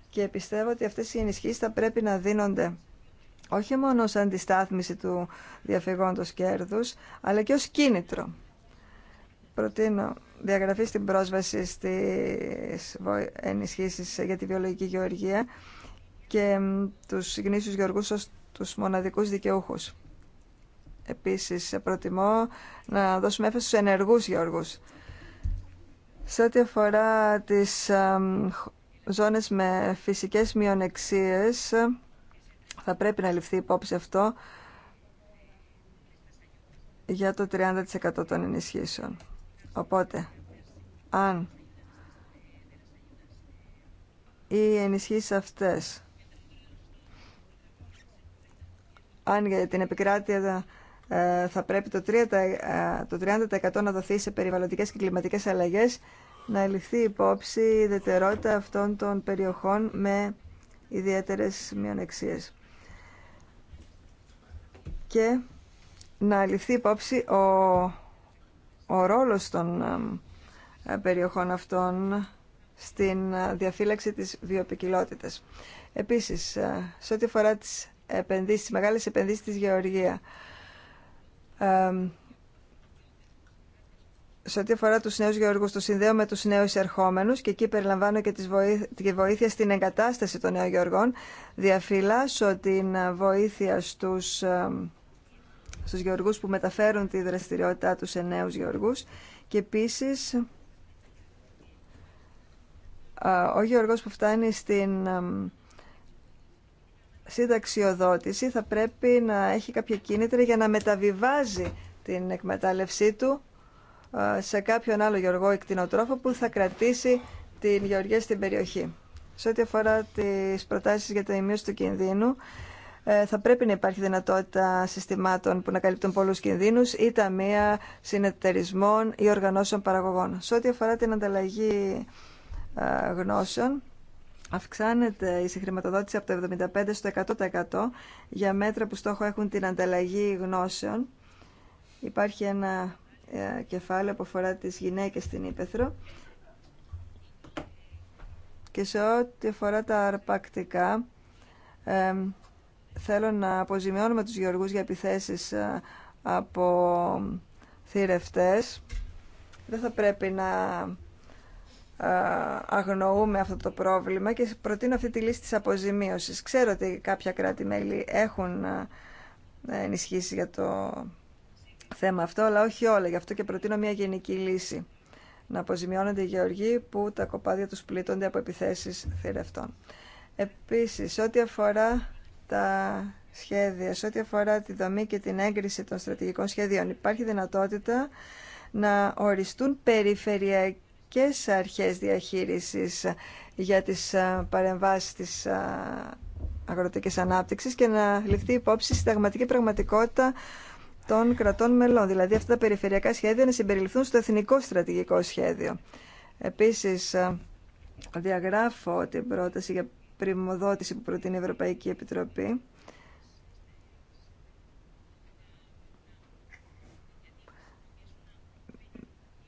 Και πιστεύω ότι αυτές οι ενισχύσεις θα πρέπει να δίνονται όχι μόνο σαν αντιστάθμιση του διαφυγόντος κέρδους, αλλά και ως κίνητρο προτείνω διαγραφή στην πρόσβαση στις ενισχύσεις για τη βιολογική γεωργία και τους γνήσιους γεωργούς ως τους μοναδικούς δικαιούχους. Επίσης, προτιμώ να δώσουμε έφεση στους ενεργούς γεωργούς. Σε ό,τι αφορά τις ζώνες με φυσικές μειονεξίες, θα πρέπει να ληφθεί υπόψη αυτό για το 30% των ενισχύσεων. Οπότε, αν οι ενισχύσεις αυτές, αν για την επικράτεια ε, θα πρέπει το 30% ε, να δοθεί σε περιβαλλοντικές και κλιματικές αλλαγές, να ληφθεί υπόψη η ιδιαιτερότητα αυτών των περιοχών με ιδιαίτερες μειονεξίες. Και να ληφθεί υπόψη ο ο ρόλος των ε, περιοχών αυτών στην ε, διαφύλαξη της βιοπικιλότητας. Επίσης, ε, σε ό,τι αφορά τις επενδύσεις, τις μεγάλες επενδύσεις της Γεωργία, σε ό,τι αφορά τους νέους γεωργούς, το συνδέω με τους νέους ερχόμενους και εκεί περιλαμβάνω και τη βοήθεια στην εγκατάσταση των νέων γεωργών. Διαφυλάσσω την βοήθεια στους στους γεωργούς που μεταφέρουν τη δραστηριότητά τους σε νέους γεωργούς και επίσης ο γεωργός που φτάνει στην συνταξιοδότηση θα πρέπει να έχει κάποια κίνητρα για να μεταβιβάζει την εκμετάλλευσή του σε κάποιον άλλο γεωργό εκτινοτρόφο που θα κρατήσει την γεωργία στην περιοχή. Σε ό,τι αφορά τις προτάσεις για τα ημείωση του κινδύνου, ε, θα πρέπει να υπάρχει δυνατότητα συστημάτων που να καλύπτουν πολλούς κινδύνους ή ταμεία συνεταιρισμών ή οργανώσεων παραγωγών. Σε ό,τι αφορά την ανταλλαγή ε, γνώσεων, Αυξάνεται η συγχρηματοδότηση από το 75% στο 100% για μέτρα που στόχο έχουν την ανταλλαγή γνώσεων. Υπάρχει ένα ε, κεφάλαιο που αφορά τις γυναίκες στην Ήπεθρο. Και σε ό,τι αφορά τα αρπακτικά, θέλω να αποζημιώνουμε τους γεωργούς για επιθέσεις ε, από θηρευτές. Δεν θα πρέπει να ε, αγνοούμε αυτό το πρόβλημα και προτείνω αυτή τη λύση της αποζημίωσης. Ξέρω ότι κάποια κράτη-μέλη έχουν ε, ενισχύσει για το θέμα αυτό, αλλά όχι όλα. Γι' αυτό και προτείνω μια γενική λύση. Να αποζημιώνονται οι γεωργοί που τα κοπάδια τους πλήττονται από επιθέσεις θηρευτών. Επίσης, ό,τι αφορά τα σχέδια. Σε ό,τι αφορά τη δομή και την έγκριση των στρατηγικών σχεδίων, υπάρχει δυνατότητα να οριστούν περιφερειακές αρχές διαχείρισης για τις παρεμβάσεις της αγροτικής ανάπτυξης και να ληφθεί υπόψη η συνταγματική πραγματικότητα των κρατών μελών. Δηλαδή αυτά τα περιφερειακά σχέδια να συμπεριληφθούν στο εθνικό στρατηγικό σχέδιο. Επίσης, διαγράφω την πρόταση για πρημοδότηση που προτείνει η Ευρωπαϊκή Επιτροπή.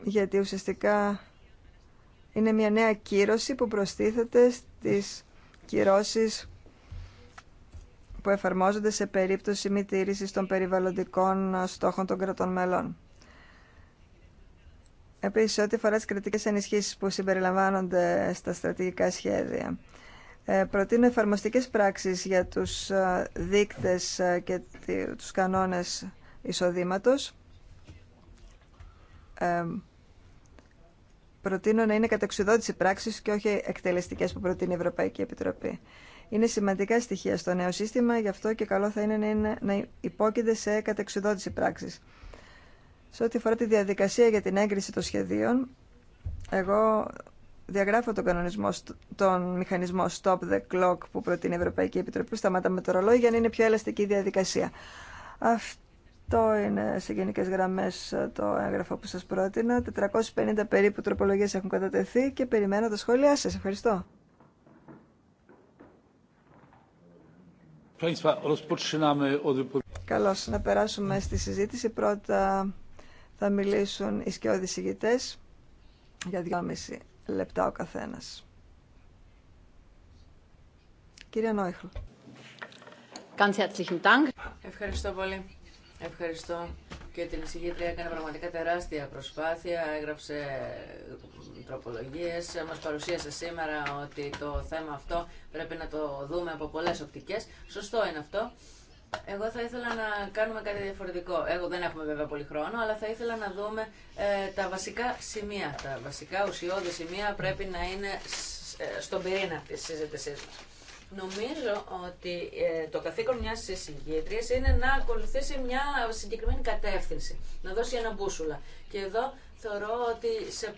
Γιατί ουσιαστικά είναι μια νέα κύρωση που προστίθεται στις κυρώσεις που εφαρμόζονται σε περίπτωση μη τήρησης των περιβαλλοντικών στόχων των κρατών μελών. Επίσης, ό,τι αφορά τις κρατικές ενισχύσεις που συμπεριλαμβάνονται στα στρατηγικά σχέδια. Ε, προτείνω εφαρμοστικές πράξεις για τους ε, δείκτες ε, και τους κανόνες εισοδήματος. Προτείνω να είναι καταξιδότηση πράξης και όχι εκτελεστικές που προτείνει η Ευρωπαϊκή Επιτροπή. Είναι σημαντικά στοιχεία στο νέο σύστημα, γι' αυτό και καλό θα είναι να, είναι, υπόκεινται σε καταξιδότηση πράξης. Σε ό,τι αφορά τη διαδικασία για την έγκριση των σχεδίων, εγώ διαγράφω τον, κανονισμό, τον μηχανισμό Stop the Clock που προτείνει η Ευρωπαϊκή Επιτροπή που με το ρολόι για να είναι πιο ελαστική η διαδικασία. Αυτό είναι σε γενικέ γραμμέ ε, το έγγραφο που σα πρότεινα. 450 περίπου τροπολογίε έχουν κατατεθεί και περιμένω τα σχόλιά σα. Ευχαριστώ. Καλώ να περάσουμε στη συζήτηση. Πρώτα θα μιλήσουν οι σκιώδει ηγητέ για δυόμιση λεπτά ο καθένας. Κυρία Νόιχλ. Ευχαριστώ πολύ. Ευχαριστώ και την εισηγήτρια έκανε πραγματικά τεράστια προσπάθεια, έγραψε τροπολογίες, μας παρουσίασε σήμερα ότι το θέμα αυτό πρέπει να το δούμε από πολλές οπτικές. Σωστό είναι αυτό. Εγώ θα ήθελα να κάνουμε κάτι διαφορετικό. Εγώ δεν έχουμε βέβαια πολύ χρόνο, αλλά θα ήθελα να δούμε ε, τα βασικά σημεία. Τα βασικά ουσιώδη σημεία πρέπει να είναι ε, στον πυρήνα τη συζήτησή μα. Νομίζω ότι ε, το καθήκον μια εισηγήτρια είναι να ακολουθήσει μια συγκεκριμένη κατεύθυνση, να δώσει ένα μπούσουλα. Και εδώ θεωρώ ότι σε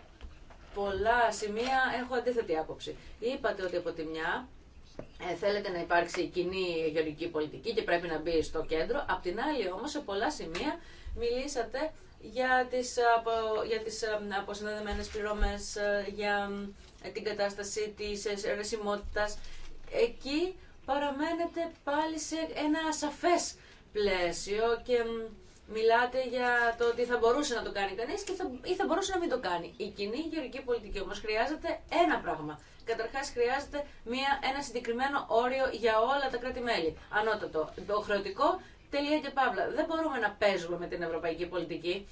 πολλά σημεία έχω αντίθετη άποψη. Είπατε ότι από τη μια ε, θέλετε να υπάρξει κοινή γεωργική πολιτική και πρέπει να μπει στο κέντρο. Απ' την άλλη όμως σε πολλά σημεία μιλήσατε για τις, απο, για τις ε, αποσυνδεδεμένες πληρώμες, ε, για την κατάσταση της ερεσιμότητας Εκεί παραμένετε πάλι σε ένα ασαφές πλαίσιο και μιλάτε για το ότι θα μπορούσε να το κάνει κανείς και θα, ή θα μπορούσε να μην το κάνει. Η κοινή γεωργική πολιτική όμως χρειάζεται ένα πράγμα Καταρχά χρειάζεται μια, ένα συγκεκριμένο όριο για όλα τα κράτη-μέλη. Ανώτατο, το χρεωτικό, τελεία και παύλα. Δεν μπορούμε να παίζουμε με την ευρωπαϊκή πολιτική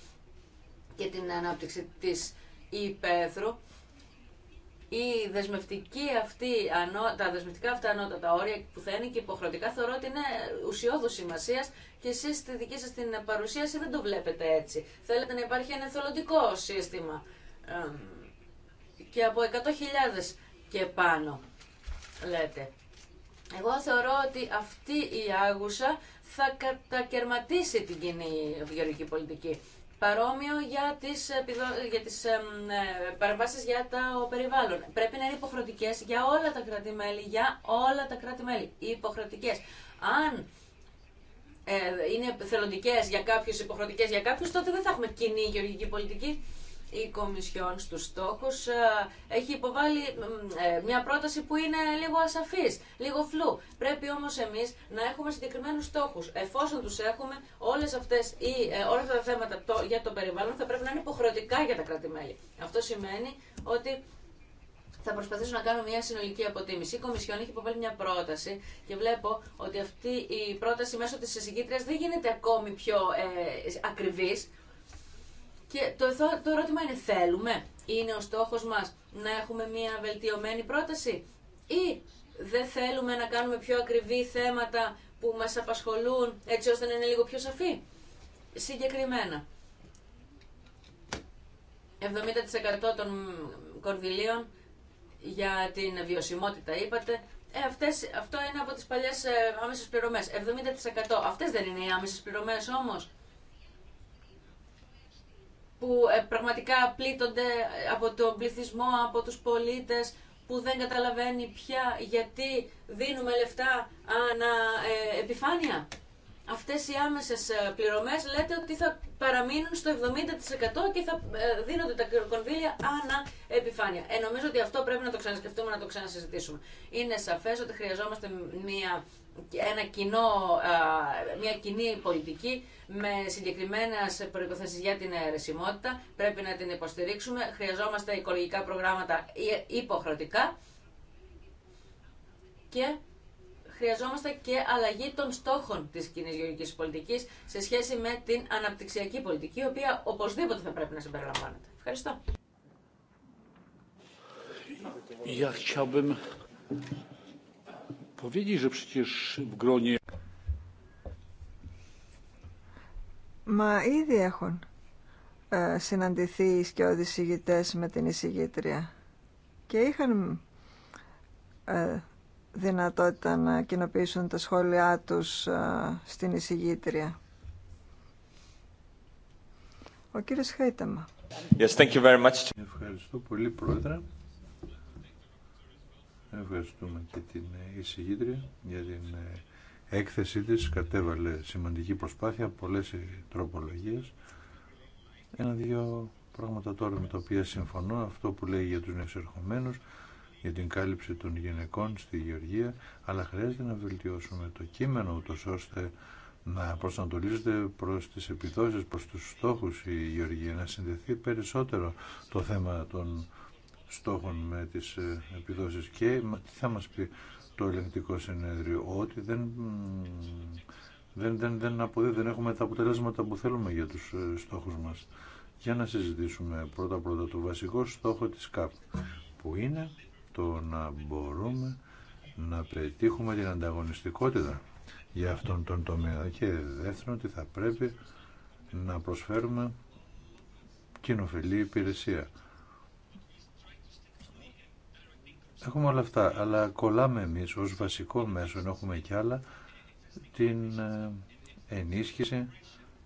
και την ανάπτυξη τη υπαίθρου. Η δεσμευτική αυτή, τα δεσμευτικά αυτά ανώτατα όρια που θα είναι και υποχρεωτικά θεωρώ ότι είναι ουσιώδου σημασία και εσεί στη δική σα την παρουσίαση δεν το βλέπετε έτσι. Θέλετε να υπάρχει ένα εθελοντικό σύστημα. Και από 100.000 και πάνω, λέτε. Εγώ θεωρώ ότι αυτή η άγουσα θα κατακαιρματίσει την κοινή γεωργική πολιτική. Παρόμοιο για τις, για τις ε, για τα περιβάλλον. Πρέπει να είναι υποχρεωτικές για όλα τα κράτη-μέλη, για όλα τα κράτη-μέλη. Υποχρεωτικές. Αν ε, είναι θελοντικές για κάποιους, υποχρεωτικές για κάποιους, τότε δεν θα έχουμε κοινή γεωργική πολιτική η Κομισιόν στους στόχους ε, έχει υποβάλει ε, μια πρόταση που είναι λίγο ασαφής, λίγο φλού. Πρέπει όμως εμείς να έχουμε συγκεκριμένους στόχους. Εφόσον τους έχουμε, όλες αυτές ή, ε, όλα αυτά τα θέματα για το περιβάλλον θα πρέπει να είναι υποχρεωτικά για τα κράτη-μέλη. Αυτό σημαίνει ότι θα προσπαθήσω να κάνω μια συνολική αποτίμηση. Η Κομισιόν έχει υποβάλει μια πρόταση και βλέπω ότι αυτή η πρόταση μέσω της εισηγήτριας δεν γίνεται ακόμη πιο ε, ακριβής. Και το, το ερώτημα είναι θέλουμε, είναι ο στόχος μας να έχουμε μια βελτιωμένη πρόταση ή δεν θέλουμε να κάνουμε πιο ακριβή θέματα που μας απασχολούν έτσι ώστε να είναι λίγο πιο σαφή. Συγκεκριμένα, 70% των κορδιλίων για την βιωσιμότητα είπατε, ε, αυτές, αυτό είναι από τις παλιές ε, άμεσες πληρωμές. 70%. Αυτές δεν είναι οι άμεσες πληρωμές όμως που ε, πραγματικά πλήττονται από τον πληθυσμό, από τους πολίτες, που δεν καταλαβαίνει πια γιατί δίνουμε λεφτά ανα ε, επιφάνεια. Αυτές οι άμεσες ε, πληρωμές λέτε ότι θα παραμείνουν στο 70% και θα δίνονται τα κονδύλια ανά επιφάνεια. Ε, νομίζω ότι αυτό πρέπει να το ξανασκεφτούμε, να το ξανασυζητήσουμε. Είναι σαφές ότι χρειαζόμαστε μια ένα κοινό, μια κοινή πολιτική με συγκεκριμένε προποθέσει για την αιρεσιμότητα. Πρέπει να την υποστηρίξουμε. Χρειαζόμαστε οικολογικά προγράμματα υποχρεωτικά και χρειαζόμαστε και αλλαγή των στόχων της κοινή γεωργικής πολιτικής σε σχέση με την αναπτυξιακή πολιτική, η οποία οπωσδήποτε θα πρέπει να συμπεριλαμβάνεται. Ευχαριστώ. Μα ήδη έχουν ε, συναντηθεί οι σκιώδεις ηγητές με την εισηγήτρια και είχαν ε, δυνατότητα να κοινοποιήσουν τα σχόλιά τους ε, στην εισηγήτρια. Ο κύριος Χαϊταμα. Yes, thank you very much. Ευχαριστώ πολύ, Πρόεδρε. Ευχαριστούμε και την εισηγήτρια για την ε, έκθεσή της. Κατέβαλε σημαντική προσπάθεια, πολλές τροπολογίες. Ένα-δύο πράγματα τώρα με τα οποία συμφωνώ. Αυτό που λέει για τους εξερχομένους, για την κάλυψη των γυναικών στη Γεωργία, αλλά χρειάζεται να βελτιώσουμε το κείμενο ούτως ώστε να προσανατολίζεται προς τις επιδόσεις, προς τους στόχους η Γεωργία, να συνδεθεί περισσότερο το θέμα των στόχων με τις ε, επιδόσεις και τι θα μας πει το ελεγκτικό συνέδριο ότι δεν, δεν, δεν, δεν έχουμε τα αποτελέσματα που θέλουμε για τους ε, στόχους μας. Για να συζητήσουμε πρώτα πρώτα το βασικό στόχο της ΚΑΠ που είναι το να μπορούμε να πετύχουμε την ανταγωνιστικότητα για αυτόν τον τομέα και δεύτερον ότι θα πρέπει να προσφέρουμε κοινοφιλή υπηρεσία Έχουμε όλα αυτά, αλλά κολλάμε εμείς ως βασικό μέσο, έχουμε κι άλλα, την ε, ενίσχυση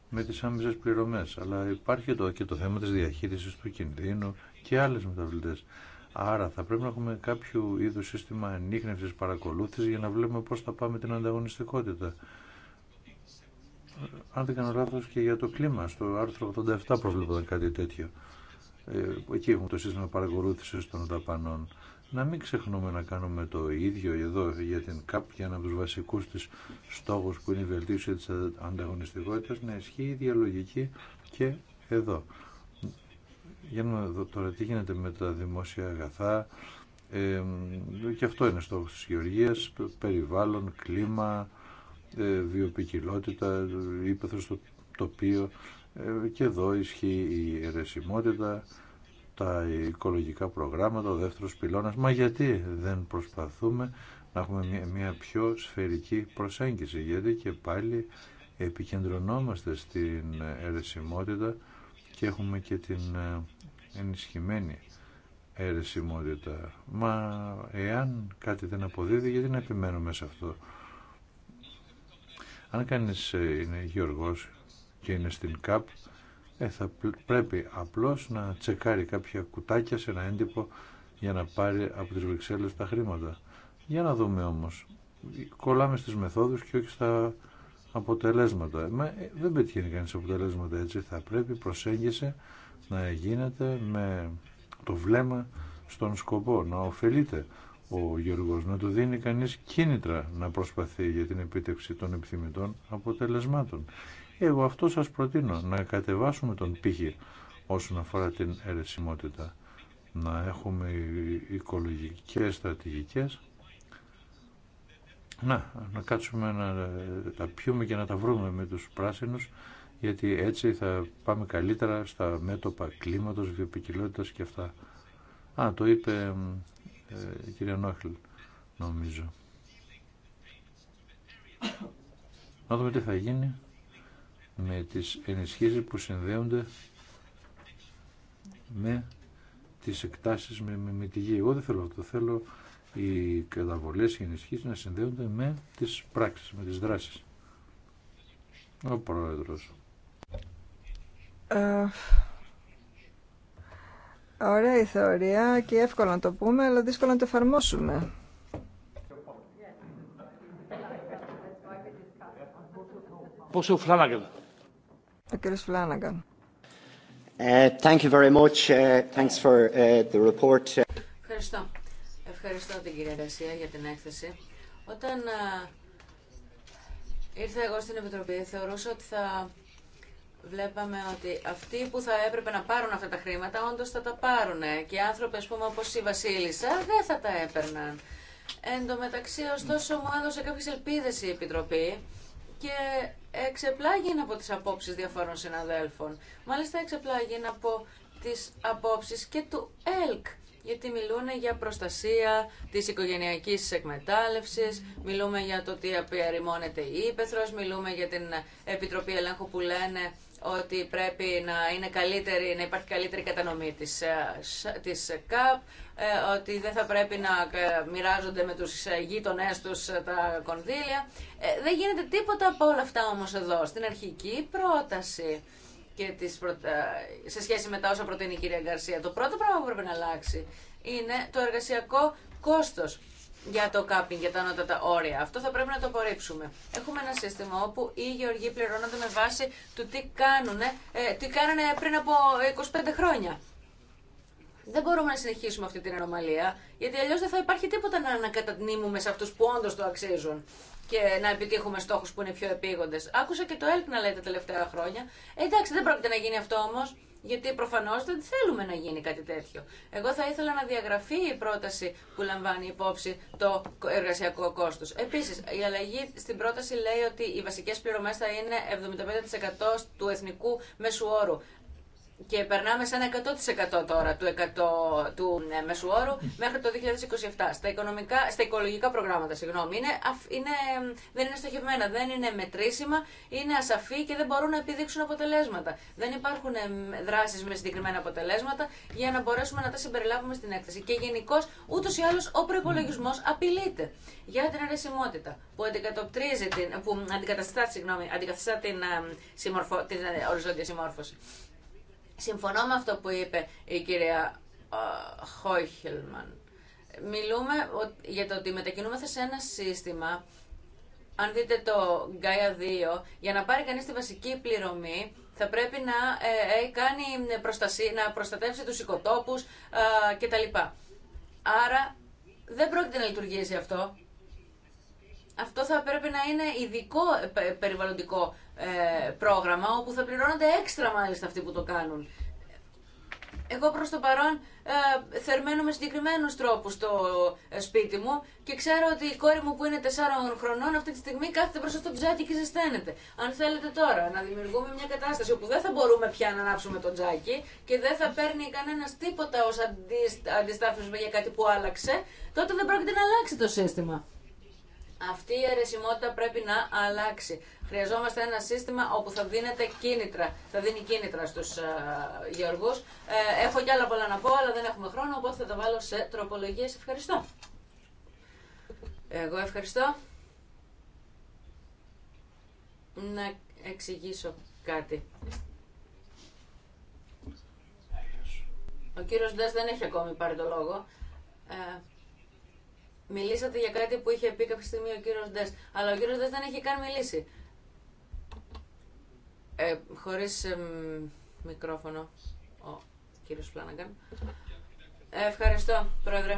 με τις άμεσες πληρωμές. Αλλά υπάρχει το, και το θέμα της διαχείρισης του κινδύνου και άλλες μεταβλητές. Άρα θα πρέπει να έχουμε κάποιο είδους σύστημα ενίχνευσης παρακολούθησης για να βλέπουμε πώς θα πάμε την ανταγωνιστικότητα. Ε, αν δεν κάνω λάθος και για το κλίμα, στο άρθρο 87 προβλέπονταν κάτι τέτοιο. Ε, εκεί έχουμε το σύστημα παρακολούθησης των δαπανών να μην ξεχνούμε να κάνουμε το ίδιο εδώ για την από τους βασικούς της στόχους που είναι η βελτίωση της ανταγωνιστικότητας να ισχύει η διαλογική και εδώ. Για να δω τώρα τι γίνεται με τα δημόσια αγαθά και αυτό είναι στόχος της γεωργίας, περιβάλλον, κλίμα, ε, βιοπικιλότητα, ύπεθρο στο τοπίο ε, και εδώ ισχύει η αιρεσιμότητα τα οικολογικά προγράμματα, ο δεύτερος πυλώνας. Μα γιατί δεν προσπαθούμε να έχουμε μια πιο σφαιρική προσέγγιση, γιατί και πάλι επικεντρωνόμαστε στην αιρεσιμότητα και έχουμε και την ε, ενισχυμένη αιρεσιμότητα. Μα εάν κάτι δεν αποδίδει, γιατί να επιμένουμε σε αυτό. Αν κανείς ε, είναι γεωργός και είναι στην ΚΑΠ, ε, θα πρέπει απλώς να τσεκάρει κάποια κουτάκια σε ένα έντυπο για να πάρει από τις Βρυξέλλες τα χρήματα. Για να δούμε όμως. Κολλάμε στις μεθόδους και όχι στα αποτελέσματα. Ε, δεν πετυχαίνει κανείς αποτελέσματα έτσι. Θα πρέπει προσέγγιση να γίνεται με το βλέμμα στον σκοπό, να ωφελείται ο Γιώργος, να του δίνει κανείς κίνητρα να προσπαθεί για την επίτευξη των επιθυμητών αποτελεσμάτων. Εγώ αυτό σας προτείνω, να κατεβάσουμε τον πύχη όσον αφορά την αιρεσιμότητα. Να έχουμε οικολογικές στρατηγικές. Να, να κάτσουμε να τα πιούμε και να τα βρούμε με τους πράσινους, γιατί έτσι θα πάμε καλύτερα στα μέτωπα κλίματος, βιοποικιλότητας και αυτά. Α, το είπε ε, η κυρία Νόχλ, νομίζω. Να δούμε τι θα γίνει με τις ενισχύσεις που συνδέονται με τις εκτάσεις με, με, τη γη. Εγώ δεν θέλω αυτό. Θέλω οι καταβολές, οι ενισχύσεις να συνδέονται με τις πράξεις, με τις δράσεις. Ο Πρόεδρος. Ε, ωραία η θεωρία και εύκολο να το πούμε, αλλά δύσκολο να το εφαρμόσουμε. Πόσο ε, ε, ε, Ευχαριστώ. Ευχαριστώ την κυρία Ρασία για την έκθεση. Όταν ήρθα εγώ στην Επιτροπή θεωρούσα ότι θα βλέπαμε ότι αυτοί που θα έπρεπε να πάρουν αυτά τα χρήματα όντως θα τα πάρουν και οι άνθρωποι ας πούμε όπως η Βασίλισσα δεν θα τα έπαιρναν. Εν τω μεταξύ ωστόσο μου έδωσε κάποιες ελπίδες η Επιτροπή και εξεπλάγει από τις απόψεις διαφόρων συναδέλφων. Μάλιστα εξεπλάγει από τις απόψεις και του ΕΛΚ, γιατί μιλούν για προστασία της οικογενειακής εκμετάλλευσης, μιλούμε για το τι απειρημώνεται η Ήπεθρος, μιλούμε για την Επιτροπή Ελέγχου που λένε ότι πρέπει να, είναι καλύτερη, να υπάρχει καλύτερη κατανομή της, ε, της ΚΑΠ, ε, ότι δεν θα πρέπει να ε, μοιράζονται με τους γείτονε τους τα κονδύλια. Δεν γίνεται τίποτα από όλα αυτά όμως εδώ. Στην αρχική πρόταση και τις σε σχέση με τα όσα προτείνει η κυρία Γκαρσία, το πρώτο πράγμα που πρέπει να αλλάξει είναι το εργασιακό κόστος για το κάπινγκ, για τα ανώτατα όρια. Αυτό θα πρέπει να το απορρίψουμε. Έχουμε ένα σύστημα όπου οι γεωργοί πληρώνονται με βάση του τι, κάνουνε, ε, τι κάνανε πριν από 25 χρόνια. Δεν μπορούμε να συνεχίσουμε αυτή την ανομαλία, γιατί αλλιώ δεν θα υπάρχει τίποτα να ανακατανύμουμε σε αυτού που όντω το αξίζουν και να επιτύχουμε στόχου που είναι πιο επίγοντε. Άκουσα και το ΕΛΚ να λέει τα τελευταία χρόνια. Ε, εντάξει, δεν πρόκειται να γίνει αυτό όμω γιατί προφανώς δεν θέλουμε να γίνει κάτι τέτοιο. Εγώ θα ήθελα να διαγραφεί η πρόταση που λαμβάνει υπόψη το εργασιακό κόστος. Επίσης, η αλλαγή στην πρόταση λέει ότι οι βασικές πληρωμές θα είναι 75% του εθνικού μεσουόρου και περνάμε σαν 100% τώρα του, 100, του ναι, μεσουόρου μέχρι το 2027. Στα, οικονομικά, στα οικολογικά προγράμματα, συγγνώμη, είναι, είναι, δεν είναι στοχευμένα, δεν είναι μετρήσιμα, είναι ασαφή και δεν μπορούν να επιδείξουν αποτελέσματα. Δεν υπάρχουν δράσει με συγκεκριμένα αποτελέσματα για να μπορέσουμε να τα συμπεριλάβουμε στην έκθεση. Και γενικώ, ούτω ή άλλω, ο προπολογισμό απειλείται για την αρεσιμότητα που, την, που αντικαταστά, συγγνώμη, αντικαταστά την, την ε, οριζόντια συμμόρφωση. Συμφωνώ με αυτό που είπε η κυρία Χόιχελμαν. Μιλούμε για το ότι μετακινούμεθα σε ένα σύστημα, αν δείτε το Gaia 2, για να πάρει κανείς τη βασική πληρωμή, θα πρέπει να, ε, ε, κάνει προστασία, να προστατεύσει τους οικοτόπους ε, κτλ. Άρα δεν πρόκειται να λειτουργήσει αυτό. Αυτό θα πρέπει να είναι ειδικό ε, περιβαλλοντικό ε, πρόγραμμα όπου θα πληρώνονται έξτρα μάλιστα αυτοί που το κάνουν. Εγώ προς το παρόν ε, θερμαίνω με συγκεκριμένου τρόπου στο ε, σπίτι μου και ξέρω ότι η κόρη μου που είναι 4 χρονών αυτή τη στιγμή κάθεται μπροστά στο τζάκι και ζεσταίνεται. Αν θέλετε τώρα να δημιουργούμε μια κατάσταση όπου δεν θα μπορούμε πια να ανάψουμε το τζάκι και δεν θα παίρνει κανένα τίποτα ως αντιστάθμισμα για κάτι που άλλαξε, τότε δεν πρόκειται να αλλάξει το σύστημα. Αυτή η αιρεσιμότητα πρέπει να αλλάξει. Χρειαζόμαστε ένα σύστημα όπου θα δίνεται κίνητρα, θα δίνει κίνητρα στους ε, γεωργούς. Ε, έχω κι άλλα πολλά να πω, αλλά δεν έχουμε χρόνο, οπότε θα τα βάλω σε τροπολογίες. Ευχαριστώ. Εγώ ευχαριστώ. Να εξηγήσω κάτι. Ο κύριος Ντάς δεν έχει ακόμη πάρει το λόγο. Ε, μιλήσατε για κάτι που είχε πει κάποια στιγμή ο κύριος Ντές, αλλά ο κύριος Ντές δεν έχει καν μιλήσει. Ε, χωρίς μικρόφωνο, ο κύριος Φλάναγκαν. Ε, ευχαριστώ, πρόεδρε.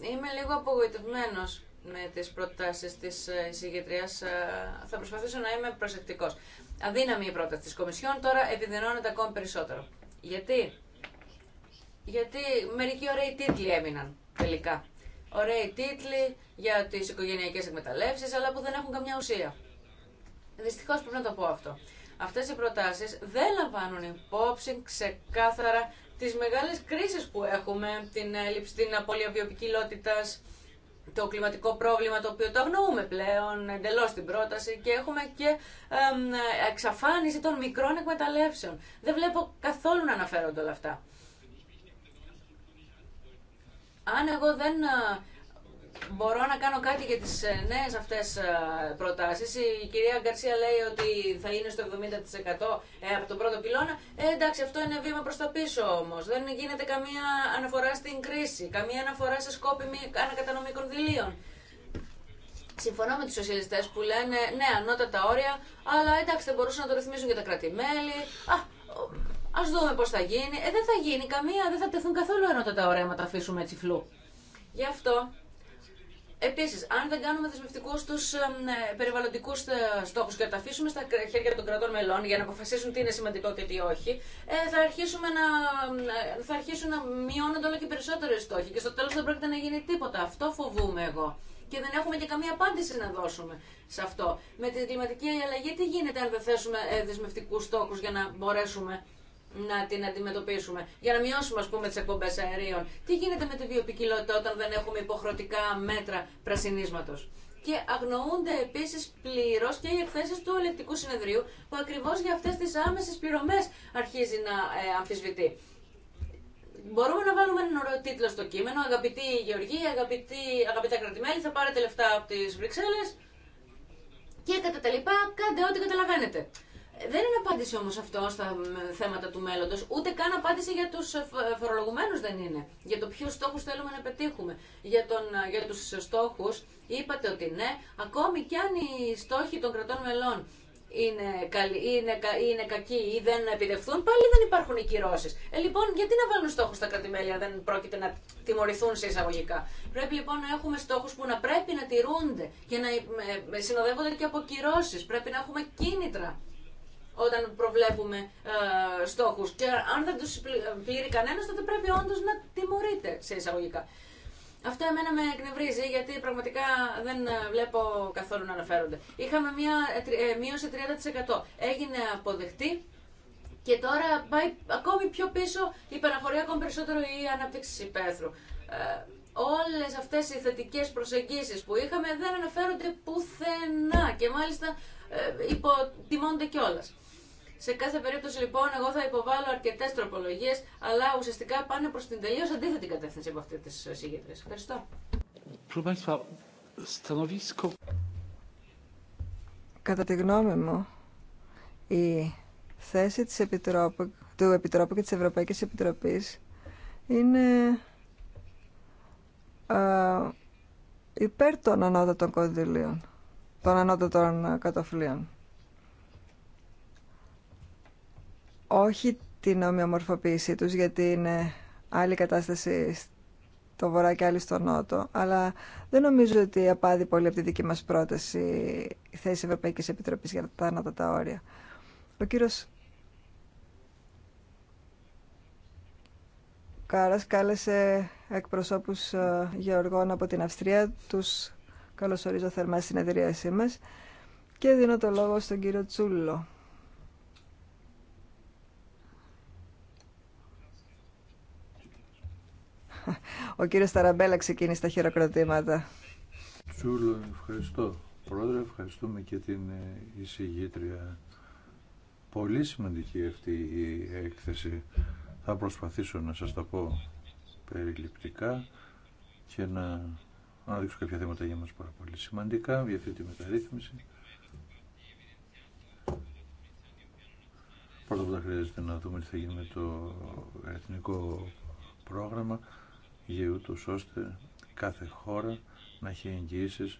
Είμαι λίγο απογοητευμένος με τις προτάσεις της ε, εισηγητρίας. Ε, θα προσπαθήσω να είμαι προσεκτικός. Αδύναμη η πρόταση της Κομισιόν, τώρα επιδεινώνεται ακόμη περισσότερο. Γιατί? Γιατί μερικοί ωραίοι τίτλοι έμειναν τελικά. Ωραίοι τίτλοι για τις οικογενειακές εκμεταλλεύσεις, αλλά που δεν έχουν καμιά ουσία. Δυστυχώ πρέπει να το πω αυτό. Αυτέ οι προτάσει δεν λαμβάνουν υπόψη ξεκάθαρα τι μεγάλε κρίσει που έχουμε, την έλλειψη, την απώλεια βιοπικιλότητα, το κλιματικό πρόβλημα το οποίο το αγνοούμε πλέον εντελώ την πρόταση και έχουμε και εξαφάνιση των μικρών εκμεταλλεύσεων. Δεν βλέπω καθόλου να αναφέρονται όλα αυτά. Αν εγώ δεν μπορώ να κάνω κάτι για τις ε, νέες αυτές ε, προτάσεις. Η κυρία Γκαρσία λέει ότι θα είναι στο 70% ε, από τον πρώτο πυλώνα. Ε, εντάξει, αυτό είναι βήμα προς τα πίσω όμως. Δεν γίνεται καμία αναφορά στην κρίση, καμία αναφορά σε σκόπιμη ανακατανομή κονδυλίων. Συμφωνώ με του σοσιαλιστέ που λένε ναι, ανώτατα όρια, αλλά εντάξει, δεν μπορούσαν να το ρυθμίζουν και τα κρατημέλη. Α, δούμε πώ θα γίνει. Ε, δεν θα γίνει καμία, δεν θα τεθούν καθόλου ανώτατα όρια, άμα τα αφήσουμε έτσι φλού. Γι' αυτό Επίση, αν δεν κάνουμε δεσμευτικού του ε, περιβαλλοντικού ε, στόχου και τα αφήσουμε στα χέρια των κρατών μελών για να αποφασίσουν τι είναι σημαντικό και τι όχι, ε, θα, αρχίσουμε να, θα αρχίσουν να μειώνονται όλο και περισσότεροι στόχοι και στο τέλο δεν πρόκειται να γίνει τίποτα. Αυτό φοβούμαι εγώ. Και δεν έχουμε και καμία απάντηση να δώσουμε σε αυτό. Με την κλιματική αλλαγή, τι γίνεται αν δεν θέσουμε δεσμευτικού στόχου για να μπορέσουμε να την αντιμετωπίσουμε, για να μειώσουμε α πούμε τι εκπομπέ αερίων. Τι γίνεται με τη βιοπικιλότητα όταν δεν έχουμε υποχρεωτικά μέτρα πρασινίσματο. Και αγνοούνται επίση πληρώ και οι εκθέσει του ελεκτικού συνεδρίου που ακριβώ για αυτέ τι άμεσε πληρωμέ αρχίζει να ε, αμφισβητεί. Μπορούμε να βάλουμε έναν ωραίο τίτλο στο κείμενο. «Αγαπητή Γεωργοί, αγαπητή αγαπητά κρατημέλη, θα πάρετε λεφτά από τι Βρυξέλλε. και κατά τα λοιπά, κάντε ό,τι καταλαβαίνετε. Δεν είναι απάντηση όμω αυτό στα θέματα του μέλλοντος, ούτε καν απάντηση για του ε, φορολογουμένου δεν είναι. Για το ποιου στόχου θέλουμε να πετύχουμε. Για, τον, ε, για τους στόχους είπατε ότι ναι, ακόμη κι αν οι στόχοι των κρατών μελών είναι, είναι, είναι κακοί ή δεν επιδευθούν, πάλι δεν υπάρχουν οι κυρώσει. Ε, λοιπόν, γιατί να βάλουν στόχου στα κρατημέλη δεν πρόκειται να τιμωρηθούν σε εισαγωγικά. Πρέπει λοιπόν να έχουμε στόχου που να πρέπει να τηρούνται και να ε, συνοδεύονται και από κυρώσει. Πρέπει να έχουμε κίνητρα όταν προβλέπουμε ε, στόχους. Και αν δεν τους πλήρει ε, κανένας, τότε πρέπει όντως να τιμωρείται σε εισαγωγικά. Αυτό εμένα με εκνευρίζει γιατί πραγματικά δεν ε, βλέπω καθόλου να αναφέρονται. Είχαμε μία ε, μείωση 30%. Έγινε αποδεκτή και τώρα πάει ακόμη πιο πίσω η παραχωρία ακόμη περισσότερο η ανάπτυξη υπαίθρου. Ε, όλες αυτές οι θετικές προσεγγίσεις που είχαμε δεν αναφέρονται πουθενά και μάλιστα ε, υποτιμώνται κιόλας. Σε κάθε περίπτωση λοιπόν εγώ θα υποβάλω αρκετέ τροπολογίε, αλλά ουσιαστικά πάνε προς την τελείω αντίθετη κατεύθυνση από αυτέ τι ε, συγκέντρες. Ευχαριστώ. Κατά τη γνώμη μου, η θέση της Επιτρόπου, του Επιτρόπου και της Ευρωπαϊκής Επιτροπής είναι α, ε, υπέρ των ανώτατων κονδυλίων, των ανώτατων κατοφλίων. όχι την ομοιομορφοποίησή τους, γιατί είναι άλλη κατάσταση στο βορρά και άλλη στο νότο, αλλά δεν νομίζω ότι απάδει πολύ από τη δική μας πρόταση η θέση Ευρωπαϊκής Επιτροπής για τα άνατα τα όρια. Ο κύριος Κάρας κάλεσε εκπροσώπους ε, γεωργών από την Αυστρία, τους καλωσορίζω θερμά στην εδρίασή μας και δίνω το λόγο στον κύριο Τσούλο. Ο κύριος Ταραμπέλα ξεκίνησε τα χειροκροτήματα. Τσούλο, ευχαριστώ. Πρόεδρε, ευχαριστούμε και την ε, εισηγήτρια. Πολύ σημαντική αυτή η έκθεση. Θα προσπαθήσω να σας τα πω περιληπτικά και να αναδείξω κάποια θέματα για μας πάρα πολύ σημαντικά για αυτή τη μεταρρύθμιση. Πρώτα απ' όλα χρειάζεται να δούμε τι θα γίνει με το εθνικό πρόγραμμα για ούτως ώστε κάθε χώρα να έχει εγγυήσεις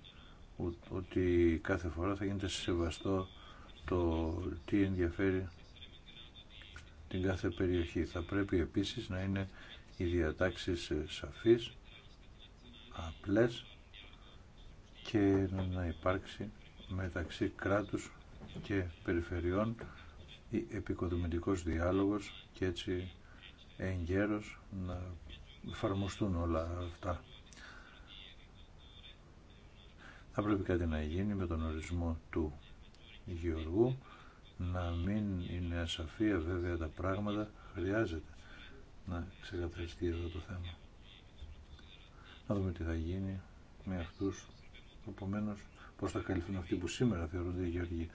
ότι κάθε φορά θα γίνεται σεβαστό το τι ενδιαφέρει την κάθε περιοχή. Θα πρέπει επίσης να είναι οι διατάξεις ε, σαφείς, απλές και να υπάρξει μεταξύ κράτους και περιφερειών επικοδομητικός διάλογος και έτσι εγκαίρως να εφαρμοστούν όλα αυτά. Θα πρέπει κάτι να γίνει με τον ορισμό του Γεωργού, να μην είναι ασαφία βέβαια τα πράγματα, χρειάζεται να ξεκαθαριστεί εδώ το θέμα. Να δούμε τι θα γίνει με αυτούς, οπόμενο πώς θα καλυφθούν αυτοί που σήμερα θεωρούνται Γεωργοί.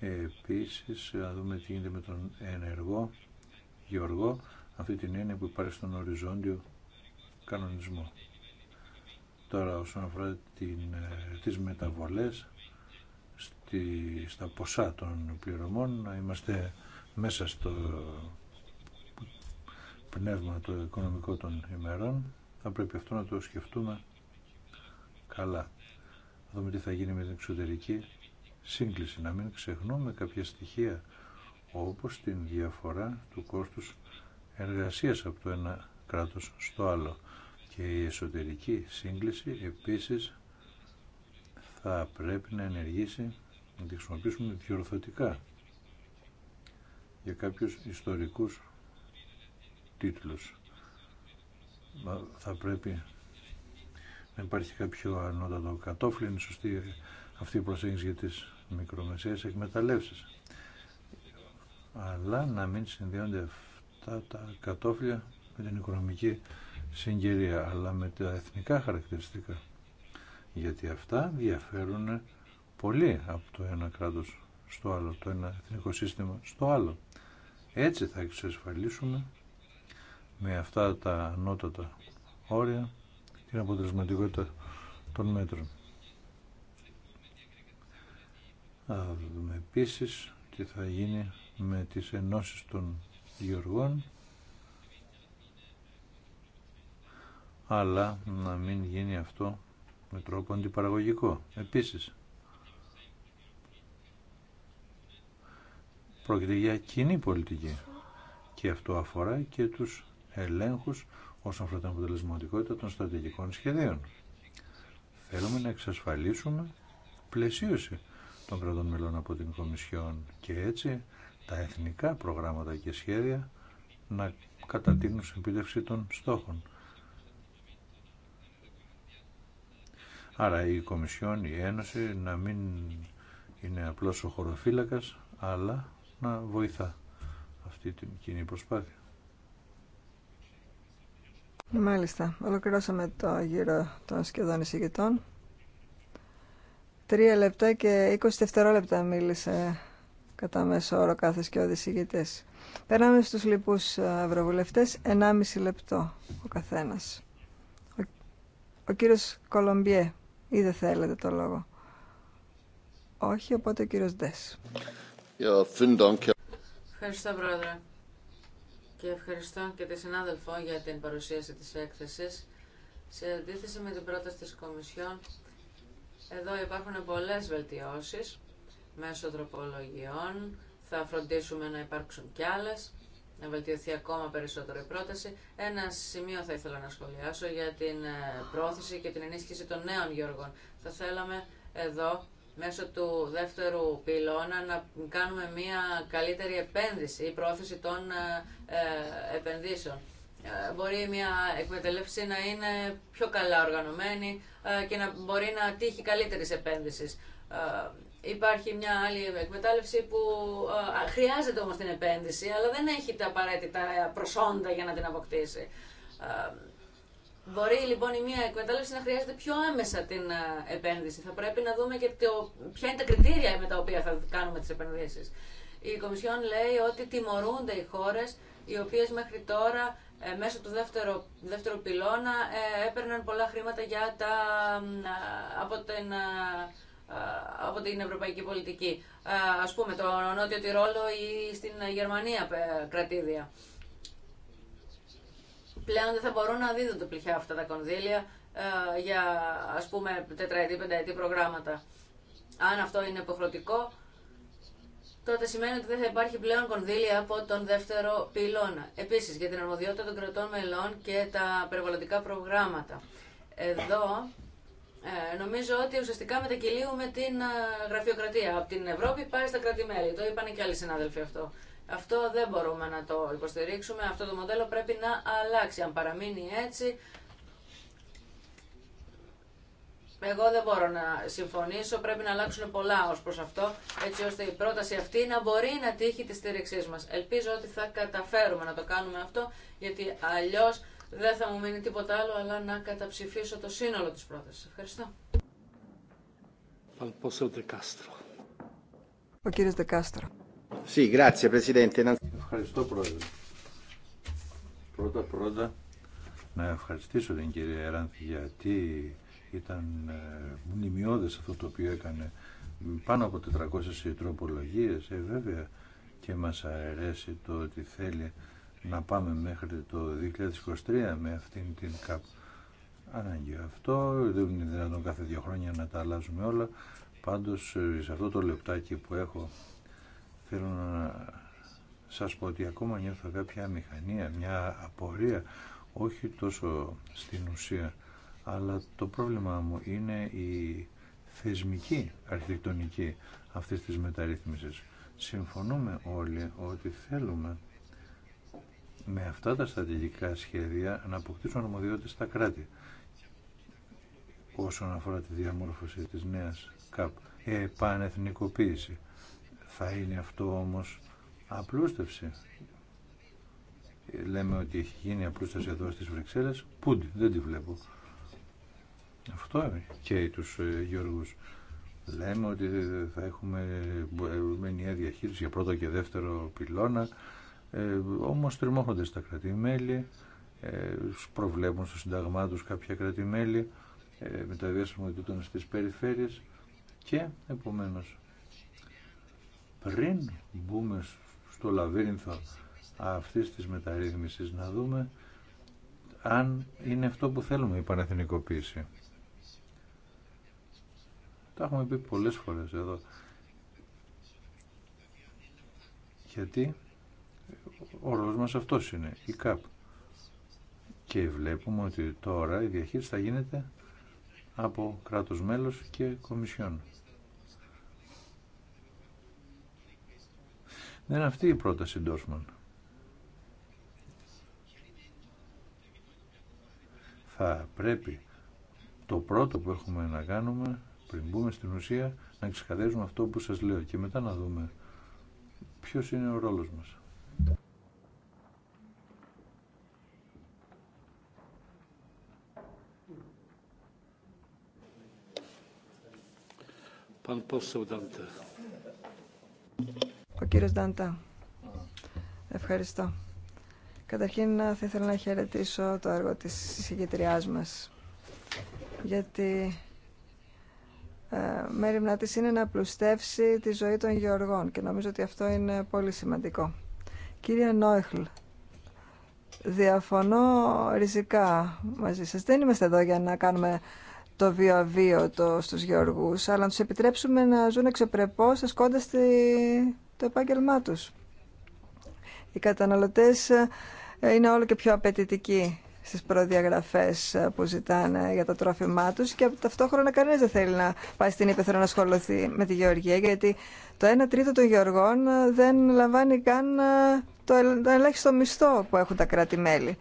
Επίσης, να δούμε τι γίνεται με τον ενεργό Γεωργό, αυτή την έννοια που υπάρχει στον οριζόντιο κανονισμό. Τώρα όσον αφορά την, ε, τις μεταβολές στη, στα ποσά των πληρωμών να είμαστε μέσα στο πνεύμα το οικονομικό των ημερών θα πρέπει αυτό να το σκεφτούμε καλά. Θα δούμε τι θα γίνει με την εξωτερική σύγκληση. Να μην ξεχνούμε κάποια στοιχεία όπως την διαφορά του κόστους εργασίας από το ένα κράτος στο άλλο και η εσωτερική σύγκληση επίσης θα πρέπει να ενεργήσει να τη χρησιμοποιήσουμε διορθωτικά για κάποιους ιστορικούς τίτλους. Θα πρέπει να υπάρχει κάποιο ανώτατο κατόφλι, είναι σωστή αυτή η προσέγγιση για τις μικρομεσαίες εκμεταλλεύσεις. Αλλά να μην συνδέονται αυτά τα κατόφλια με την οικονομική συγκυρία, αλλά με τα εθνικά χαρακτηριστικά. Γιατί αυτά διαφέρουν πολύ από το ένα κράτος στο άλλο, το ένα εθνικό σύστημα στο άλλο. Έτσι θα εξασφαλίσουμε με αυτά τα ανώτατα όρια την αποτελεσματικότητα των μέτρων. Θα δούμε επίσης τι θα γίνει με τις ενώσεις των γεωργών αλλά να μην γίνει αυτό με τρόπο αντιπαραγωγικό. Επίσης, πρόκειται για κοινή πολιτική και αυτό αφορά και τους ελέγχους όσον αφορά την αποτελεσματικότητα των στρατηγικών σχεδίων. Θέλουμε να εξασφαλίσουμε πλαισίωση των κρατών μελών από την Κομισιόν και έτσι τα εθνικά προγράμματα και σχέδια να κατατείνουν στην επίτευξη των στόχων. Άρα η Κομισιόν, η Ένωση να μην είναι απλώς ο χωροφύλακας, αλλά να βοηθά αυτή την κοινή προσπάθεια. Μάλιστα. Ολοκληρώσαμε το γύρο των σχεδόν εισηγητών. Τρία λεπτά και 20 δευτερόλεπτα μίλησε κατά μέσο όρο κάθε σκιώδη εισηγητής. Περάμε στους λοιπούς ε, ευρωβουλευτές, 1,5 λεπτό ο καθένας. Ο, ο κύριος Κολομπιέ. Ή δεν θέλετε το λόγο. Όχι, οπότε ο κύριος Ντές. Ευχαριστώ, Πρόεδρε. Και ευχαριστώ και τη συνάδελφο για την παρουσίαση της έκθεσης. Σε αντίθεση με την πρόταση της Κομισιόν, εδώ υπάρχουν πολλές βελτιώσεις μέσω τροπολογιών. Θα φροντίσουμε να υπάρξουν κι άλλες να βελτιωθεί ακόμα περισσότερο η πρόταση. Ένα σημείο θα ήθελα να σχολιάσω για την ε, πρόθεση και την ενίσχυση των νέων γεωργών. Θα θέλαμε εδώ μέσω του δεύτερου πυλώνα να κάνουμε μια καλύτερη επένδυση ή πρόθεση των ε, ε, επενδύσεων. Μπορεί μια εκμετέλεύση να είναι πιο καλά οργανωμένη και να μπορεί να τύχει καλύτερης επένδυσης Υπάρχει μια άλλη εκμετάλλευση που ε, χρειάζεται όμως την επένδυση, αλλά δεν έχει τα απαραίτητα προσόντα για να την αποκτήσει. Α, ε, μπορεί λοιπόν η μία εκμετάλλευση να χρειάζεται πιο άμεσα την ε, επένδυση. Θα πρέπει να δούμε και το, ποια είναι τα κριτήρια με τα οποία θα κάνουμε τις επενδύσεις. Η Κομισιόν λέει ότι τιμωρούνται οι χώρες οι οποίες μέχρι τώρα ε, μέσω του δεύτερου, πυλώνα ε, έπαιρναν πολλά χρήματα για τα, από την ε, από την ευρωπαϊκή πολιτική. Ε, ας πούμε το Νότιο Τυρόλο ή στην Γερμανία ε, κρατήδια. Πλέον δεν θα μπορούν να δίδονται πληχιά αυτά τα κονδύλια για ας πούμε τετραετή, πενταετή προγράμματα. Αν αυτό είναι υποχρεωτικό, τότε σημαίνει ότι δεν θα υπάρχει πλέον κονδύλια από τον δεύτερο πυλώνα. Επίσης, για την αρμοδιότητα των κρατών μελών και τα περιβαλλοντικά προγράμματα. Εδώ ε, νομίζω ότι ουσιαστικά μετακυλίουμε την ε, γραφειοκρατία από την Ευρώπη πάει στα κρατη Το είπαν και άλλοι συνάδελφοι αυτό. Αυτό δεν μπορούμε να το υποστηρίξουμε. Αυτό το μοντέλο πρέπει να αλλάξει. Αν παραμείνει έτσι, εγώ δεν μπορώ να συμφωνήσω. Πρέπει να αλλάξουν πολλά ω προ αυτό, έτσι ώστε η πρόταση αυτή να μπορεί να τύχει τη στήριξή μα. Ελπίζω ότι θα καταφέρουμε να το κάνουμε αυτό, γιατί αλλιώ δεν θα μου μείνει τίποτα άλλο, αλλά να καταψηφίσω το σύνολο της πρότασης. Ευχαριστώ. Ο κύριος Δεκάστρο. Ευχαριστώ, Πρόεδρε. Πρώτα-πρώτα, να ευχαριστήσω την κυρία Εράνθη, γιατί ήταν ε, μνημειώδες αυτό το οποίο έκανε πάνω από 400 τροπολογίες, ε, βέβαια, και μας αρέσει το ότι θέλει να πάμε μέχρι το 2023 με αυτήν την ΚΑΠ. Ανάγκη αυτό, δεν είναι δυνατόν κάθε δύο χρόνια να τα αλλάζουμε όλα. Πάντως ε, σε αυτό το λεπτάκι που έχω θέλω να σας πω ότι ακόμα νιώθω κάποια μηχανία, μια απορία, όχι τόσο στην ουσία, αλλά το πρόβλημά μου είναι η θεσμική αρχιτεκτονική αυτής της μεταρρύθμισης. Συμφωνούμε όλοι ότι θέλουμε με αυτά τα στρατηγικά σχέδια να αποκτήσουν αρμοδιότητες στα κράτη όσον αφορά τη διαμόρφωση της νέας ΚΑΠ. Επανεθνικοποίηση. Θα είναι αυτό όμως απλούστευση. Λέμε ότι έχει γίνει απλούστευση εδώ στις Βρυξέλλες. Πούντι, δεν τη βλέπω. Αυτό και τους ε, Γιώργους. Λέμε ότι θα έχουμε ε, μια διαχείριση για πρώτο και δεύτερο πυλώνα ε, όμως τριμώχονται στα κρατημέλη, ε, προβλέπουν στο συνταγμά τους κάποια κρατημέλη, ε, των τούτων στις περιφέρειες και επομένως πριν μπούμε στο λαβύρινθο αυτής της μεταρρύθμισης να δούμε αν είναι αυτό που θέλουμε η πανεθνικοποίηση. Τα έχουμε πει πολλές φορές εδώ. Γιατί ο ρόλος μας αυτός είναι, η ΚΑΠ. Και βλέπουμε ότι τώρα η διαχείριση θα γίνεται από κράτος μέλος και κομισιόν. Δεν είναι αυτή η πρόταση Ντόσμαν. Θα πρέπει το πρώτο που έχουμε να κάνουμε πριν μπούμε στην ουσία να ξεχαδέσουμε αυτό που σας λέω και μετά να δούμε ποιος είναι ο ρόλος μας. Ο κύριος Νταντά. Ευχαριστώ. Καταρχήν θα ήθελα να χαιρετήσω το έργο της συγκεκριάς μας. Γιατί ε, μέρημνα της είναι να πλουστεύσει τη ζωή των γεωργών και νομίζω ότι αυτό είναι πολύ σημαντικό. Κύριε Νόιχλ, διαφωνώ ριζικά μαζί σας. Δεν είμαστε εδώ για να κάνουμε το βιοαβίωτο το στους γεωργούς, αλλά να τους επιτρέψουμε να ζουν εξεπρεπώς ασκώντας το επάγγελμά τους. Οι καταναλωτές ε, είναι όλο και πιο απαιτητικοί στις προδιαγραφές ε, που ζητάνε για το τρόφιμά τους και ταυτόχρονα κάνεις δεν θέλει να πάει στην Ήπεθρο να ασχοληθεί με τη γεωργία γιατί το 1 τρίτο των γεωργών ε, δεν λαμβάνει καν το ελάχιστο μισθό που έχουν τα κράτη-μέλη.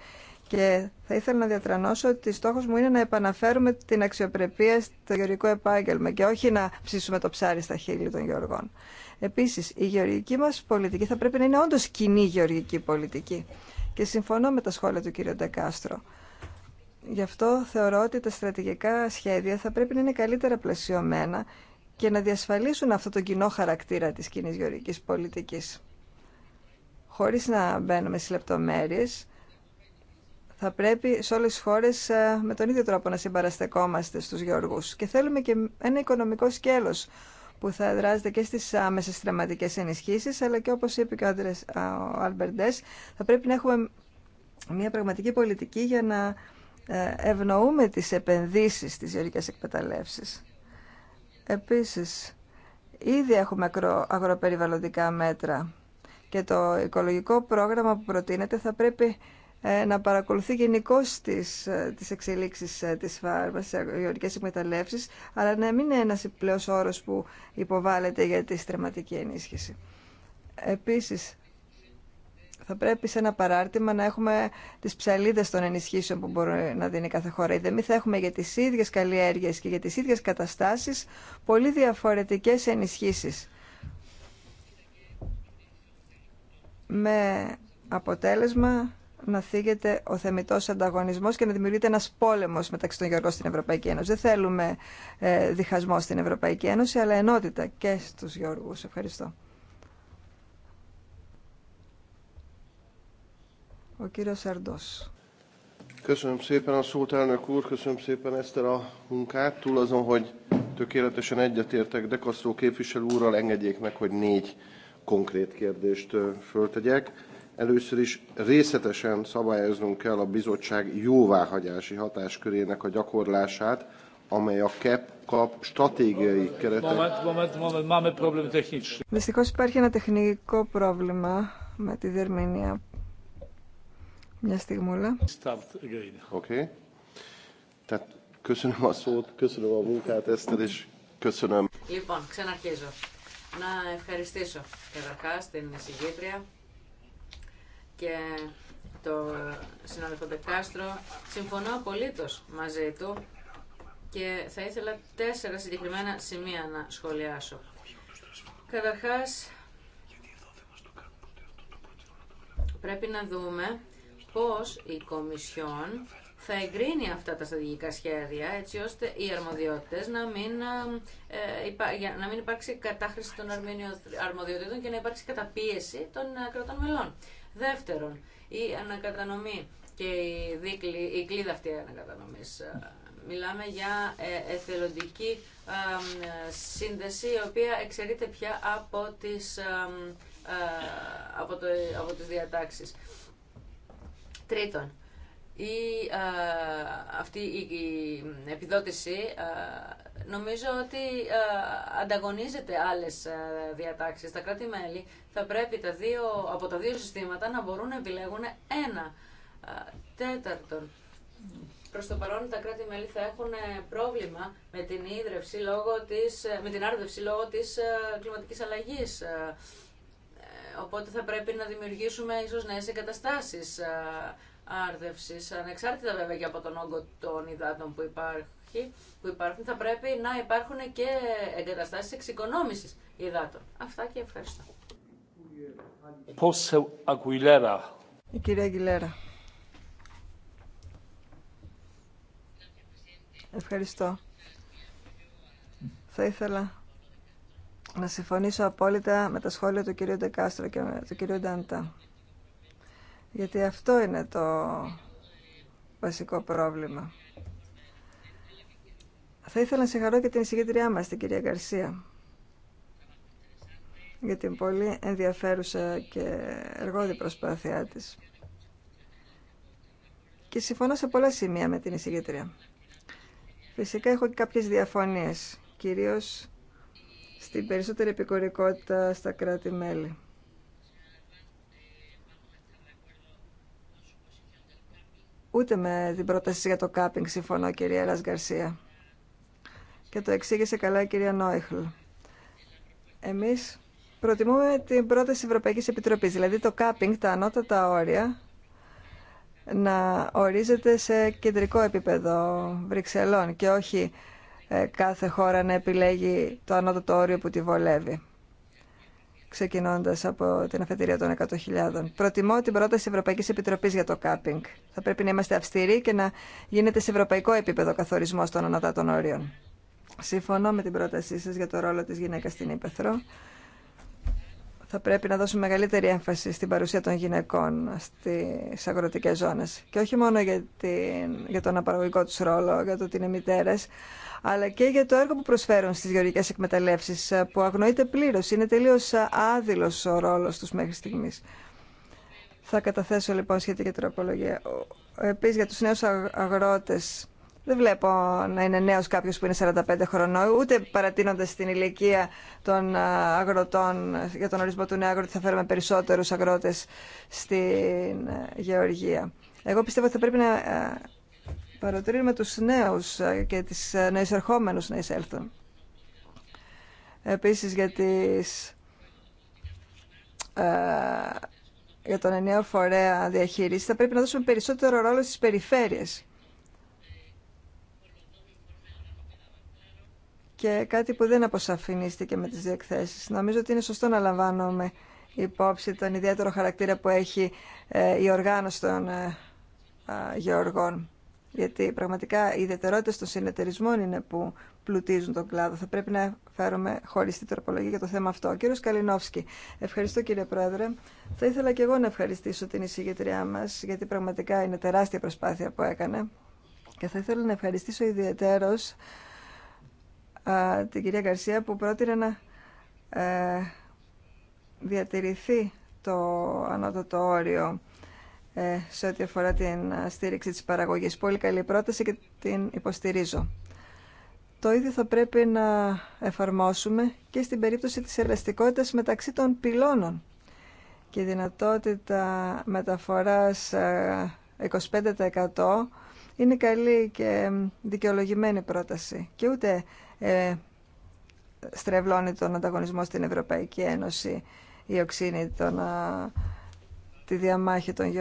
Και θα ήθελα να διατρανώσω ότι στόχος μου είναι να επαναφέρουμε την αξιοπρεπία στο γεωργικό επάγγελμα και όχι να ψήσουμε το ψάρι στα χείλη των γεωργών. Επίσης, η γεωργική μας πολιτική θα πρέπει να είναι όντως κοινή γεωργική πολιτική. Και συμφωνώ με τα σχόλια του κ. Ντεκάστρο. Γι' αυτό θεωρώ ότι τα στρατηγικά σχέδια θα πρέπει να είναι καλύτερα πλαισιωμένα και να διασφαλίσουν αυτό το κοινό χαρακτήρα της κοινή γεωργικής πολιτικής. Χωρίς να μπαίνουμε σε λεπτομέρειε. Θα πρέπει σε όλες τις χώρες ε, με τον ίδιο τρόπο να συμπαραστεκόμαστε στους γεωργούς. Και θέλουμε και ένα οικονομικό σκέλος που θα δράζεται και στις άμεσες στραματικές ενισχύσεις, αλλά και όπως είπε και ο, Αλμπερντές, θα πρέπει να έχουμε μια πραγματική πολιτική για να ε, ευνοούμε τις επενδύσεις στις γεωργικές εκμεταλλεύσεις. Επίσης, ήδη έχουμε αγροπεριβαλλοντικά μέτρα και το οικολογικό πρόγραμμα που προτείνεται θα πρέπει ε, να παρακολουθεί γενικώ τις, ε, τις εξελίξεις ε, της φάρμας, τις γεωρικές εκμεταλλεύσεις, αλλά να μην είναι ένας πλέον όρος που υποβάλλεται για τη στρεματική ενίσχυση. Επίσης, θα πρέπει σε ένα παράρτημα να έχουμε τις ψαλίδες των ενισχύσεων που μπορεί να δίνει κάθε χώρα. Ή δεν θα έχουμε για τις ίδιες καλλιέργειες και για τις ίδιες καταστάσεις πολύ διαφορετικές ενισχύσεις. Με αποτέλεσμα να θίγεται ο θεμητός ανταγωνισμός και να δημιουργείται ένας πόλεμος μεταξύ των γεωργών στην Ευρωπαϊκή Ένωση. Δεν θέλουμε ε, διχασμό στην Ευρωπαϊκή Ένωση, αλλά ενότητα και στους γεωργού. Ευχαριστώ. Ο κύριος Σαρντός. Köszönöm szépen a szót, elnök úr, köszönöm szépen ezt a munkát. Túl azon, hogy tökéletesen egyetértek De Castro képviselő úrral, engedjék meg, hogy négy konkrét kérdést föltegyek. Először is részletesen szabályoznunk kell a bizottság jóváhagyási hatáskörének a gyakorlását, amely a KEP kap stratégiai keretek. Moment, moment, moment, máme problém technicky. Δυστυχώς υπάρχει ένα τεχνικό πρόβλημα με τη διερμηνία. Μια στιγμούλα. Oké. Okay. Tehát köszönöm a szót, köszönöm a munkát, Eszter, és köszönöm. Λοιπόν, ξαναρχίζω. Να ευχαριστήσω καταρχάς την εισηγήτρια και το συνάδελφο Ντεκάστρο. Συμφωνώ απολύτω μαζί του και θα ήθελα τέσσερα συγκεκριμένα σημεία να σχολιάσω. Καταρχά. πρέπει να δούμε πώς η Κομισιόν θα εγκρίνει αυτά τα στρατηγικά σχέδια έτσι ώστε οι αρμοδιότητες να ε, να μην υπάρξει κατάχρηση των αρμοδιοτήτων και να υπάρξει καταπίεση των ε, κρατών μελών. Δεύτερον, η ανακατανομή και η, δίκλη, η κλίδα αυτή ανακατανομής. Ε, μιλάμε για ε, εθελοντική σύνδεση, η οποία εξαιρείται πια από τις, ε, από το, από τις διατάξεις. Τρίτον, η, αυτή η, επιδότηση νομίζω ότι ανταγωνίζεται άλλες διατάξεις. Τα κράτη-μέλη θα πρέπει τα δύο, από τα δύο συστήματα να μπορούν να επιλέγουν ένα τέταρτο. Προς το παρόν τα κράτη-μέλη θα έχουν ε, πρόβλημα με την, ίδρυψη, λόγω της, ε, με την άρδευση λόγω της ε, κλιματικής αλλαγής. Οπότε θα πρέπει να δημιουργήσουμε ίσως νέες εγκαταστάσεις άρδευσης, ανεξάρτητα βέβαια και από τον όγκο των υδάτων που, υπάρχει, που υπάρχουν, θα πρέπει να υπάρχουν και εγκαταστάσει εξοικονόμηση υδάτων. Αυτά και ευχαριστώ. Η κυρία Αγγιλέρα. Ευχαριστώ. Θα ήθελα να συμφωνήσω απόλυτα με τα σχόλια του κυρίου Ντεκάστρο και του κυρίου Νταντά. Γιατί αυτό είναι το βασικό πρόβλημα. Θα ήθελα να συγχαρώ και την εισηγήτριά μας, την κυρία Γκαρσία, για την πολύ ενδιαφέρουσα και εργόδη προσπάθειά της. Και συμφωνώ σε πολλά σημεία με την εισηγήτρια. Φυσικά έχω και κάποιες διαφωνίες, κυρίως στην περισσότερη επικορικότητα στα κράτη-μέλη. Ούτε με την πρόταση για το κάπινγκ συμφωνώ, κυρία Ελλάς Γκαρσία. Και το εξήγησε καλά η κυρία Νόιχλ. Εμείς προτιμούμε την πρόταση Ευρωπαϊκής Επιτροπής, δηλαδή το κάπινγκ, τα ανώτατα όρια, να ορίζεται σε κεντρικό επίπεδο Βρυξελών και όχι ε, κάθε χώρα να επιλέγει το ανώτατο όριο που τη βολεύει ξεκινώντα από την αφετηρία των 100.000. Προτιμώ την πρόταση Ευρωπαϊκή Επιτροπή για το κάπινγκ. Θα πρέπει να είμαστε αυστηροί και να γίνεται σε ευρωπαϊκό επίπεδο καθορισμό των ανατάτων όριων. Συμφωνώ με την πρότασή σα για το ρόλο τη γυναίκα στην Ήπεθρο. Θα πρέπει να δώσουμε μεγαλύτερη έμφαση στην παρουσία των γυναικών στι αγροτικέ ζώνε. Και όχι μόνο για, την, για τον απαραγωγικό του ρόλο, για το ότι είναι μητέρε, αλλά και για το έργο που προσφέρουν στις γεωργικές εκμεταλλεύσεις ε, που αγνοείται πλήρως. Είναι τελείως ε, άδειλος ο ρόλος τους μέχρι στιγμής. Θα καταθέσω λοιπόν σχετική τροπολογία. Επίσης για τους νέους αγρότες δεν βλέπω να είναι νέος κάποιος που είναι 45 χρονών, ούτε παρατείνοντας την ηλικία των ε, αγροτών για τον ορισμό του νέου αγρότη θα φέρουμε περισσότερους αγρότες στην γεωργία. Εγώ πιστεύω ότι θα πρέπει να παροτρύνουμε τους νέους ε, και τις ε, νέες ερχόμενους να εισέλθουν. Επίσης για, τις, ε, για τον ενιαίο φορέα διαχείριση θα πρέπει να δώσουμε περισσότερο ρόλο στις περιφέρειες. Και κάτι που δεν αποσαφηνίστηκε με τις διεκθέσεις. Νομίζω ότι είναι σωστό να λαμβάνουμε υπόψη τον ιδιαίτερο χαρακτήρα που έχει η οργάνωση των γεωργών γιατί πραγματικά οι ιδιαιτερότητε των συνεταιρισμών είναι που πλουτίζουν τον κλάδο. Θα πρέπει να φέρουμε χωριστή τροπολογία για το θέμα αυτό. κύριο Καλινόφσκι, ευχαριστώ κύριε Πρόεδρε. Θα ήθελα και εγώ να ευχαριστήσω την εισηγητριά μα, γιατί πραγματικά είναι τεράστια προσπάθεια που έκανε. Και θα ήθελα να ευχαριστήσω ιδιαίτερω την κυρία Γκαρσία που πρότεινε να ε, διατηρηθεί το ανώτατο όριο ε, σε ό,τι αφορά την ε, στήριξη της παραγωγής. Πολύ καλή πρόταση και την υποστηρίζω. Το ίδιο θα πρέπει να εφαρμόσουμε και στην περίπτωση της ελαστικότητας μεταξύ των πυλώνων και η δυνατότητα μεταφοράς 25% ε, είναι καλή και δικαιολογημένη πρόταση και ούτε ε, στρεβλώνει τον ανταγωνισμό στην Ευρωπαϊκή Ένωση η οξύνη των τη διαμάχη των,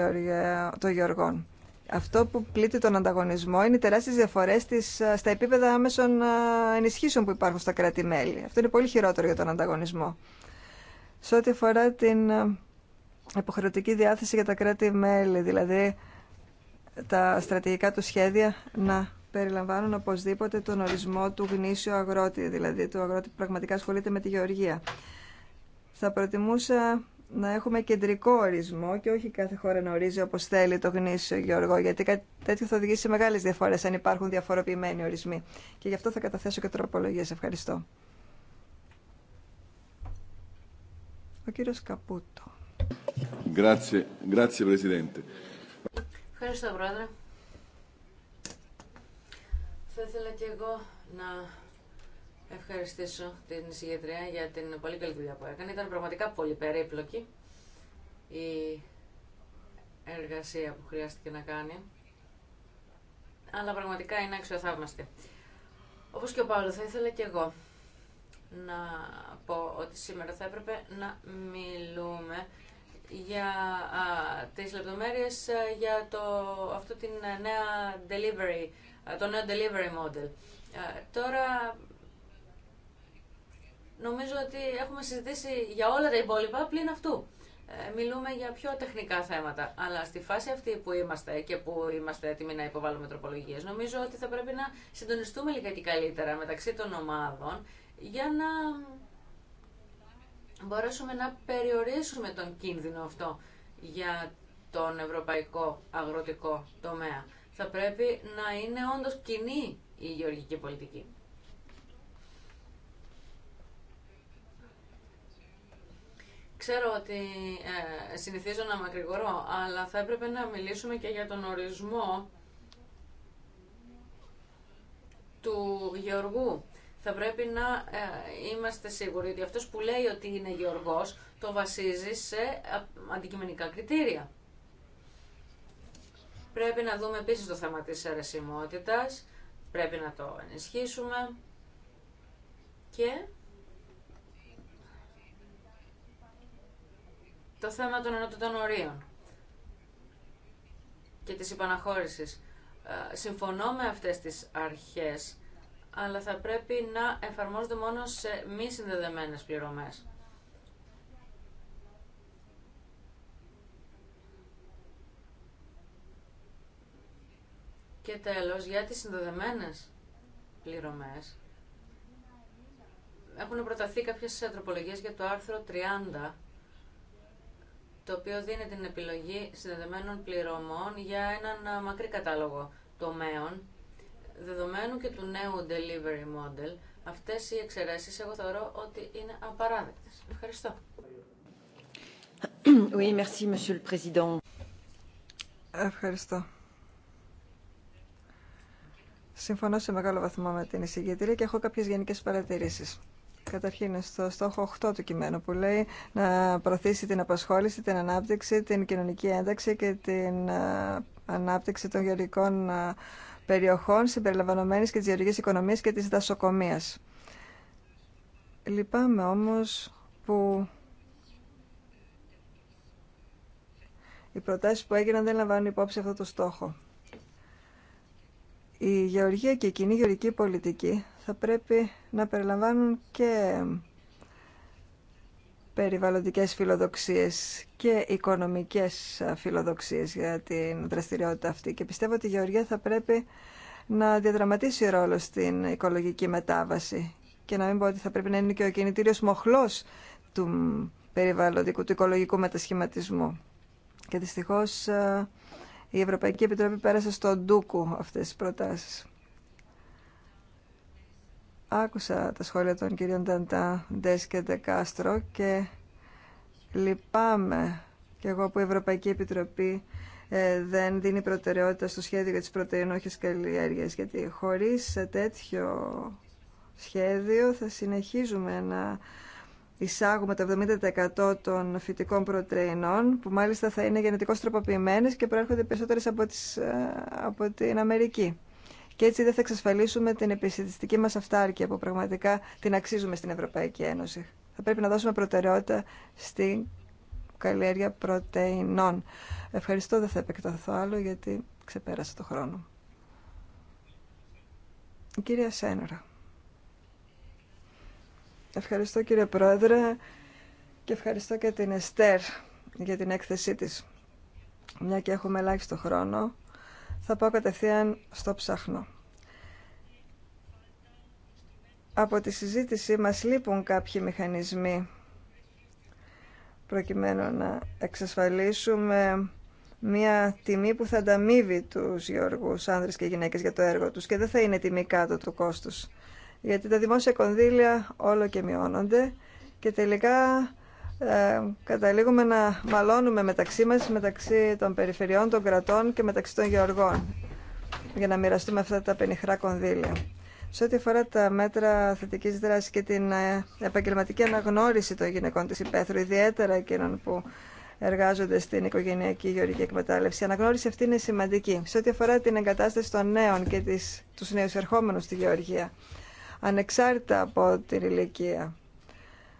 γεωργών. Αυτό που πλήττει τον ανταγωνισμό είναι οι τεράστιε διαφορέ ε, στα επίπεδα άμεσων ε, ενισχύσεων που υπάρχουν στα κράτη-μέλη. Αυτό είναι πολύ χειρότερο για τον ανταγωνισμό. Σε ό,τι αφορά την ε, υποχρεωτική διάθεση για τα κράτη-μέλη, δηλαδή τα στρατηγικά του σχέδια να περιλαμβάνουν οπωσδήποτε τον ορισμό του γνήσιου αγρότη, δηλαδή του αγρότη που πραγματικά ασχολείται με τη γεωργία. Θα προτιμούσα να έχουμε κεντρικό ορισμό και όχι κάθε χώρα να ορίζει όπως θέλει το γνήσιο Γιώργο, γιατί κάτι τέτοιο θα οδηγήσει σε μεγάλες διαφορές αν υπάρχουν διαφοροποιημένοι ορισμοί. Και γι' αυτό θα καταθέσω και τροπολογίες. Ευχαριστώ. Ο κύριος Καπούτο. Ευχαριστώ, Πρόεδρε. Θα ήθελα και εγώ να ευχαριστήσω την συγγετρία για την πολύ καλή δουλειά που έκανε. Ήταν πραγματικά πολύ περίπλοκη η εργασία που χρειάστηκε να κάνει. Αλλά πραγματικά είναι αξιοθαύμαστη. Όπως και ο Παύλο, θα ήθελα και εγώ να πω ότι σήμερα θα έπρεπε να μιλούμε για α, τις λεπτομέρειες για το, αυτό την ε, νέα delivery, το νέο delivery model. τώρα Νομίζω ότι έχουμε συζητήσει για όλα τα υπόλοιπα πλην αυτού. Ε, μιλούμε για πιο τεχνικά θέματα, αλλά στη φάση αυτή που είμαστε και που είμαστε έτοιμοι να υποβάλουμε τροπολογίε, νομίζω ότι θα πρέπει να συντονιστούμε λιγάκι καλύτερα μεταξύ των ομάδων για να μπορέσουμε να περιορίσουμε τον κίνδυνο αυτό για τον ευρωπαϊκό αγροτικό τομέα. Θα πρέπει να είναι όντως κοινή η γεωργική πολιτική. Ξέρω ότι ε, συνηθίζω να μακρηγορώ, αλλά θα έπρεπε να μιλήσουμε και για τον ορισμό του γεωργού. Θα πρέπει να ε, είμαστε σίγουροι ότι αυτός που λέει ότι είναι γεωργός το βασίζει σε αντικειμενικά κριτήρια. Πρέπει να δούμε επίσης το θέμα της αρεσιμότητας, πρέπει να το ενισχύσουμε και το θέμα των ενότητων ορίων και της υπαναχώρησης. Ε, συμφωνώ με αυτές τις αρχές, αλλά θα πρέπει να εφαρμόζονται μόνο σε μη συνδεδεμένες πληρωμές. Και τέλος, για τις συνδεδεμένες πληρωμές, έχουν προταθεί κάποιες τροπολογίες για το άρθρο 30, το οποίο δίνει την επιλογή συνδεδεμένων πληρωμών για έναν ε, μακρύ κατάλογο τομέων, δεδομένου και του νέου delivery model. Αυτές οι εξαιρέσεις εγώ θεωρώ ότι είναι απαράδεκτες. Ευχαριστώ. Oui, merci, Monsieur le Président. Ευχαριστώ. Συμφωνώ σε μεγάλο βαθμό με την εισηγητήρια και έχω κάποιες γενικές παρατηρήσεις. Καταρχήν, στο στόχο 8 του κειμένου που λέει να προωθήσει την απασχόληση, την ανάπτυξη, την κοινωνική ένταξη και την ε, ανάπτυξη των γεωργικών ε, περιοχών συμπεριλαμβανομένης και της γεωργικής οικονομίας και της δασοκομείας. Λυπάμαι όμως που οι προτάσεις που έγιναν δεν λαμβάνουν υπόψη αυτό το στόχο. Η γεωργία και η κοινή γεωργική πολιτική θα πρέπει να περιλαμβάνουν και περιβαλλοντικές φιλοδοξίες και οικονομικές φιλοδοξίες για την δραστηριότητα αυτή. Και πιστεύω ότι η Γεωργία θα πρέπει να διαδραματίσει ρόλο στην οικολογική μετάβαση και να μην πω ότι θα πρέπει να είναι και ο κινητήριος μοχλός του περιβαλλοντικού, του οικολογικού μετασχηματισμού. Και δυστυχώς ε, η Ευρωπαϊκή Επιτροπή πέρασε στον ντούκου αυτές τις προτάσεις. Άκουσα τα σχόλια των κυρίων Νταντά, Ντές και Ντεκάστρο και λυπάμαι και εγώ που η Ευρωπαϊκή Επιτροπή ε, δεν δίνει προτεραιότητα στο σχέδιο για τις πρωτεϊνόχες καλλιέργειες γιατί χωρίς τέτοιο σχέδιο θα συνεχίζουμε να εισάγουμε το 70% των φυτικών πρωτεϊνών που μάλιστα θα είναι γενετικώς τροποποιημένες και προέρχονται περισσότερες από, τις, ε, από την Αμερική. Και έτσι δεν θα εξασφαλίσουμε την επιστημιστική μας αυτάρκεια που πραγματικά την αξίζουμε στην Ευρωπαϊκή Ένωση. Θα πρέπει να δώσουμε προτεραιότητα στην καλλιέργεια πρωτεϊνών. Ευχαριστώ, δεν θα επεκταθώ άλλο γιατί ξεπέρασα το χρόνο. κυρία Σένορα. Ευχαριστώ κύριε Πρόεδρε και ευχαριστώ και την Εστέρ για την έκθεσή της. Μια και έχουμε ελάχιστο χρόνο, θα πάω κατευθείαν στο ψάχνο. Από τη συζήτηση μας λείπουν κάποιοι μηχανισμοί προκειμένου να εξασφαλίσουμε μια τιμή που θα ανταμείβει τους γεωργούς άνδρες και γυναίκες για το έργο τους και δεν θα είναι τιμή κάτω του κόστους. Γιατί τα δημόσια κονδύλια όλο και μειώνονται και τελικά ε, καταλήγουμε να μαλώνουμε μεταξύ μας, μεταξύ των περιφερειών, των κρατών και μεταξύ των γεωργών για να μοιραστούμε αυτά τα πενιχρά κονδύλια. Σε ό,τι αφορά τα μέτρα θετική δράση και την ε, επαγγελματική αναγνώριση των γυναικών τη υπαίθρου, ιδιαίτερα εκείνων που εργάζονται στην οικογενειακή γεωργική εκμετάλλευση, η αναγνώριση αυτή είναι σημαντική. Σε ό,τι αφορά την εγκατάσταση των νέων και του νέου ερχόμενου στη γεωργία, ανεξάρτητα από την ηλικία,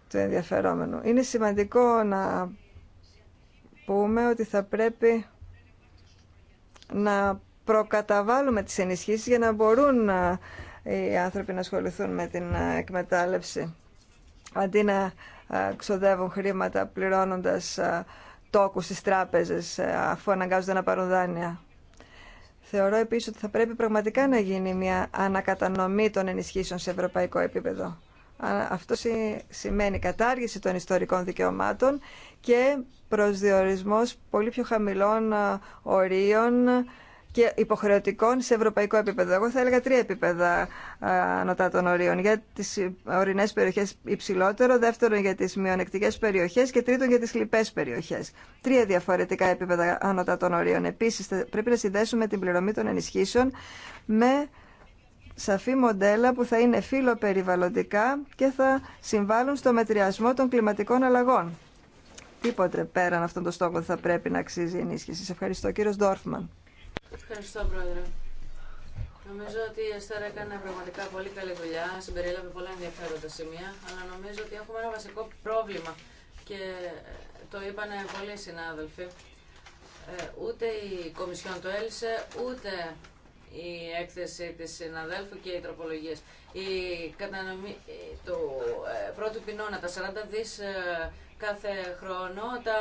του ενδιαφερόμενου. Είναι σημαντικό να πούμε ότι θα πρέπει να προκαταβάλουμε τις ενισχύσεις για να μπορούν ε, οι άνθρωποι να ασχοληθούν με την ε, εκμετάλλευση αντί να ε, ξοδεύουν χρήματα πληρώνοντας τόκους στις τράπεζες αφού αναγκάζονται να πάρουν δάνεια. Θεωρώ επίσης ότι θα πρέπει πραγματικά να γίνει μια ανακατανομή των ενισχύσεων σε ευρωπαϊκό επίπεδο. Αυτό σημαίνει κατάργηση των ιστορικών δικαιωμάτων και προσδιορισμός πολύ πιο χαμηλών ορίων και υποχρεωτικών σε ευρωπαϊκό επίπεδο. Εγώ θα έλεγα τρία επίπεδα ανωτά των ορίων. Για τις ορεινές περιοχές υψηλότερο, δεύτερον για τις μειονεκτικές περιοχές και τρίτον για τις λοιπέ περιοχές. Τρία διαφορετικά επίπεδα ανωτά των ορίων. Επίσης, πρέπει να συνδέσουμε την πληρωμή των ενισχύσεων με σαφή μοντέλα που θα είναι φιλοπεριβαλλοντικά και θα συμβάλλουν στο μετριασμό των κλιματικών αλλαγών. Τίποτε πέραν αυτόν τον στόχο θα πρέπει να αξίζει η ενίσχυση. Σε ευχαριστώ, κύριο Ντόρφμαν. Ευχαριστώ, Πρόεδρε. Νομίζω ότι η ΕΣΤΕΡΑ έκανε πραγματικά πολύ καλή δουλειά, συμπεριέλαβε πολλά ενδιαφέροντα σημεία, αλλά νομίζω ότι έχουμε ένα βασικό πρόβλημα και ε, το είπαν πολλοί συνάδελφοι. Ε, ούτε η Κομισιόν το έλυσε, ούτε η έκθεση της συναδέλφου και οι τροπολογίες. Η κατανομή, το ε, πρώτο πινώνα, τα 40 δις ε, κάθε χρόνο, τα,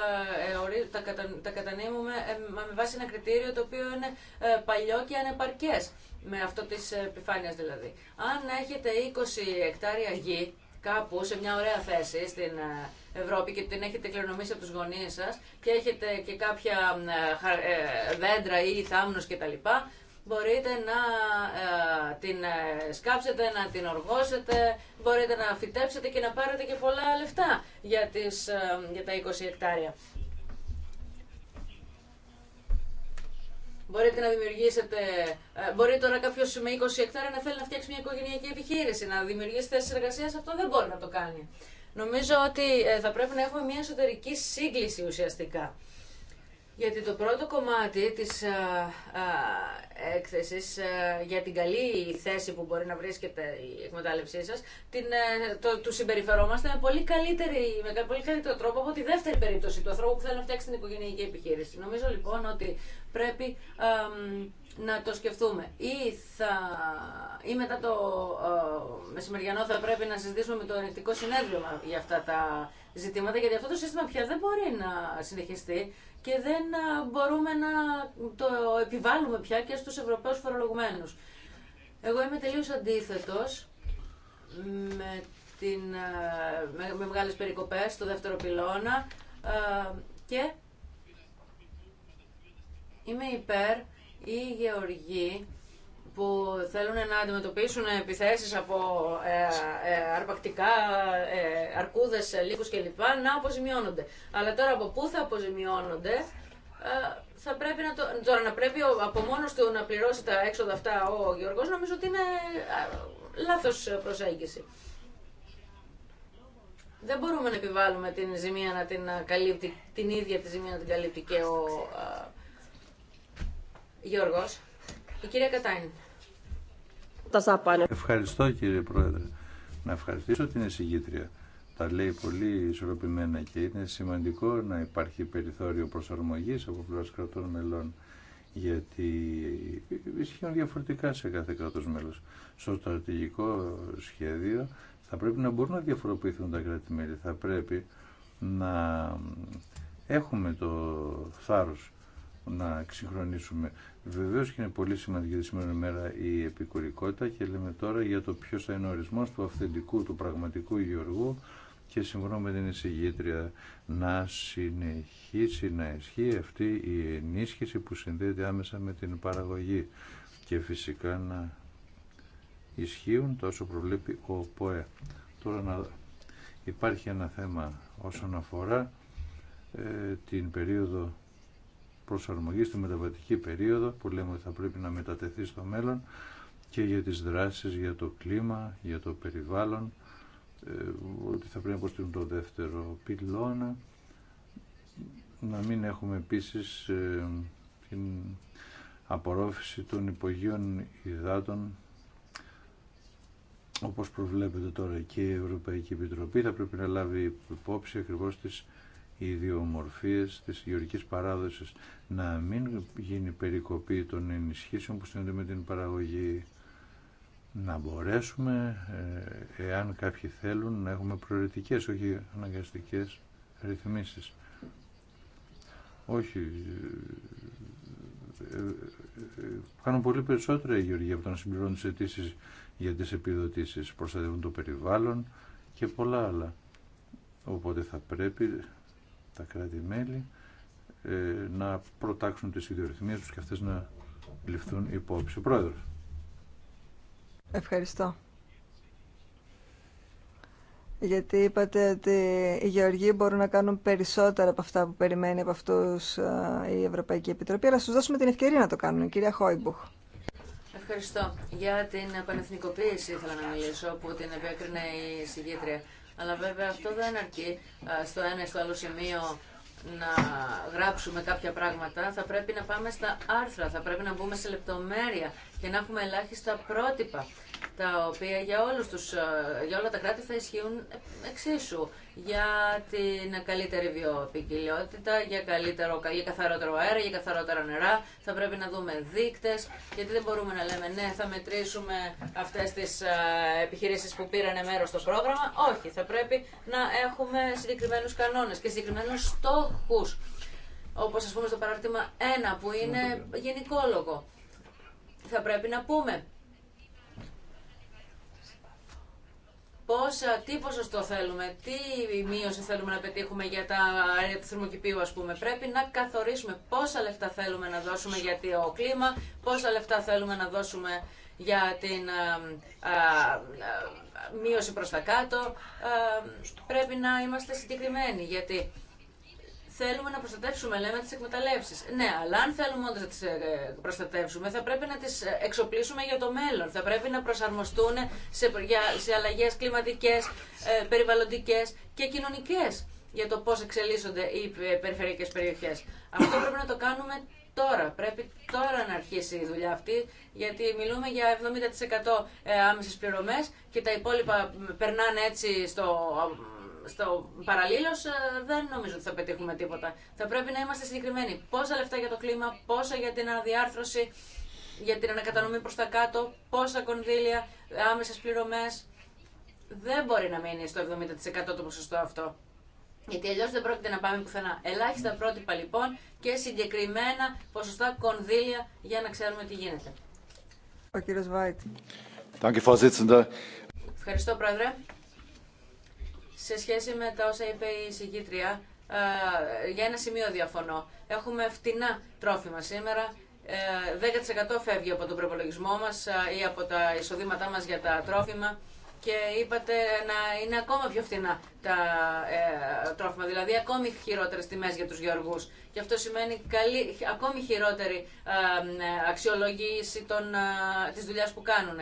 ε, τα, κατα, τα με βάση ένα κριτήριο το οποίο είναι παλιό και ανεπαρκές, με αυτό της επιφάνειας δηλαδή. Αν έχετε 20 εκτάρια γη, κάπου σε μια ωραία θέση στην Ευρώπη και την έχετε κληρονομήσει από τους γονείς σας και έχετε και κάποια δέντρα ή θάμνους κτλ μπορείτε να ε, την ε, σκάψετε, να την οργώσετε, μπορείτε να φυτέψετε και να πάρετε και πολλά λεφτά για, τις, ε, για τα 20 εκτάρια. Μπορείτε να δημιουργήσετε. μπορεί τώρα κάποιο με 20 εκτάρια να θέλει να φτιάξει μια οικογενειακή επιχείρηση, να δημιουργήσει θέσει εργασία. Αυτό δεν μπορεί να το κάνει. Νομίζω ότι θα πρέπει να έχουμε μια εσωτερική σύγκληση ουσιαστικά. Γιατί το πρώτο κομμάτι της α, έκθεσης για την καλή θέση που μπορεί να βρίσκεται η εκμετάλλευσή σας, την, ε, το, του συμπεριφερόμαστε με πολύ, καλύτερη, με πολύ καλύτερο τρόπο από τη δεύτερη περίπτωση του ανθρώπου που θέλει να φτιάξει την οικογενειακή επιχείρηση. Νομίζω λοιπόν ότι πρέπει να το σκεφτούμε. Ή, ή μετά το ε, μεσημεριανό θα πρέπει να συζητήσουμε με το ελεκτικό συνέδριο για αυτά τα ζητήματα, γιατί αυτό το σύστημα πια δεν μπορεί να συνεχιστεί και δεν μπορούμε να το επιβάλλουμε πια και στους Ευρωπαίους φορολογουμένους. Εγώ είμαι τελείως αντίθετος με, την, με, μεγάλες περικοπές στο δεύτερο πυλώνα και είμαι υπέρ ή υγεωργή που θέλουν να αντιμετωπίσουν επιθέσεις από ε, ε, αρπακτικά, ε, αρκούδες, ε, λύκους κλπ. να αποζημιώνονται. Αλλά τώρα από πού θα αποζημιώνονται, ε, θα πρέπει να το, τώρα να πρέπει από μόνος του να πληρώσει τα έξοδα αυτά ο Γιώργος, νομίζω ότι είναι λάθος προσέγγιση. Δεν μπορούμε να επιβάλλουμε την ζημία να την καλύπτει, την ίδια τη ζημία να την καλύπτει και ο Γιώργος. Η κυρία Κατάιν. Ευχαριστώ κύριε Πρόεδρε. Να ευχαριστήσω την εισηγήτρια. Τα λέει πολύ ισορροπημένα και είναι σημαντικό να υπάρχει περιθώριο προσαρμογής από πλευράς κρατών μελών γιατί ισχύουν διαφορετικά σε κάθε κράτος μέλος. Στο στρατηγικό σχέδιο θα πρέπει να μπορούν να διαφοροποιηθούν τα κράτη-μέλη. Θα πρέπει να έχουμε το θάρρος να ξυγχρονίσουμε. Βεβαίω και είναι πολύ σημαντική τη σήμερα μέρα η επικουρικότητα και λέμε τώρα για το ποιο θα είναι ο ορισμό του αυθεντικού, του πραγματικού Γεωργού και συμφωνώ με την εισηγήτρια να συνεχίσει να ισχύει αυτή η ενίσχυση που συνδέεται άμεσα με την παραγωγή και φυσικά να ισχύουν τόσο προβλέπει ο ΠΟΕ. Τώρα να... υπάρχει ένα θέμα όσον αφορά ε, την περίοδο προσαρμογή στη μεταβατική περίοδο που λέμε ότι θα πρέπει να μετατεθεί στο μέλλον και για τις δράσεις για το κλίμα, για το περιβάλλον, ε, ότι θα πρέπει να αποστείλουν το δεύτερο πυλώνα, να μην έχουμε επίσης ε, την απορρόφηση των υπογείων υδάτων όπως προβλέπεται τώρα και η Ευρωπαϊκή Επιτροπή θα πρέπει να λάβει υπόψη ακριβώς τις οι δύο μορφίες της γεωργικής παράδοσης να μην γίνει περικοπή των ενισχύσεων που συνδέονται με την παραγωγή να μπορέσουμε ε, εάν κάποιοι θέλουν να έχουμε προαιρετικές όχι αναγκαστικές ρυθμίσεις όχι ε, ε, κάνουν πολύ περισσότερα οι γεωργοί από το να συμπληρώνουν τις αιτήσει για τις επιδοτήσεις προστατεύουν το περιβάλλον και πολλά άλλα οπότε θα πρέπει τα κράτη-μέλη ε, να προτάξουν τις ιδιορυθμίες τους και αυτές να ληφθούν υπόψη. Ο Πρόεδρος. Ευχαριστώ. Γιατί είπατε ότι οι γεωργοί μπορούν να κάνουν περισσότερα από αυτά που περιμένει από αυτούς ε, η Ευρωπαϊκή Επιτροπή, αλλά σας δώσουμε την ευκαιρία να το κάνουν. Κυρία Χόιμπουχ. Ευχαριστώ. Για την πανεθνικοποίηση ήθελα να μιλήσω, που την επέκρινε η αλλά βέβαια αυτό δεν αρκεί στο ένα ή στο άλλο σημείο να γράψουμε κάποια πράγματα, θα πρέπει να πάμε στα άρθρα, θα πρέπει να μπούμε σε λεπτομέρεια και να έχουμε ελάχιστα πρότυπα τα οποία για, όλους τους, ε, όλα τα κράτη θα ισχύουν εξίσου. Για την καλύτερη βιοποικιλότητα, για, καλύτερο, για καθαρότερο αέρα, για καθαρότερα νερά. Θα πρέπει να δούμε δείκτες, γιατί δεν μπορούμε να λέμε ναι, θα μετρήσουμε αυτές τις ε, επιχειρήσεις που πήραν μέρος στο πρόγραμμα. Όχι, θα πρέπει να έχουμε συγκεκριμένους κανόνες και συγκεκριμένους στόχους. Όπως ας πούμε στο παράρτημα 1 που είναι γενικόλογο. Θα πρέπει να πούμε πόσα, τι ποσοστό θέλουμε, τι μείωση θέλουμε να πετύχουμε για τα αέρια του θερμοκηπίου, ας πούμε. Πρέπει να καθορίσουμε πόσα λεφτά θέλουμε να δώσουμε για το κλίμα, πόσα λεφτά θέλουμε να δώσουμε για την α, α, μείωση προς τα κάτω. πρέπει να είμαστε συγκεκριμένοι, γιατί θέλουμε να προστατεύσουμε, λέμε, τι εκμεταλλεύσει. Ναι, αλλά αν θέλουμε όντω να τι ε, ε, προστατεύσουμε, θα πρέπει να τι ε, εξοπλίσουμε για το μέλλον. Θα πρέπει να προσαρμοστούν σε, σε αλλαγέ κλιματικέ, περιβαλλοντικέ και κοινωνικέ για το πώ εξελίσσονται οι περιφερειακέ περιοχέ. Αυτό πρέπει να το κάνουμε τώρα. Πρέπει τώρα να αρχίσει η δουλειά αυτή, γιατί μιλούμε για 70% άμεσε πληρωμέ και τα υπόλοιπα περνάνε έτσι στο στο παραλίλω ε, δεν νομίζω ότι θα πετύχουμε τίποτα. Θα πρέπει να είμαστε συγκεκριμένοι. Πόσα λεφτά για το κλίμα, πόσα για την αναδιάρθρωση, για την ανακατανομή προ τα κάτω, πόσα κονδύλια, άμεσε πληρωμέ. Δεν μπορεί να μείνει στο 70% το ποσοστό αυτό. Γιατί αλλιώ δεν πρόκειται να πάμε πουθενά. Ελάχιστα πρότυπα λοιπόν και συγκεκριμένα ποσοστά κονδύλια για να ξέρουμε τι γίνεται. Ευχαριστώ, Πρόεδρε σε σχέση με τα όσα είπε η συγκήτρια, ε, για ένα σημείο διαφωνώ. Έχουμε φτηνά τρόφιμα σήμερα. 10% ε, φεύγει από τον προπολογισμό μας ε, ή από τα εισοδήματά μας για τα τρόφιμα και είπατε να είναι ακόμα πιο φτηνά τα ε, τρόφιμα, δηλαδή ακόμη χειρότερε τιμέ για του γεωργού. Και αυτό σημαίνει καλή, ακόμη χειρότερη αξιολόγηση ε, τη δουλειά που κάνουν.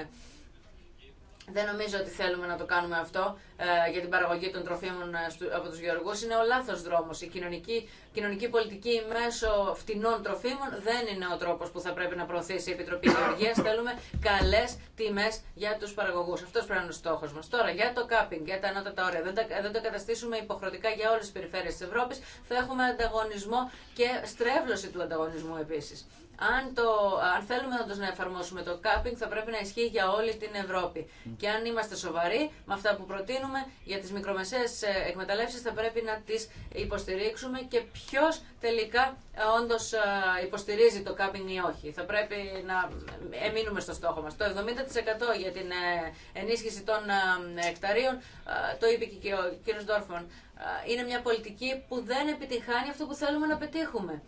Δεν νομίζω ότι θέλουμε να το κάνουμε αυτό ε, για την παραγωγή των τροφίμων ε, από τους γεωργούς. Είναι ο λάθος δρόμος. Η κοινωνική, κοινωνική πολιτική μέσω φτηνών τροφίμων δεν είναι ο τρόπος που θα πρέπει να προωθήσει η Επιτροπή Γεωργίας. Θέλουμε καλές τιμές για τους παραγωγούς. Αυτός πρέπει να είναι ο στόχος μας. Τώρα για το κάπινγκ, για τα ανώτατα όρια. Δεν, τα, το καταστήσουμε υποχρεωτικά για όλες τις περιφέρειες της Ευρώπης. Θα έχουμε ανταγωνισμό και στρέβλωση του ανταγωνισμού επίσης αν, το, αν θέλουμε όντω να εφαρμόσουμε το κάπινγκ, θα πρέπει να ισχύει για όλη την Ευρώπη. Και αν είμαστε σοβαροί με αυτά που προτείνουμε για τι μικρομεσαίε εκμεταλλεύσει, θα πρέπει να τι υποστηρίξουμε και ποιο τελικά ε, όντω ε, υποστηρίζει το κάπινγκ ή όχι. Θα πρέπει να εμείνουμε στο στόχο μα. Το 70% για την ε, ενίσχυση των εκταρίων, το είπε και ο κ. Ντόρφμαν, είναι μια πολιτική που δεν επιτυχάνει αυτό που θέλουμε να πετύχουμε.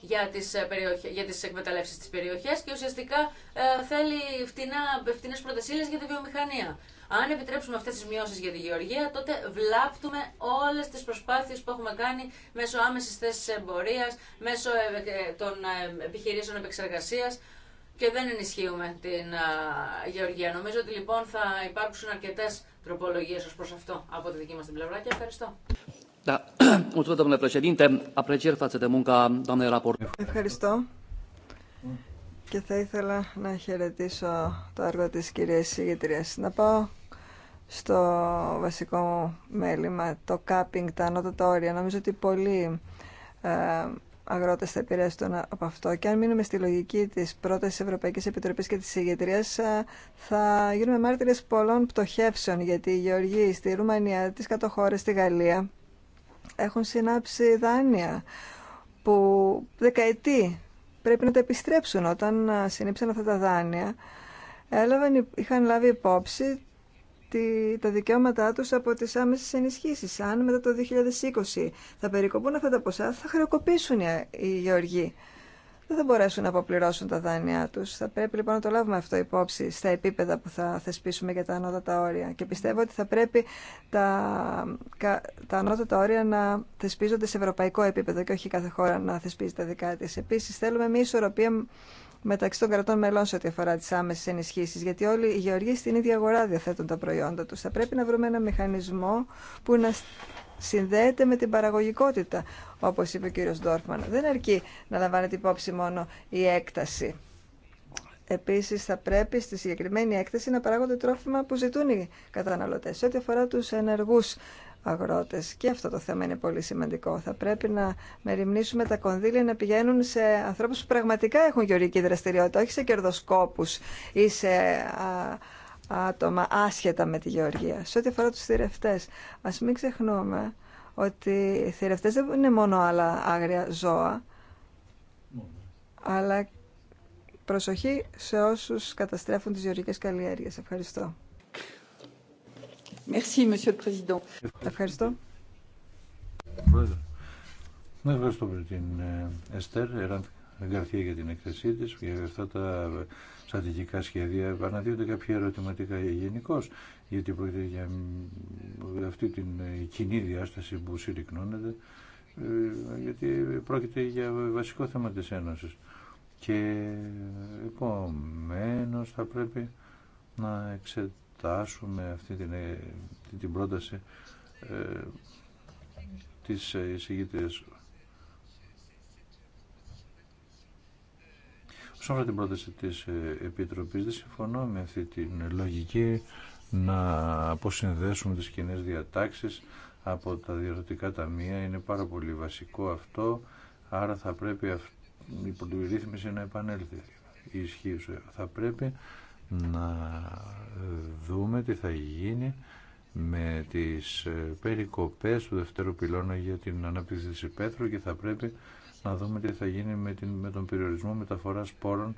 για τις, ε, περιοχές, για τις εκμεταλλεύσεις της περιοχές και ουσιαστικά ε, θέλει φτηνά, φτηνές πρωτεσίλες για τη βιομηχανία. Αν επιτρέψουμε αυτές τις μειώσεις για τη γεωργία, τότε βλάπτουμε όλες τις προσπάθειες που έχουμε κάνει μέσω άμεσης θέσης εμπορίας, μέσω ε, των επιχειρήσεων επεξεργασίας και δεν ενισχύουμε την γεωργία. Νομίζω ότι λοιπόν θα υπάρξουν αρκετές τροπολογίες ως προς αυτό από τη δική μας την πλευρά και ευχαριστώ. Ευχαριστώ. Και θα ήθελα να χαιρετήσω το έργο της κυρίας Συγητρίας. Να πάω στο βασικό μου μέλημα, το κάπινγκ, τα ανώτατα όρια. Νομίζω ότι πολλοί ε, αγρότες θα επηρεαστούν από αυτό. Και αν μείνουμε στη λογική της πρότασης Ευρωπαϊκής Επιτροπής και της Ηγετρίας, ε, θα γίνουμε μάρτυρες πολλών πτωχεύσεων, γιατί οι Γεωργοί στη Ρουμανία, τις κατοχώρες, στη Γαλλία, έχουν συνάψει δάνεια που δεκαετή πρέπει να τα επιστρέψουν όταν ε, συνήψαν αυτά τα δάνεια έλαβαν, είχαν λάβει υπόψη τη, τα δικαιώματά τους από τις άμεσες ενισχύσεις. Αν μετά το 2020 θα περικοπούν αυτά τα ποσά, θα χρεοκοπήσουν οι γεωργοί δεν θα μπορέσουν να αποπληρώσουν τα δάνειά του. Θα πρέπει λοιπόν να το λάβουμε αυτό υπόψη στα επίπεδα που θα θεσπίσουμε για τα ανώτατα όρια. Και πιστεύω ότι θα πρέπει τα, τα ανώτατα όρια να θεσπίζονται σε ευρωπαϊκό επίπεδο και όχι κάθε χώρα να θεσπίζει τα δικά τη. Επίση, θέλουμε μια ισορροπία μεταξύ των κρατών μελών σε ό,τι αφορά τι άμεσε ενισχύσει. Γιατί όλοι οι γεωργοί στην ίδια αγορά διαθέτουν τα προϊόντα του. Θα πρέπει να βρούμε ένα μηχανισμό που να συνδέεται με την παραγωγικότητα, όπως είπε ο κύριος Ντόρφμαν. Δεν αρκεί να λαμβάνεται υπόψη μόνο η έκταση. Επίσης θα πρέπει στη συγκεκριμένη έκταση να παράγονται τρόφιμα που ζητούν οι καταναλωτέ Σε ό,τι αφορά τους ενεργούς αγρότες και αυτό το θέμα είναι πολύ σημαντικό. Θα πρέπει να μεριμνήσουμε τα κονδύλια να πηγαίνουν σε ανθρώπου που πραγματικά έχουν γεωργική δραστηριότητα, όχι σε κερδοσκόπου ή σε άτομα άσχετα με τη γεωργία. Σε ό,τι αφορά τους θηρευτές, ας μην ξεχνούμε ότι οι θηρευτές δεν είναι μόνο άλλα άγρια ζώα, αλλά προσοχή σε όσους καταστρέφουν τις γεωργικές καλλιέργειες. Ευχαριστώ. Merci, Monsieur le Président. Ευχαριστώ. Ναι, ευχαριστώ γραφεία για την έκθεσή της, για αυτά τα στρατηγικά σχέδια Αναδύονται κάποια ερωτηματικά γενικώ, γιατί πρόκειται για αυτή την ε, κοινή διάσταση που συρρυκνώνεται, ε, γιατί πρόκειται για βασικό θέμα της Ένωσης. Και ε, επομένω θα πρέπει να εξετάσουμε αυτή την, την πρόταση ε, της εισηγήτριας Σε αυτή την πρόταση της ε, Επιτροπής, δεν συμφωνώ με αυτή την λογική να αποσυνδέσουμε τις κοινέ διατάξεις από τα τα ταμεία. Είναι πάρα πολύ βασικό αυτό, άρα θα πρέπει η πολυρύθμιση να επανέλθει η Θα πρέπει να δούμε τι θα γίνει με τις ε, περικοπές του δευτέρου πυλώνα για την ανάπτυξη της υπαίθρου και θα πρέπει να δούμε τι θα γίνει με, την, με τον περιορισμό μεταφοράς πόρων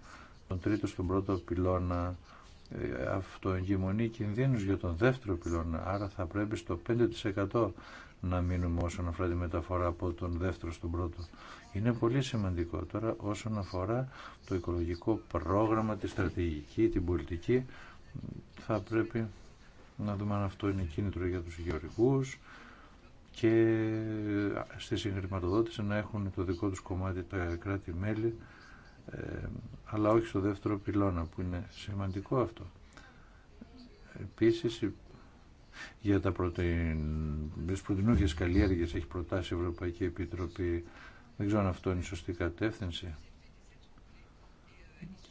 τον τρίτο στον πρώτο πυλώνα ε, εγκυμονεί κινδύνου για τον δεύτερο πυλώνα άρα θα πρέπει στο 5% να μείνουμε όσον αφορά τη μεταφορά από τον δεύτερο στον πρώτο. Είναι πολύ σημαντικό τώρα όσον αφορά το οικολογικό πρόγραμμα, τη στρατηγική, την πολιτική θα πρέπει να δούμε αν αυτό είναι κίνητρο για τους γεωργούς, και στη συγχρηματοδότηση να έχουν το δικό τους κομμάτι τα κράτη-μέλη ε, αλλά όχι στο δεύτερο πυλώνα που είναι σημαντικό αυτό. Επίσης για τα πρωτεϊνούχες καλλιέργειες έχει προτάσει η Ευρωπαϊκή Επιτροπή δεν ξέρω αν αυτό είναι η σωστή κατεύθυνση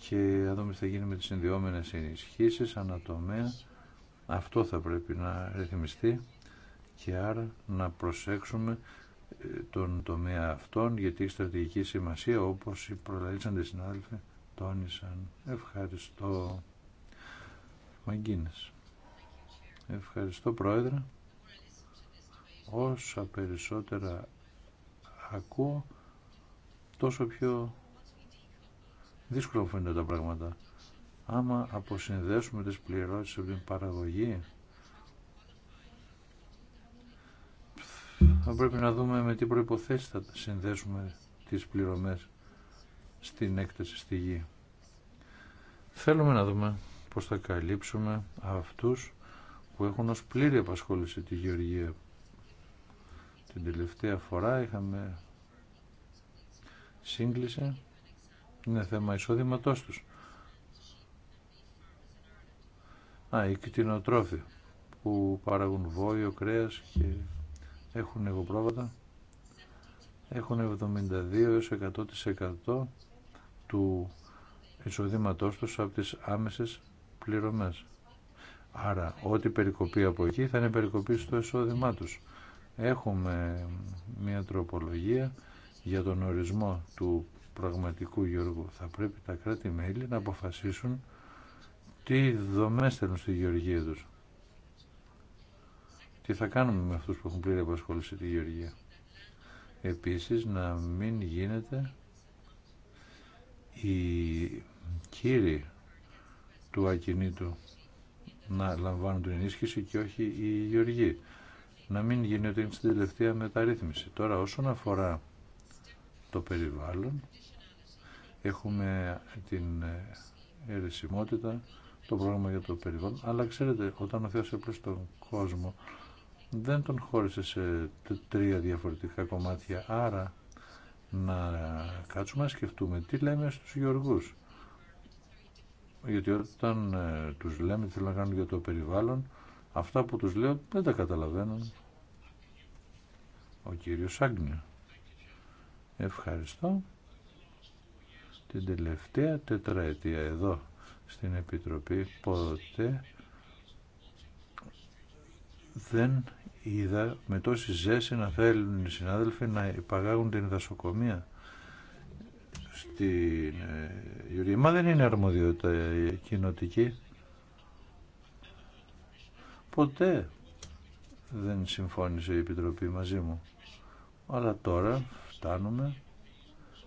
και θα δούμε τι θα γίνει με τις συνδυόμενες ενισχύσεις ανατομέα αυτό θα πρέπει να ρυθμιστεί και άρα να προσέξουμε ε, τον τομέα αυτών γιατί έχει στρατηγική σημασία όπως οι προλαλήσαντες συνάδελφοι τόνισαν. Ευχαριστώ. Μαγκίνες. Ευχαριστώ Πρόεδρε. Όσα περισσότερα ακούω τόσο πιο δύσκολο φαίνονται τα πράγματα. Άμα αποσυνδέσουμε τις πληρώσεις από την παραγωγή πρέπει να δούμε με τι προϋποθέσεις θα συνδέσουμε τις πληρωμές στην έκταση στη γη. Θέλουμε να δούμε πώς θα καλύψουμε αυτούς που έχουν ως πλήρη απασχόληση τη γεωργία. Την τελευταία φορά είχαμε σύγκληση, είναι θέμα εισόδηματός τους. Α, οι κτηνοτρόφοι που παράγουν βόλιο, κρέας και έχουν εγωπρόβατα, έχουν 72 100% του εισοδήματός τους από τις άμεσες πληρωμές. Άρα, ό,τι περικοπεί από εκεί θα είναι περικοπή στο εισόδημά τους. Έχουμε μια τροπολογία για τον ορισμό του πραγματικού Γιώργου. Θα πρέπει τα κράτη-μέλη να αποφασίσουν τι δομές θέλουν στη γεωργία τους τι θα κάνουμε με αυτούς που έχουν πλήρη απασχόληση τη γεωργία. Επίσης να μην γίνεται οι κύριοι του ακινήτου να λαμβάνουν την ενίσχυση και όχι η γεωργοί. Να μην γίνεται στην τελευταία μεταρρύθμιση. Τώρα όσον αφορά το περιβάλλον έχουμε την ερεσιμότητα, το πρόγραμμα για το περιβάλλον, αλλά ξέρετε, όταν ο Θεός έπρεπε τον κόσμο, δεν τον χώρισε σε τρία διαφορετικά κομμάτια. Άρα να κάτσουμε να σκεφτούμε τι λέμε στους γεωργούς. Γιατί όταν ε, τους λέμε τι θέλουν να κάνουν για το περιβάλλον, αυτά που τους λέω δεν τα καταλαβαίνουν. Ο κύριος Άγνιο. Ευχαριστώ. Την τελευταία τετραετία εδώ στην Επιτροπή ποτέ δεν είδα με τόση ζέση να θέλουν οι συνάδελφοι να υπαγάγουν την δασοκομεία στην ε, Ιουρία. Μα δεν είναι αρμοδιότητα ε, κοινοτική. Ποτέ δεν συμφώνησε η Επιτροπή μαζί μου. Αλλά τώρα φτάνουμε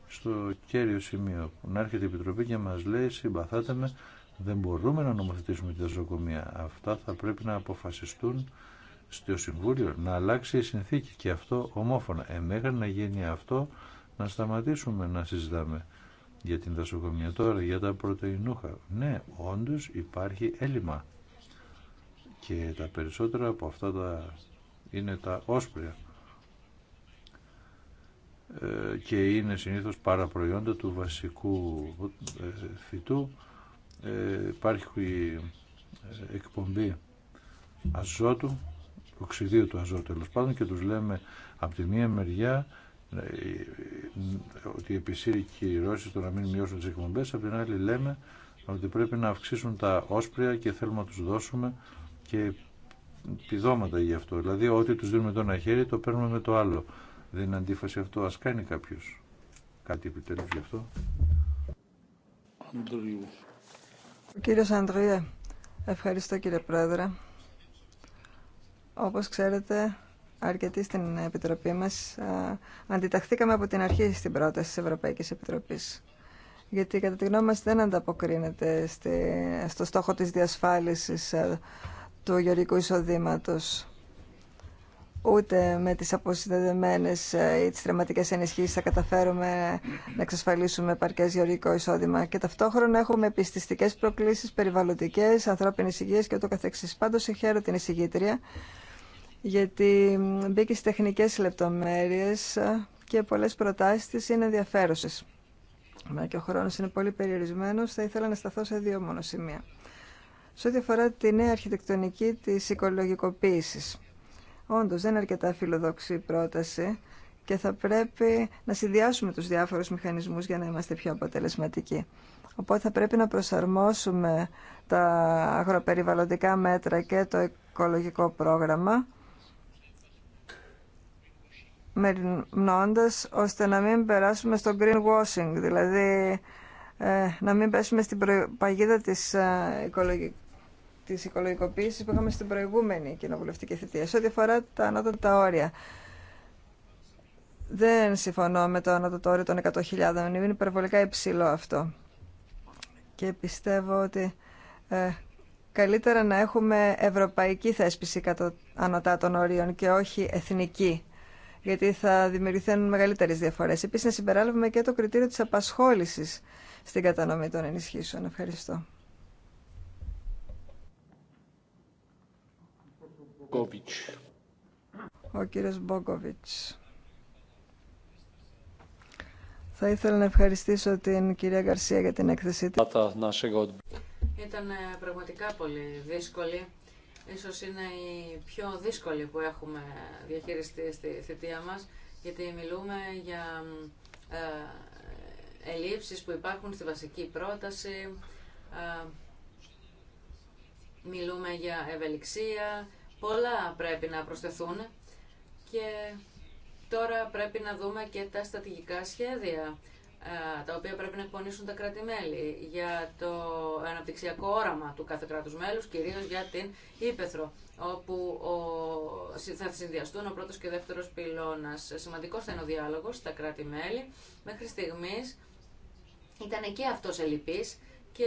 στο κέριο σημείο που να έρχεται η Επιτροπή και μας λέει συμπαθάτε με δεν μπορούμε να νομοθετήσουμε τη δασοκομεία. Αυτά θα πρέπει να αποφασιστούν στο Συμβούλιο να αλλάξει η συνθήκη και αυτό ομόφωνα. Εμέγα να γίνει αυτό να σταματήσουμε να συζητάμε για την δασοκομεία τώρα, για τα πρωτεϊνούχα. Ναι, όντως υπάρχει έλλειμμα και τα περισσότερα από αυτά τα είναι τα όσπρια ε, και είναι συνήθως παραπροϊόντα του βασικού ε, φυτού. Ε, υπάρχει ε, εκπομπή αζότου οξυδίου του αζώτου τέλο πάντων και τους λέμε από τη μία μεριά ε, ε, ότι επισύρει και οι Ρώσοι το να μην μειώσουν τις εκπομπές, από την άλλη λέμε ότι πρέπει να αυξήσουν τα όσπρια και θέλουμε να τους δώσουμε και πηδώματα γι' αυτό. Δηλαδή ό,τι τους δίνουμε το ένα χέρι το παίρνουμε με το άλλο. Δεν είναι αντίφαση αυτό. Ας κάνει κάποιο κάτι επιτέλους γι' αυτό. Ο κύριος Ανδρία, ευχαριστώ κύριε Πρόεδρε. Όπως ξέρετε, αρκετοί στην Επιτροπή μας αντιταχθήκαμε από την αρχή στην πρόταση της Ευρωπαϊκής Επιτροπής. Γιατί κατά τη γνώμη μας δεν ανταποκρίνεται στο στόχο της διασφάλισης του γεωργικού εισοδήματο. ούτε με τις αποσυνδεδεμένες ή τις τρεματικές ενισχύσεις θα καταφέρουμε να εξασφαλίσουμε παρκές γεωργικό εισόδημα. Και ταυτόχρονα έχουμε επιστηστικές προκλήσεις περιβαλλοντικές, ανθρώπινες υγείας και ούτω καθεξής. Πάντως, χαίρο την εισηγήτρια γιατί μπήκε στις τεχνικές λεπτομέρειες ε, και πολλές προτάσεις της είναι ενδιαφέρουσες. Μα και ο χρόνος είναι πολύ περιορισμένος, θα ήθελα να σταθώ σε δύο μόνο σημεία. Σε ό,τι αφορά τη νέα αρχιτεκτονική της οικολογικοποίησης. Όντως δεν είναι αρκετά φιλοδόξη η πρόταση και θα πρέπει να συνδυάσουμε τους διάφορους μηχανισμούς για να είμαστε πιο αποτελεσματικοί. Οπότε θα πρέπει να προσαρμόσουμε τα αγροπεριβαλλοντικά μέτρα και το οικολογικό πρόγραμμα μεριμνώντας ώστε να μην περάσουμε στο greenwashing, δηλαδή ε, να μην πέσουμε στην παγίδα της, ε, οικολογικής της οικολογικοποίησης που είχαμε στην προηγούμενη κοινοβουλευτική θητεία. Σε ό,τι αφορά τα ανώτατα όρια. Δεν συμφωνώ με το ανώτατο όριο των 100.000. Είναι υπερβολικά υψηλό αυτό. Και πιστεύω ότι ε, καλύτερα να έχουμε ευρωπαϊκή θέσπιση κατά ανωτά των όριων και όχι εθνική γιατί θα δημιουργηθούν μεγαλύτερε διαφορές. Επίση να συμπεράλαβουμε και το κριτήριο της απασχόλησης στην κατανομή των ενισχύσεων. Ευχαριστώ. Ο κύριος Μπόγκοβιτς. Θα ήθελα να ευχαριστήσω την κυρία Γκαρσία για την έκθεσή της. Ήταν ε, πραγματικά πολύ δύσκολη ίσως είναι η πιο δύσκολη που έχουμε διαχειριστεί στη θητεία μας, γιατί μιλούμε για ε, ελλείψεις που υπάρχουν στη βασική πρόταση, ε, μιλούμε για ευελιξία, πολλά πρέπει να προσθεθούν και τώρα πρέπει να δούμε και τα στατηγικά σχέδια τα οποία πρέπει να εκπονήσουν τα κράτη-μέλη, για το αναπτυξιακό όραμα του κάθε κράτους μέλους, κυρίως για την Ήπεθρο, όπου ο, θα συνδυαστούν ο πρώτος και δεύτερος πυλώνας. Σημαντικός θα είναι ο διάλογος στα κράτη-μέλη. Μέχρι στιγμής ήταν και αυτός ελλειπής και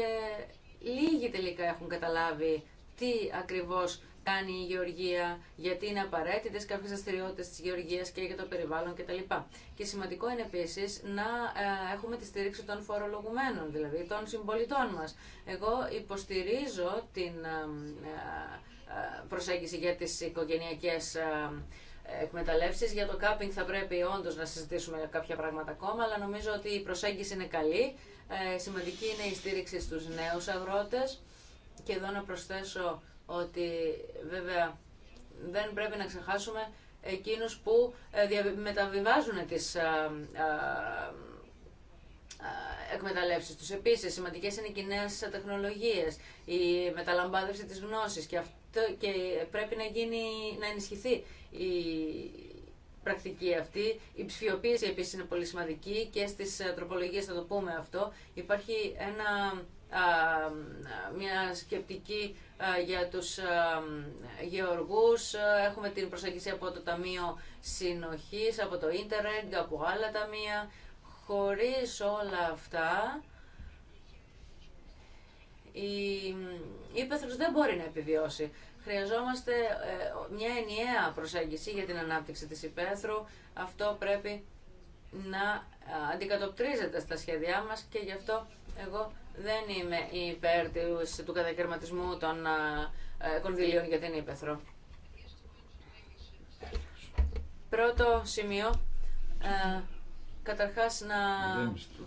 λίγοι τελικά έχουν καταλάβει τι ακριβώς κάνει η γεωργία, γιατί είναι απαραίτητε κάποιε δραστηριότητε τη γεωργία και για το περιβάλλον κτλ. Και σημαντικό είναι επίση να ε, έχουμε τη στήριξη των φορολογουμένων, δηλαδή των συμπολιτών μα. Εγώ υποστηρίζω την ε, ε, προσέγγιση για τι οικογενειακέ εκμεταλλεύσεις. Για το κάπινγκ θα πρέπει όντως να συζητήσουμε κάποια πράγματα ακόμα, αλλά νομίζω ότι η προσέγγιση είναι καλή. σημαντική είναι η στήριξη στους νέους αγρότες. Και εδώ να προσθέσω ότι βέβαια δεν πρέπει να ξεχάσουμε εκείνους που ε, μεταβιβάζουν τις ε, ε, εκμεταλλεύσεις τους. Επίσης, σημαντικές είναι οι νέες τεχνολογίες, η μεταλαμπάδευση της γνώσης και, αυτό, και πρέπει να, γίνει, να ενισχυθεί η πρακτική αυτή. Η ψηφιοποίηση επίσης είναι πολύ σημαντική και στις τροπολογίες θα το πούμε αυτό. Υπάρχει ένα μια σκεπτική για τους γεωργούς. Έχουμε την προσέγγιση από το Ταμείο Συνοχής, από το ίντερνετ, από άλλα ταμεία. Χωρίς όλα αυτά, η ύπεθρος δεν μπορεί να επιβιώσει. Χρειαζόμαστε ε, μια ενιαία προσέγγιση για την ανάπτυξη της υπαίθρου. Αυτό πρέπει να ε, αντικατοπτρίζεται στα σχέδιά μας και γι' αυτό εγώ δεν είμαι υπέρ του κατακαιρματισμού των ε, ε, κονδυλίων για την Ήπεθρο. Πρώτο σημείο, ε, καταρχάς να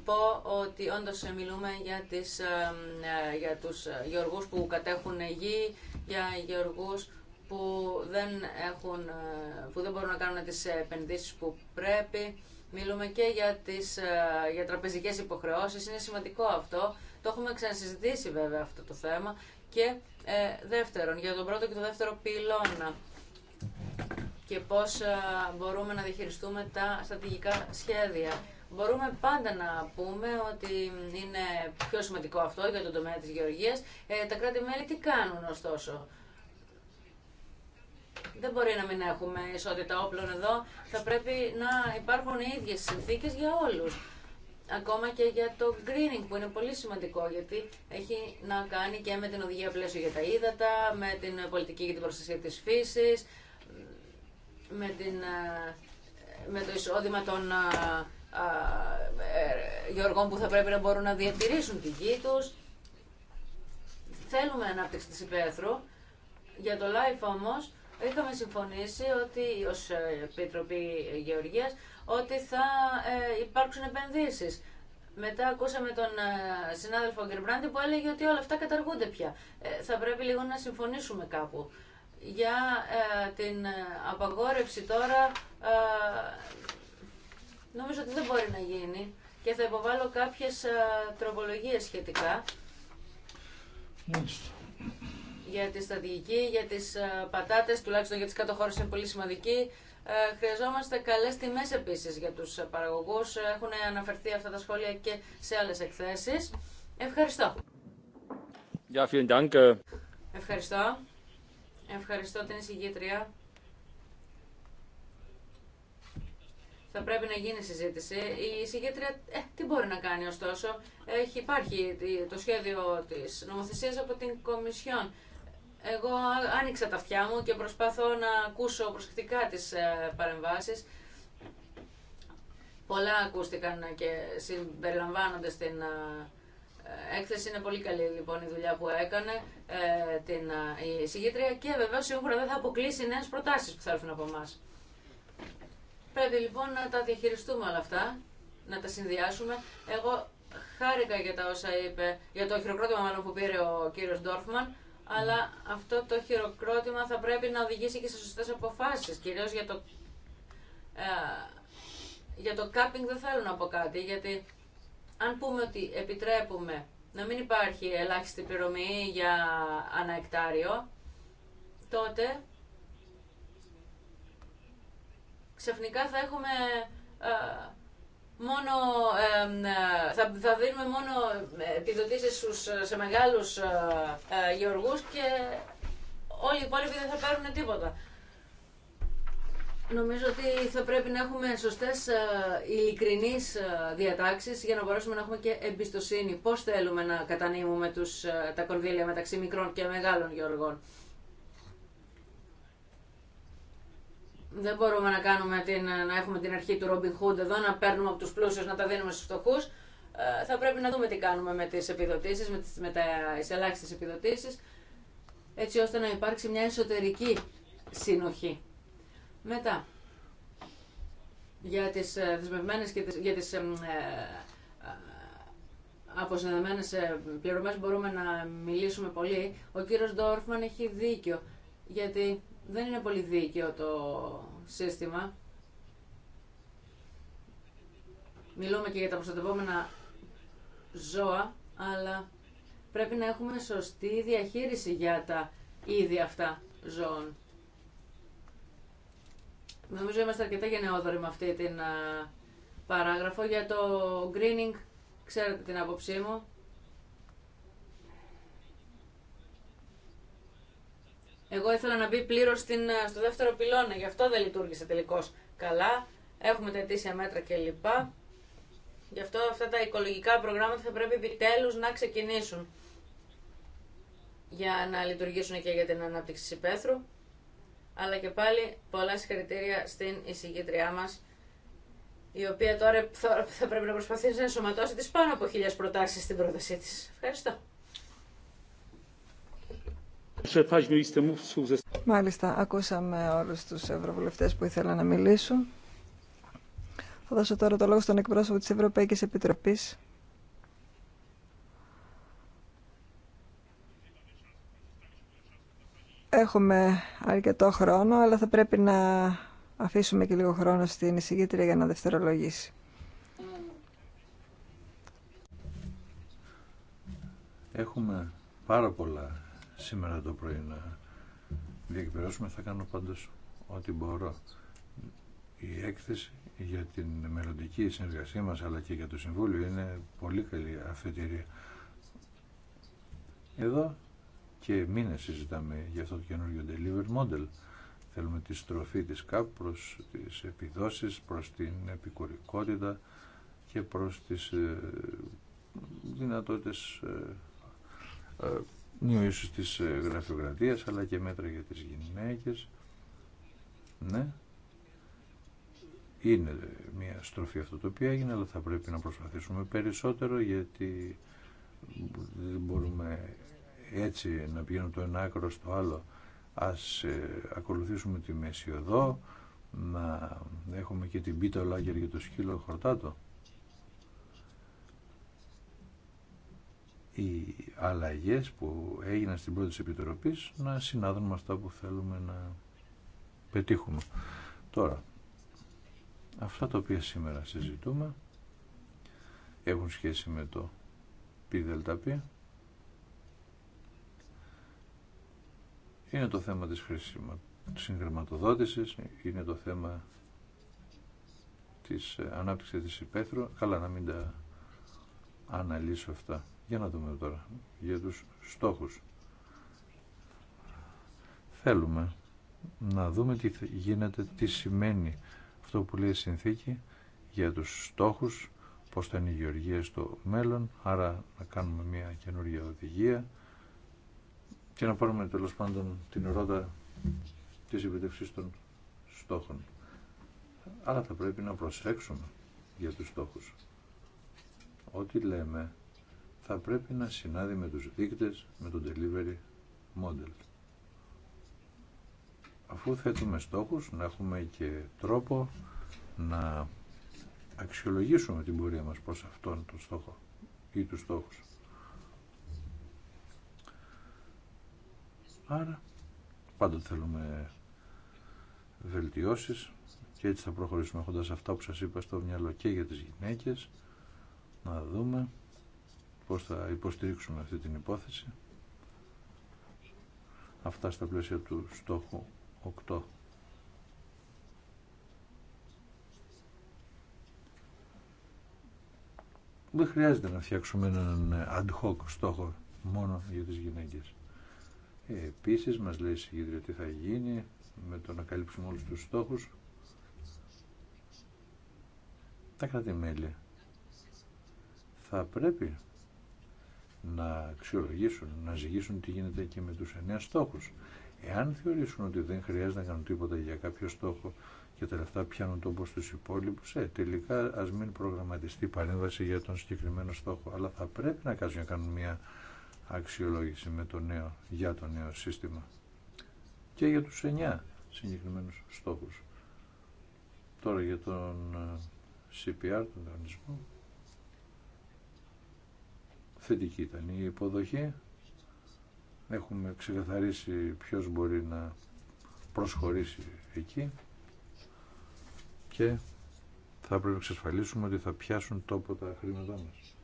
πω ότι όντως μιλούμε για, τις, ε, για τους γεωργούς που κατέχουν γη, για γεωργούς που δεν, έχουν, που δεν μπορούν να κάνουν τις επενδύσεις που πρέπει. Μιλούμε και για, τις, ε, για τραπεζικές υποχρεώσεις, είναι σημαντικό αυτό. Το έχουμε ξανασυζητήσει βέβαια αυτό το θέμα. Και ε, δεύτερον, για τον πρώτο και το δεύτερο πυλώνα και πώς ε, μπορούμε να διαχειριστούμε τα στρατηγικά σχέδια. Μπορούμε πάντα να πούμε ότι είναι πιο σημαντικό αυτό για τον τομέα της γεωργίας. Ε, τα κράτη-μέλη τι κάνουν ωστόσο δεν μπορεί να μην έχουμε ισότητα όπλων εδώ. Θα πρέπει να υπάρχουν οι ίδιες συνθήκες για όλους. Ακόμα και για το greening που είναι πολύ σημαντικό γιατί έχει να κάνει και με την οδηγία πλαίσιο για τα ύδατα, με την πολιτική για την προστασία της φύσης, με, ε, με το εισόδημα των ε, ε, γεωργών που θα πρέπει να μπορούν να διατηρήσουν τη γη τους. Θέλουμε ανάπτυξη της υπαίθρου. Για το life όμως είχαμε συμφωνήσει ότι ως ε, Επιτροπή Γεωργίας ότι θα ε, υπάρξουν επενδύσει. Μετά ακούσαμε τον ε, συνάδελφο Γκερμπράντι που έλεγε ότι όλα αυτά καταργούνται πια. θα πρέπει λίγο να συμφωνήσουμε κάπου. Για την απαγόρευση τώρα νομίζω ότι δεν μπορεί να γίνει και θα υποβάλω κάποιες τροπολογίες σχετικά για τη στρατηγική, για τις ε, πατάτες, τουλάχιστον για τις κάτω είναι πολύ σημαντική. Ε, χρειαζόμαστε καλές τιμές επίσης για τους παραγωγούς. Έχουν αναφερθεί αυτά τα σχόλια και σε άλλες εκθέσεις. Ευχαριστώ. Ja, vielen Dank. Ε. Ευχαριστώ. Ευχαριστώ την εισηγήτρια. θα πρέπει να γίνει συζήτηση. Η εισηγήτρια ε, τι μπορεί να κάνει ωστόσο. Έχει, υπάρχει το σχέδιο της νομοθεσίας από την Κομισιόν. Εγώ άνοιξα τα αυτιά μου και προσπαθώ να ακούσω προσεκτικά τις ε, παρεμβάσεις. Πολλά ακούστηκαν και συμπεριλαμβάνονται στην ε, έκθεση. Είναι πολύ καλή λοιπόν η δουλειά που έκανε ε, την, η συγγήτρια και βεβαίως σίγουρα δεν θα αποκλείσει νέες προτάσεις που θα έρθουν από εμά. Πρέπει λοιπόν να τα διαχειριστούμε όλα αυτά, να τα συνδυάσουμε. Εγώ χάρηκα για τα όσα είπε, για το χειροκρότημα που πήρε ο κύριος Ντόρφμαν αλλά αυτό το χειροκρότημα θα πρέπει να οδηγήσει και σε σωστές αποφάσεις, κυρίως για το, ε, για το κάπινγκ δεν θέλω να πω κάτι, γιατί αν πούμε ότι επιτρέπουμε να μην υπάρχει ελάχιστη πληρωμή για ένα εκτάριο, τότε ξαφνικά θα έχουμε ε, μόνο, ε, θα, θα δίνουμε μόνο επιδοτήσεις στους, ε, σε μεγάλους ε, γεωργούς και όλοι οι υπόλοιποι δεν θα παίρνουν τίποτα. Νομίζω ότι θα πρέπει να έχουμε σωστές ειλικρινείς διατάξεις για να μπορέσουμε να έχουμε και εμπιστοσύνη. Πώς θέλουμε να κατανείμουμε τους, τα κονδύλια μεταξύ μικρών και μεγάλων γεωργών. δεν μπορούμε να, κάνουμε την, να έχουμε την αρχή του Robin Hood εδώ, να παίρνουμε από τους πλούσιους να τα δίνουμε στους φτωχού. Ε, θα πρέπει να δούμε τι κάνουμε με τις επιδοτήσεις, με τις, με τα, επιδοτήσεις, έτσι ώστε να υπάρξει μια εσωτερική συνοχή. Μετά, για τις ε, δεσμευμένες και τις, για τις ε, ε μπορούμε να μιλήσουμε πολύ. Ο κύριος Ντόρφμαν έχει δίκιο, γιατί δεν είναι πολύ δίκαιο το σύστημα. Μιλούμε και για τα προστατευόμενα ζώα, αλλά πρέπει να έχουμε σωστή διαχείριση για τα είδη αυτά ζώων. Νομίζω είμαστε αρκετά γενναιόδοροι με αυτή την ε, παράγραφο. Για το greening, ξέρετε την άποψή μου. Εγώ ήθελα να μπει πλήρω ε, στο δεύτερο πυλώνα, γι' αυτό δεν λειτουργήσε τελικώ καλά. Έχουμε τα αιτήσια μέτρα κλπ. Γι' αυτό αυτά τα οικολογικά προγράμματα θα πρέπει επιτέλου να ξεκινήσουν για να λειτουργήσουν και για την ανάπτυξη της υπαίθρου. Αλλά και πάλι πολλά συγχαρητήρια στην εισηγήτριά μα, η οποία τώρα θα πρέπει να προσπαθήσει να ενσωματώσει τι πάνω από χίλιε προτάσει στην πρότασή τη. Ευχαριστώ. Μάλιστα, ακούσαμε όλους τους ευρωβουλευτές που ήθελαν να μιλήσουν. Θα δώσω τώρα το λόγο στον εκπρόσωπο της Ευρωπαϊκή Επιτροπή. Έχουμε αρκετό χρόνο, αλλά θα πρέπει να αφήσουμε και λίγο χρόνο στην εισηγήτρια για να δευτερολογήσει. Έχουμε πάρα πολλά σήμερα το πρωί να διακυπηρώσουμε. Θα κάνω πάντως ό,τι μπορώ. Η έκθεση για την μελλοντική συνεργασία μας αλλά και για το Συμβούλιο είναι πολύ καλή αφετηρία. Εδώ και μήνες συζητάμε για αυτό το καινούργιο delivery model. Θέλουμε τη στροφή της ΚΑΠ προς τις επιδόσεις, προς την επικουρικότητα και προς τις ε, δυνατότητες ε, ε, ίσω της ε, γραφειοκρατία, αλλά και μέτρα για τις γυναίκε Ναι. Είναι ε, μια στροφή αυτό το οποίο έγινε, αλλά θα πρέπει να προσπαθήσουμε περισσότερο γιατί δεν μπορούμε έτσι να πηγαίνουμε το ένα άκρο στο άλλο. Ας ε, ακολουθήσουμε τη μέση οδό, να έχουμε και την πίτα ολάκερ για το σκύλο χορτάτο. οι αλλαγές που έγιναν στην πρώτη επιτροπή να συνάδουν με αυτά που θέλουμε να πετύχουμε. Τώρα, αυτά τα οποία σήμερα συζητούμε έχουν σχέση με το πι Είναι το θέμα της συγκριματοδότησης είναι το θέμα της ε, ανάπτυξης της υπαίθρου. Καλά να μην τα αναλύσω αυτά. Για να δούμε τώρα για τους στόχους. Θέλουμε να δούμε τι γίνεται, τι σημαίνει αυτό που λέει η συνθήκη για τους στόχους, πώς θα είναι η γεωργία στο μέλλον, άρα να κάνουμε μια καινούργια οδηγία και να πάρουμε τέλο πάντων την ρότα της επιτευχής των στόχων. Άρα θα πρέπει να προσέξουμε για τους στόχους. Ό,τι λέμε θα πρέπει να συνάδει με τους δείκτες, με το delivery model. Αφού θέτουμε στόχους, να έχουμε και τρόπο να αξιολογήσουμε την πορεία μας προς αυτόν τον στόχο ή τους στόχους. Άρα, πάντα θέλουμε βελτιώσεις και έτσι θα προχωρήσουμε έχοντας αυτά που σας είπα στο μυαλό και για τις γυναίκες. Να δούμε πώς θα υποστηρίξουμε αυτή την υπόθεση. Αυτά στα πλαίσια του στόχου 8. Δεν χρειάζεται να φτιάξουμε έναν ad hoc στόχο μόνο για τις γυναίκες. Ε, επίσης μας λέει η συγκεντρία τι θα γίνει με το να καλύψουμε όλους τους στόχους. Τα κρατημέλια θα πρέπει να αξιολογήσουν, να ζυγίσουν τι γίνεται και με τους εννέα στόχους. Εάν θεωρήσουν ότι δεν χρειάζεται να κάνουν τίποτα για κάποιο στόχο και τα λεφτά πιάνουν τόπο στους υπόλοιπους, ε, τελικά ας μην προγραμματιστεί παρέμβαση για τον συγκεκριμένο στόχο, αλλά θα πρέπει να κάνουν, μια αξιολόγηση με το νέο, για το νέο σύστημα και για τους εννέα συγκεκριμένους στόχους. Τώρα για τον ε, CPR, τον κανονισμό, θετική ήταν η υποδοχή. Έχουμε ξεκαθαρίσει ποιος μπορεί να προσχωρήσει εκεί και θα πρέπει να εξασφαλίσουμε ότι θα πιάσουν τόπο τα χρήματά μας.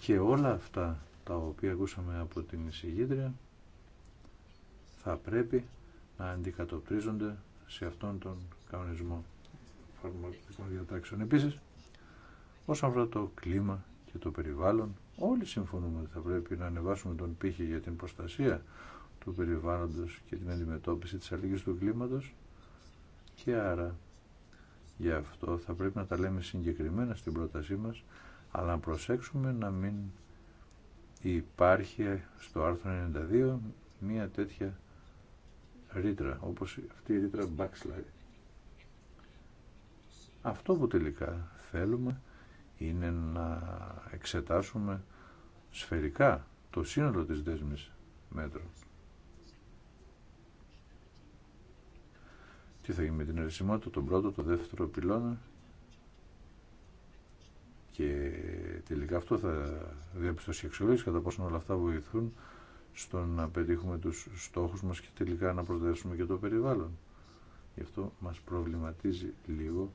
Και όλα αυτά τα οποία ακούσαμε από την εισηγήτρια θα πρέπει να αντικατοπτρίζονται σε αυτόν τον κανονισμό εφαρμοστικών διατάξεων. Επίσης, όσον αφορά το κλίμα και το περιβάλλον, όλοι συμφωνούμε ότι θα πρέπει να ανεβάσουμε τον πύχη για την προστασία του περιβάλλοντος και την αντιμετώπιση της αλλαγής του κλίματος και άρα γι' αυτό θα πρέπει να τα λέμε συγκεκριμένα στην πρότασή μας αλλά να προσέξουμε να μην υπάρχει στο άρθρο 92 μία τέτοια ρήτρα όπως αυτή η ρήτρα backslide. Αυτό που τελικά θέλουμε είναι να εξετάσουμε σφαιρικά το σύνολο της δέσμης μέτρων. Τι θα γίνει με την ερεσιμότητα, τον πρώτο, το δεύτερο πυλώνα και τελικά αυτό θα διαπιστώσει η αξιολόγηση κατά πόσο όλα αυτά βοηθούν στο να πετύχουμε τους στόχους μας και τελικά να προτεραιώσουμε και το περιβάλλον. Γι' αυτό μας προβληματίζει λίγο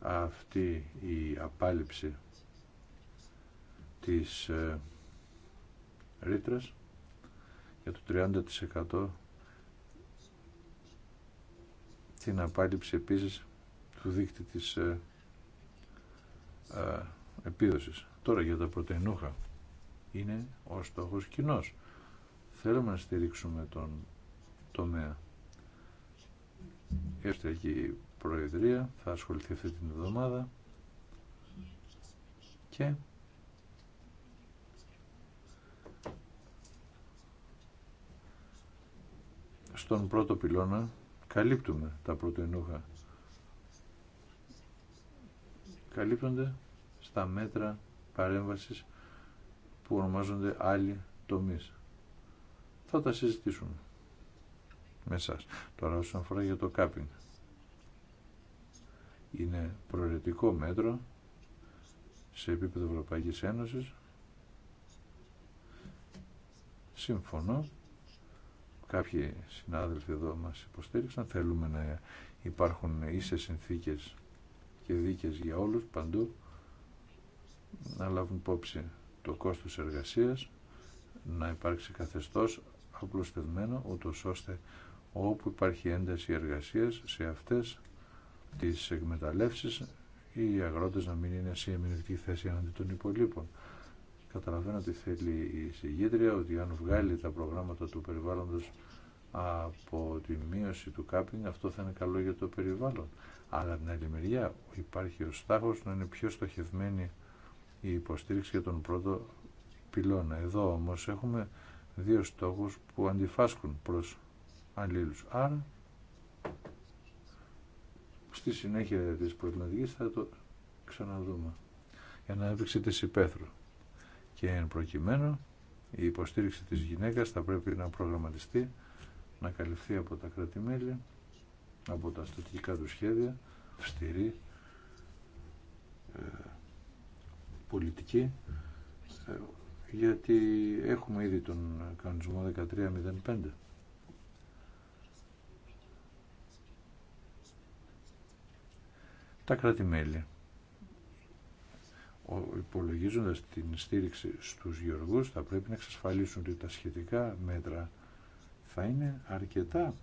αυτή η απάλληψη της ε, για το 30% την απάλληψη επίσης του δίκτυ της ε, ε, επίδοσης. Τώρα για τα πρωτεϊνούχα είναι ο στόχος κοινό. Θέλουμε να στηρίξουμε τον τομέα. Έστω Προεδρία θα ασχοληθεί αυτή την εβδομάδα και στον πρώτο πυλώνα καλύπτουμε τα πρωτοενούχα. Καλύπτονται στα μέτρα παρέμβασης που ονομάζονται άλλοι τομείς. Θα τα συζητήσουμε με εσάς. Τώρα όσον αφορά για το κάπινγκ είναι προαιρετικό μέτρο σε επίπεδο Ευρωπαϊκής Ένωσης. Συμφωνώ. Κάποιοι συνάδελφοι εδώ μας υποστήριξαν. Θέλουμε να υπάρχουν ίσες συνθήκες και δίκες για όλους παντού. Να λάβουν υπόψη το κόστος εργασίας, να υπάρξει καθεστώς απλουστευμένο, ούτως ώστε όπου υπάρχει ένταση εργασίας σε αυτές τις εκμεταλλεύσεις οι αγρότες να μην είναι σε εμεινευτική θέση αντί των υπολείπων. Καταλαβαίνω ότι θέλει η συγγήτρια ότι αν βγάλει τα προγράμματα του περιβάλλοντος από τη μείωση του κάπινγκ αυτό θα είναι καλό για το περιβάλλον. Αλλά την άλλη μεριά υπάρχει ο στάχος να είναι πιο στοχευμένη η υποστήριξη για τον πρώτο πυλώνα. Εδώ όμως έχουμε δύο στόχους που αντιφάσκουν προς αλλήλους. Άρα στη συνέχεια της προβληματικής θα το ξαναδούμε για να έπαιξε τη υπαίθρου και εν προκειμένου η υποστήριξη της γυναίκας θα πρέπει να προγραμματιστεί να καλυφθεί από τα κρατημέλη από τα στατικά του σχέδια αυστηρή ε, πολιτική ε, γιατί έχουμε ήδη τον κανονισμό 1305 τα κράτη-μέλη. Υπολογίζοντας την στήριξη στους γεωργούς θα πρέπει να εξασφαλίσουν ότι τα σχετικά μέτρα θα είναι αρκετά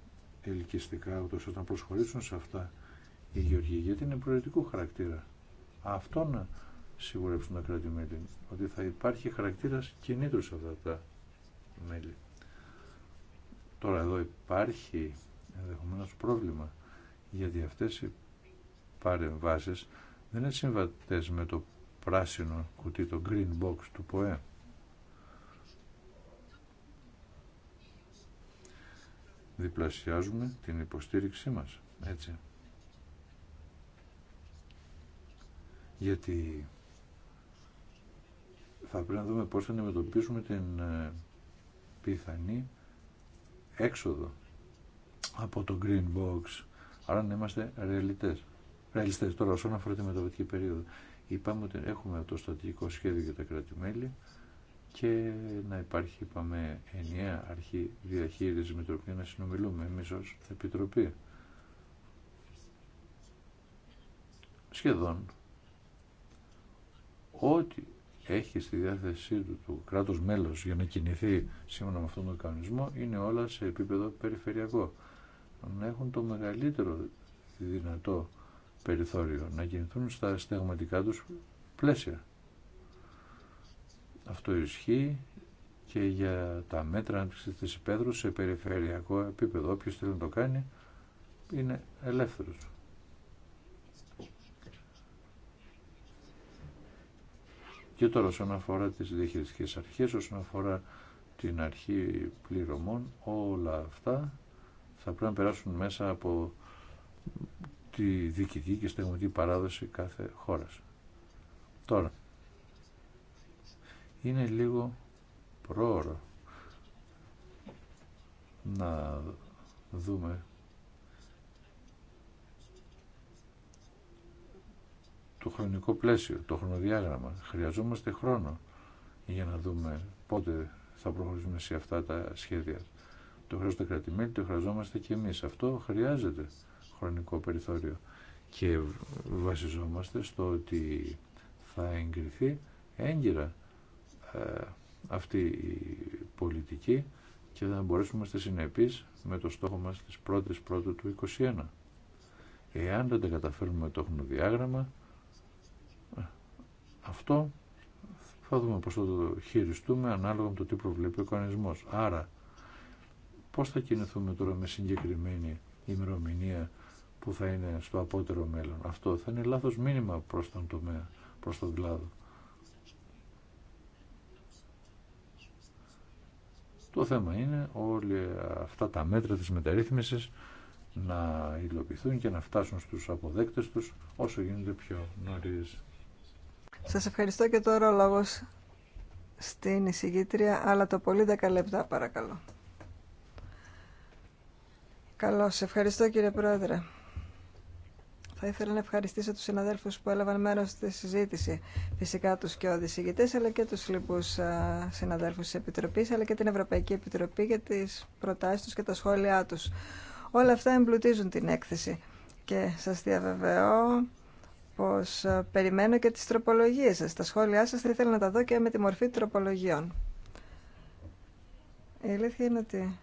ελκυστικά ούτως όταν προσχωρήσουν σε αυτά οι γεωργοί γιατί είναι προαιρετικού χαρακτήρα. Αυτό να σιγουρεύσουν τα κράτη-μέλη ότι θα υπάρχει χαρακτήρας κινήτρου σε αυτά τα μέλη. Τώρα εδώ υπάρχει ενδεχομένως πρόβλημα γιατί αυτές οι δεν είναι συμβατές με το πράσινο κουτί, το green box του ΠΟΕ. Διπλασιάζουμε την υποστήριξή μας, έτσι. Γιατί θα πρέπει να δούμε πώς θα αντιμετωπίσουμε την ε, πιθανή έξοδο από το green box. Άρα να είμαστε ρεαλιτές. Μάλιστα, τώρα όσον αφορά τη μεταβατική περίοδο. Είπαμε ότι έχουμε το στατικό σχέδιο για τα κράτη-μέλη και να υπάρχει, είπαμε, ενιαία αρχή διαχείριση με την οποία να συνομιλούμε εμείς ως Επιτροπή. Σχεδόν ό,τι έχει στη διάθεσή του το κράτος μέλο για να κινηθεί σύμφωνα με αυτόν τον κανονισμό είναι όλα σε επίπεδο περιφερειακό. Να έχουν το μεγαλύτερο δυνατό περιθώριο να κινηθούν στα στεγματικά τους πλαίσια. Αυτό ισχύει και για τα μέτρα ανάπτυξη της υπέδρου σε περιφερειακό επίπεδο. Όποιος θέλει να το κάνει είναι ελεύθερος. Και τώρα όσον αφορά τις διαχειριστικές αρχές, όσον αφορά την αρχή πληρωμών, όλα αυτά θα πρέπει να περάσουν μέσα από τη διοικητική και στεγνωτική παράδοση κάθε χώρας. Τώρα, είναι λίγο πρόωρο να δούμε το χρονικό πλαίσιο, το χρονοδιάγραμμα. Χρειαζόμαστε χρόνο για να δούμε πότε θα προχωρήσουμε σε αυτά τα σχέδια. Το χρειάζονται κρατημέλη, το χρειαζόμαστε και εμείς. Αυτό χρειάζεται χρονικό περιθώριο και βασιζόμαστε στο ότι θα εγκριθεί έγκυρα ε, αυτή η πολιτική και θα μπορέσουμε να είμαστε συνεπείς με το στόχο μας της πρώτης πρώτου του 2021. Εάν δεν τα καταφέρουμε το χρονοδιάγραμμα, αυτό θα δούμε πώς θα το χειριστούμε ανάλογα με το τι προβλέπει ο κανονισμός. Άρα, πώς θα κινηθούμε τώρα με συγκεκριμένη ημερομηνία που θα είναι στο απότερο μέλλον. Αυτό θα είναι λάθος μήνυμα προς τον τομέα, προς τον κλάδο. Το θέμα είναι όλοι αυτά τα μέτρα της μεταρρύθμισης να υλοποιηθούν και να φτάσουν στους αποδέκτες τους όσο γίνεται πιο νωρίς. Σας ευχαριστώ και τώρα ο λόγος στην εισηγήτρια, αλλά το πολύ 10 λεπτά παρακαλώ. Καλώς, ευχαριστώ κύριε Πρόεδρε. Θα ήθελα να ευχαριστήσω τους συναδέλφους που έλαβαν μέρος στη συζήτηση. Φυσικά τους και ηγητές, αλλά και τους λοιπούς συναδέλφους της Επιτροπής, αλλά και την Ευρωπαϊκή Επιτροπή για τις προτάσεις τους και τα σχόλιά τους. Όλα αυτά εμπλουτίζουν την έκθεση. Και σας διαβεβαιώ πως περιμένω και τις τροπολογίες σας. Τα σχόλιά σας θα ήθελα να τα δω και με τη μορφή τροπολογιών. Η είναι ότι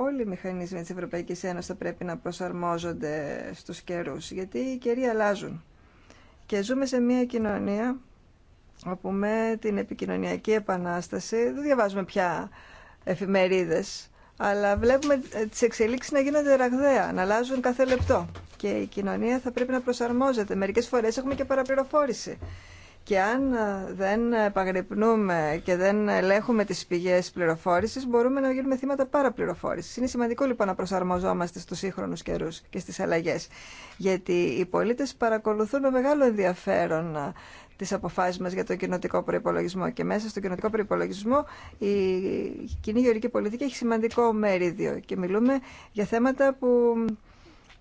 όλοι οι μηχανισμοί της Ευρωπαϊκής Ένωσης θα πρέπει να προσαρμόζονται στους καιρούς, γιατί οι καιροί αλλάζουν. Και ζούμε σε μια κοινωνία όπου με την επικοινωνιακή επανάσταση δεν διαβάζουμε πια εφημερίδες, αλλά βλέπουμε τις εξελίξεις να γίνονται ραγδαία, να αλλάζουν κάθε λεπτό. Και η κοινωνία θα πρέπει να προσαρμόζεται. Μερικές φορές έχουμε και παραπληροφόρηση. Και αν ε, δεν επαγρυπνούμε και δεν ελέγχουμε τις πηγές πληροφόρησης, μπορούμε να γίνουμε θύματα παραπληροφόρησης. Είναι σημαντικό λοιπόν να προσαρμοζόμαστε στους σύγχρονους καιρούς και στις αλλαγές. Γιατί οι πολίτες παρακολουθούν με μεγάλο ενδιαφέρον ε, τις αποφάσεις μα για το κοινοτικό προπολογισμό. Και μέσα στο κοινοτικό προπολογισμό, η κοινή γεωρική πολιτική έχει σημαντικό μερίδιο. Και μιλούμε για θέματα που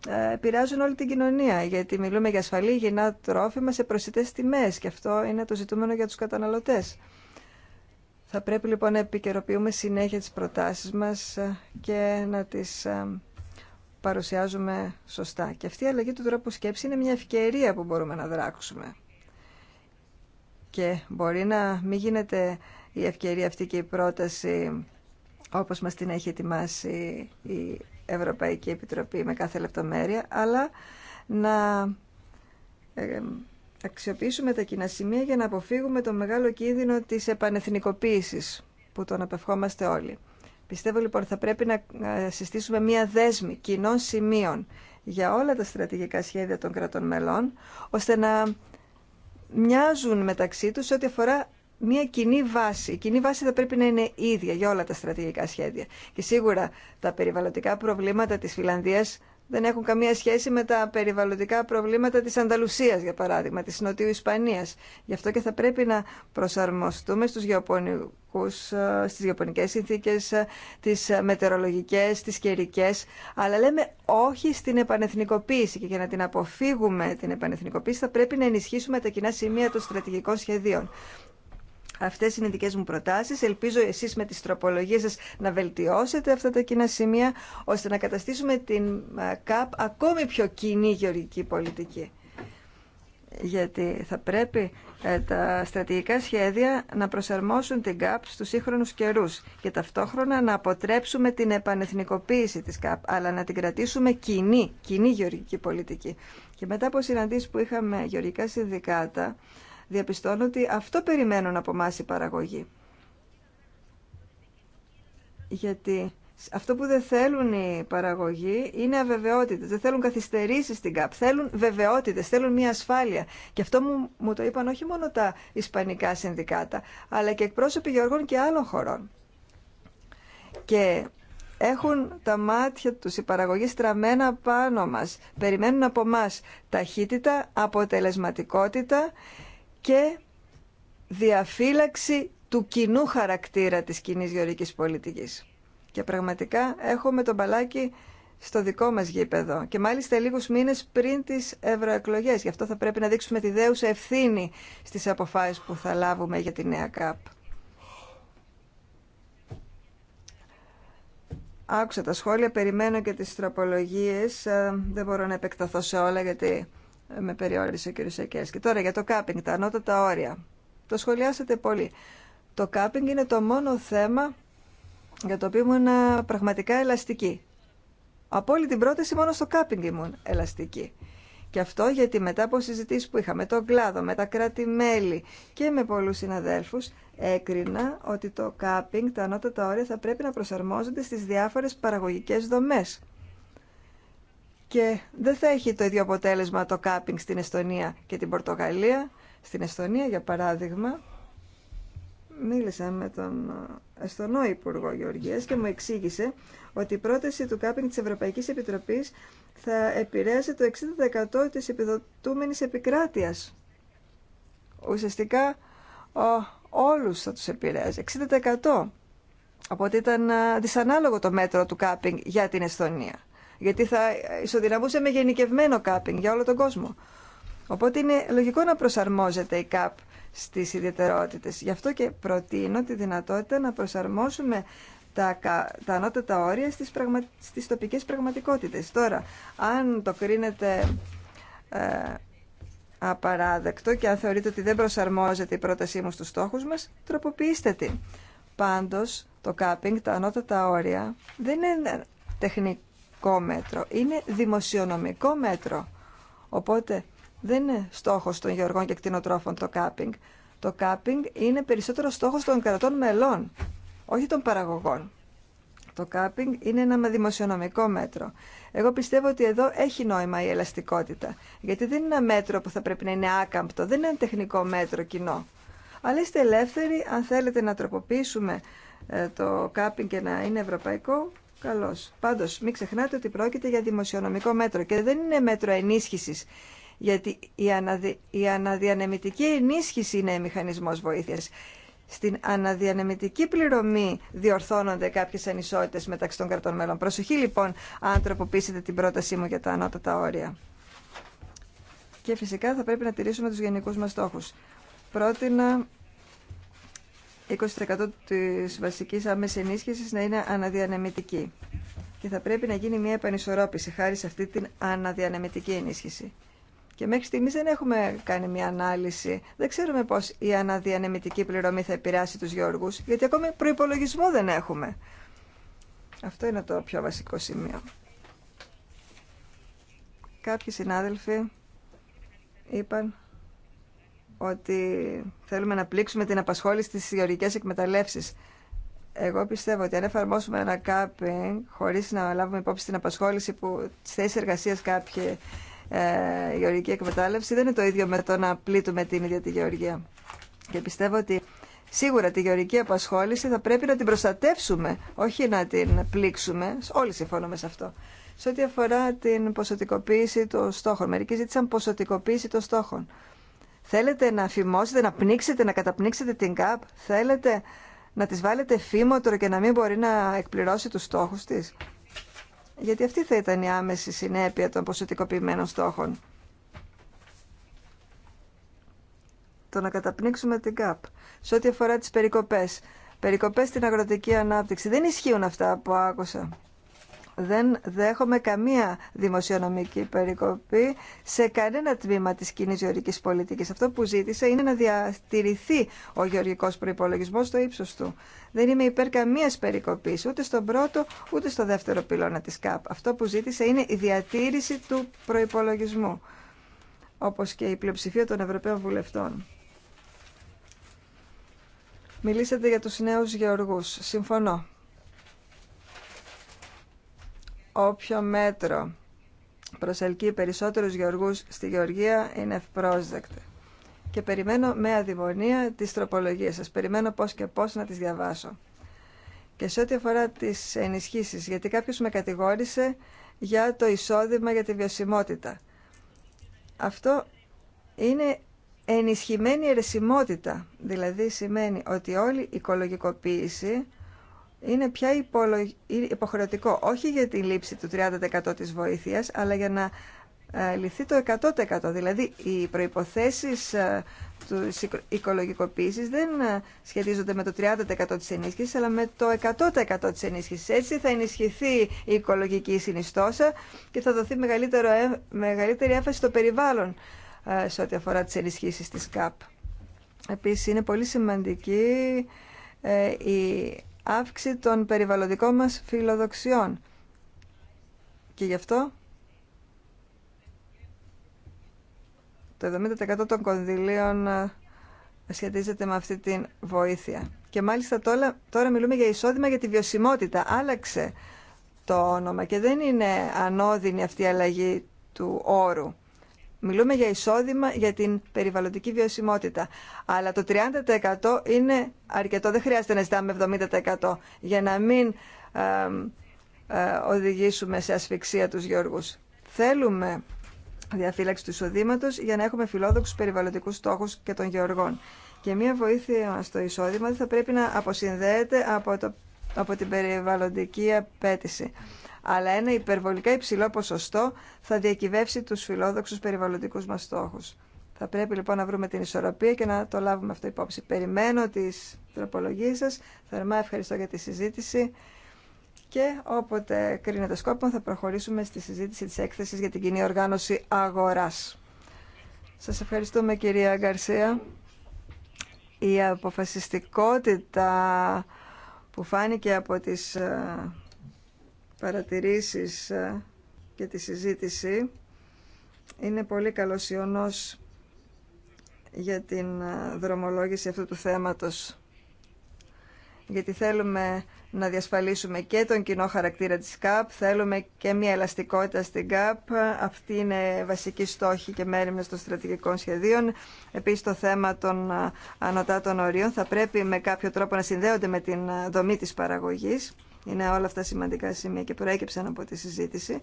ε, επηρεάζουν όλη την κοινωνία, γιατί μιλούμε για ασφαλή υγιεινά τρόφιμα σε προσιτέ τιμές και αυτό είναι το ζητούμενο για τους καταναλωτές. Θα πρέπει λοιπόν να επικαιροποιούμε συνέχεια τις προτάσεις μας ε, και να τις ε, παρουσιάζουμε σωστά. Και αυτή η αλλαγή του τρόπου σκέψη είναι μια ευκαιρία που μπορούμε να δράξουμε. Και μπορεί να μην γίνεται η ευκαιρία αυτή και η πρόταση όπως μας την έχει ετοιμάσει η Ευρωπαϊκή Επιτροπή με κάθε λεπτομέρεια, αλλά να αξιοποιήσουμε τα κοινά σημεία για να αποφύγουμε το μεγάλο κίνδυνο της επανεθνικοποίησης που τον απευχόμαστε όλοι. Πιστεύω λοιπόν ότι θα πρέπει να συστήσουμε μία δέσμη κοινών σημείων για όλα τα στρατηγικά σχέδια των κρατών μελών, ώστε να μοιάζουν μεταξύ τους ό,τι αφορά μια κοινή βάση. Η κοινή βάση θα πρέπει να είναι ίδια για όλα τα στρατηγικά σχέδια. Και σίγουρα τα περιβαλλοντικά προβλήματα της Φιλανδίας δεν έχουν καμία σχέση με τα περιβαλλοντικά προβλήματα της Ανταλουσίας, για παράδειγμα, της Νοτιού Ισπανίας. Γι' αυτό και θα πρέπει να προσαρμοστούμε στους γεωπονικούς, ε, στις γεωπονικές συνθήκες, ε, τις μετεωρολογικές, τις καιρικέ, αλλά λέμε όχι στην επανεθνικοποίηση και για να την αποφύγουμε την επανεθνικοποίηση θα πρέπει να ενισχύσουμε τα κοινά σημεία των στρατηγικών σχεδίων. Αυτές είναι οι δικές μου προτάσεις. Ελπίζω εσείς με τις τροπολογίες σας να βελτιώσετε αυτά τα κοινά σημεία, ώστε να καταστήσουμε την ε, ΚΑΠ ακόμη πιο κοινή γεωργική πολιτική. Γιατί θα πρέπει ε, τα στρατηγικά σχέδια να προσαρμόσουν την ΚΑΠ στους σύγχρονους καιρούς και ταυτόχρονα να αποτρέψουμε την επανεθνικοποίηση της ΚΑΠ, αλλά να την κρατήσουμε κοινή, κοινή γεωργική πολιτική. Και μετά από συναντήσεις που είχαμε γεωργικά συνδικάτα, διαπιστώνω ότι αυτό περιμένουν από εμά οι παραγωγοί. Γιατί αυτό που δεν θέλουν οι παραγωγοί είναι αβεβαιότητες. Δεν θέλουν καθυστερήσεις στην ΚΑΠ. Θέλουν βεβαιότητε, θέλουν μια ασφάλεια. Και αυτό μου, μου το είπαν όχι μόνο τα ισπανικά συνδικάτα, αλλά και εκπρόσωποι γεωργών και άλλων χωρών. Και έχουν τα μάτια τους οι παραγωγοί στραμμένα πάνω μας. Περιμένουν από μας ταχύτητα, αποτελεσματικότητα και διαφύλαξη του κοινού χαρακτήρα της κοινή γεωρικής πολιτικής. Και πραγματικά έχουμε τον μπαλάκι στο δικό μας γήπεδο και μάλιστα λίγους μήνες πριν τις ευρωεκλογέ. Γι' αυτό θα πρέπει να δείξουμε τη δέουσα ευθύνη στις αποφάσεις που θα λάβουμε για τη νέα ΚΑΠ. Άκουσα τα σχόλια, περιμένω και τις τροπολογίες. Ε, δεν μπορώ να επεκταθώ σε όλα γιατί με περιόρισε ο κ. Σεκές. Και τώρα για το κάπινγκ, τα ανώτατα όρια. Το σχολιάσατε πολύ. Το κάπινγκ είναι το μόνο θέμα για το οποίο ήμουν ε, πραγματικά ελαστική. Από όλη την πρόταση μόνο στο κάπινγκ ήμουν ελαστική. Και αυτό γιατί μετά από συζητήσει που είχαμε τον κλάδο, με τα κράτη-μέλη και με πολλού συναδέλφου, έκρινα ότι το κάπινγκ, τα ανώτατα όρια θα πρέπει να προσαρμόζονται στι διάφορε παραγωγικέ δομέ και δεν θα έχει το ίδιο αποτέλεσμα το κάπινγκ στην Εστονία και την Πορτογαλία. Στην Εστονία, για παράδειγμα, μίλησα με τον ε, Εστονό Υπουργό Γεωργίας και μου εξήγησε ότι η πρόταση του κάπινγκ της Ευρωπαϊκής Επιτροπής θα επηρέασε το 60% της επιδοτούμενης επικράτειας. Ουσιαστικά όλους θα τους επηρέαζε, 60%. Οπότε ήταν ε, δυσανάλογο το μέτρο του κάπινγκ για την Εστονία γιατί θα ισοδυναμούσε με γενικευμένο κάπινγκ για όλο τον κόσμο. Οπότε είναι λογικό να προσαρμόζεται η ΚΑΠ στις ιδιαιτερότητες. Γι' αυτό και προτείνω τη δυνατότητα να προσαρμόσουμε τα, τα ανώτατα όρια στις, πραγμα, στις τοπικές πραγματικότητες. Τώρα, αν το κρίνετε ε, απαράδεκτο και αν θεωρείτε ότι δεν προσαρμόζεται η πρότασή μου στους στόχους μας, τροποποιήστε την. Πάντως, το κάπινγκ, τα ανώτατα όρια, δεν είναι τεχνικό μέτρο, είναι δημοσιονομικό μέτρο. Οπότε δεν είναι στόχο των γεωργών και κτηνοτρόφων το κάπινγκ. Το κάπινγκ είναι περισσότερο στόχο των κρατών μελών, όχι των παραγωγών. Το κάπινγκ είναι ένα δημοσιονομικό μέτρο. Εγώ πιστεύω ότι εδώ έχει νόημα η ελαστικότητα, γιατί δεν είναι ένα μέτρο που θα πρέπει να είναι άκαμπτο, δεν είναι ένα τεχνικό μέτρο κοινό. Αλλά είστε ελεύθεροι, αν θέλετε να τροποποιήσουμε ε, το κάπινγκ και να είναι ευρωπαϊκό, Καλώ. Πάντως, μην ξεχνάτε ότι πρόκειται για δημοσιονομικό μέτρο και δεν είναι μέτρο ενίσχυσης, γιατί η, η αναδιανεμητική ενίσχυση είναι μηχανισμό βοήθειας. Στην αναδιανεμητική πληρωμή διορθώνονται κάποιες ανισότητες μεταξύ των κρατών μέλων. Προσοχή λοιπόν αν τροποποιήσετε την πρότασή μου για τα ανώτατα όρια. Και φυσικά θα πρέπει να τηρήσουμε τους γενικούς μας στόχους. Πρότεινα 20% της βασικής άμεσης ενίσχυσης να είναι αναδιανεμητική. Και θα πρέπει να γίνει μια επανισορρόπηση χάρη σε αυτή την αναδιανεμητική ενίσχυση. Και μέχρι στιγμής δεν έχουμε κάνει μια ανάλυση. Δεν ξέρουμε πώς η αναδιανεμητική πληρωμή θα επηρεάσει τους Γιώργους, γιατί ακόμη προϋπολογισμό δεν έχουμε. Αυτό είναι το πιο βασικό σημείο. Κάποιοι συνάδελφοι είπαν ότι θέλουμε να πλήξουμε την απασχόληση στις γεωργικές εκμεταλλεύσεις. Εγώ πιστεύω ότι αν εφαρμόσουμε ένα κάπινγκ χωρίς να λάβουμε υπόψη την απασχόληση που στις θέσεις εργασίας κάποια ε, γεωργική εκμετάλλευση δεν είναι το ίδιο με το να πλήττουμε την ίδια τη γεωργία. Και πιστεύω ότι σίγουρα τη γεωργική απασχόληση θα πρέπει να την προστατεύσουμε, όχι να την πλήξουμε. Όλοι συμφωνούμε σε αυτό. Σε ό,τι αφορά την ποσοτικοποίηση των στόχων. Μερικοί ζήτησαν ποσοτικοποίηση των στόχων. Θέλετε να φημώσετε, να πνίξετε, να καταπνίξετε την ΚΑΠ. Θέλετε να της βάλετε φήμωτρο και να μην μπορεί να εκπληρώσει τους στόχους της. Γιατί αυτή θα ήταν η άμεση συνέπεια των ποσοτικοποιημένων στόχων. Το να καταπνίξουμε την ΚΑΠ. Σε ό,τι αφορά τις περικοπές. Περικοπές στην αγροτική ανάπτυξη. Δεν ισχύουν αυτά που άκουσα δεν δέχομαι καμία δημοσιονομική περικοπή σε κανένα τμήμα της κοινή γεωργικής πολιτικής. Αυτό που ζήτησα είναι να διατηρηθεί ο γεωργικός προϋπολογισμός στο ύψος του. Δεν είμαι υπέρ καμίας περικοπής, ούτε στον πρώτο, ούτε στο δεύτερο πυλώνα της ΚΑΠ. Αυτό που ζήτησα είναι η διατήρηση του προϋπολογισμού, όπως και η πλειοψηφία των Ευρωπαίων Βουλευτών. Μιλήσατε για τους νέους γεωργούς. Συμφωνώ όποιο μέτρο προσελκύει περισσότερους γεωργούς στη Γεωργία είναι ευπρόσδεκτο. Και περιμένω με αδειμονία τις τροπολογίες σας. Περιμένω πώς και πώς να τις διαβάσω. Και σε ό,τι αφορά τις ενισχύσεις, γιατί κάποιος με κατηγόρησε για το εισόδημα για τη βιωσιμότητα. Αυτό είναι ενισχυμένη ερεσιμότητα. δηλαδή σημαίνει ότι όλη η οικολογικοποίηση είναι πια υποχρεωτικό, όχι για την λήψη του 30% της βοήθειας, αλλά για να ε, λυθεί το 100%. Δηλαδή, οι προϋποθέσεις ε, του οικολογικοποίησης δεν ε, σχετίζονται με το 30% της ενίσχυσης, αλλά με το 100% της ενίσχυσης. Έτσι θα ενισχυθεί η οικολογική συνιστόσα και θα δοθεί μεγαλύτερο, μεγαλύτερη έμφαση στο περιβάλλον σε ό,τι αφορά τις ενισχύσεις της ΚΑΠ. Επίσης, είναι πολύ σημαντική η αύξηση των περιβαλλοντικών μας φιλοδοξιών. Και γι' αυτό το 70% των κονδυλίων ε, σχετίζεται με αυτή την βοήθεια. Και μάλιστα τώρα, τώρα μιλούμε για εισόδημα για τη βιωσιμότητα. Άλλαξε το όνομα και δεν είναι ανώδυνη αυτή η αλλαγή του όρου. Μιλούμε για εισόδημα για την περιβαλλοντική βιωσιμότητα. Αλλά το 30% είναι αρκετό. Δεν χρειάζεται να ζητάμε 70% για να μην ε, οδηγήσουμε σε ασφυξία τους Γιώργους. Θέλουμε διαφύλαξη του εισοδήματο για να έχουμε φιλόδοξους περιβαλλοντικούς στόχους και των Γεωργών. Και μία βοήθεια στο εισόδημα θα πρέπει να αποσυνδέεται από την περιβαλλοντική απέτηση αλλά ένα υπερβολικά υψηλό ποσοστό θα διακυβεύσει τους φιλόδοξους περιβαλλοντικούς μας στόχους. Θα πρέπει λοιπόν να βρούμε την ισορροπία και να το λάβουμε αυτό υπόψη. Περιμένω τις τροπολογίες σας. Θερμά ευχαριστώ για τη συζήτηση και όποτε κρίνεται σκόπο θα προχωρήσουμε στη συζήτηση της έκθεσης για την κοινή οργάνωση αγοράς. Σας ευχαριστούμε κυρία Γκαρσία. Η αποφασιστικότητα που φάνηκε από τις ε, παρατηρήσεις ε, και τη συζήτηση. Είναι πολύ καλός ιονός για την ε, δρομολόγηση αυτού του θέματος γιατί θέλουμε να διασφαλίσουμε και τον κοινό χαρακτήρα της ΚΑΠ, θέλουμε και μια ελαστικότητα στην ΚΑΠ. Αυτή είναι βασική στόχη και μέρημνα των στρατηγικών σχεδίων. Επίσης το θέμα των ε, ανωτάτων ορίων θα πρέπει με κάποιο τρόπο να συνδέονται με την δομή της παραγωγής. Είναι όλα αυτά σημαντικά σημεία και προέκυψαν από τη συζήτηση.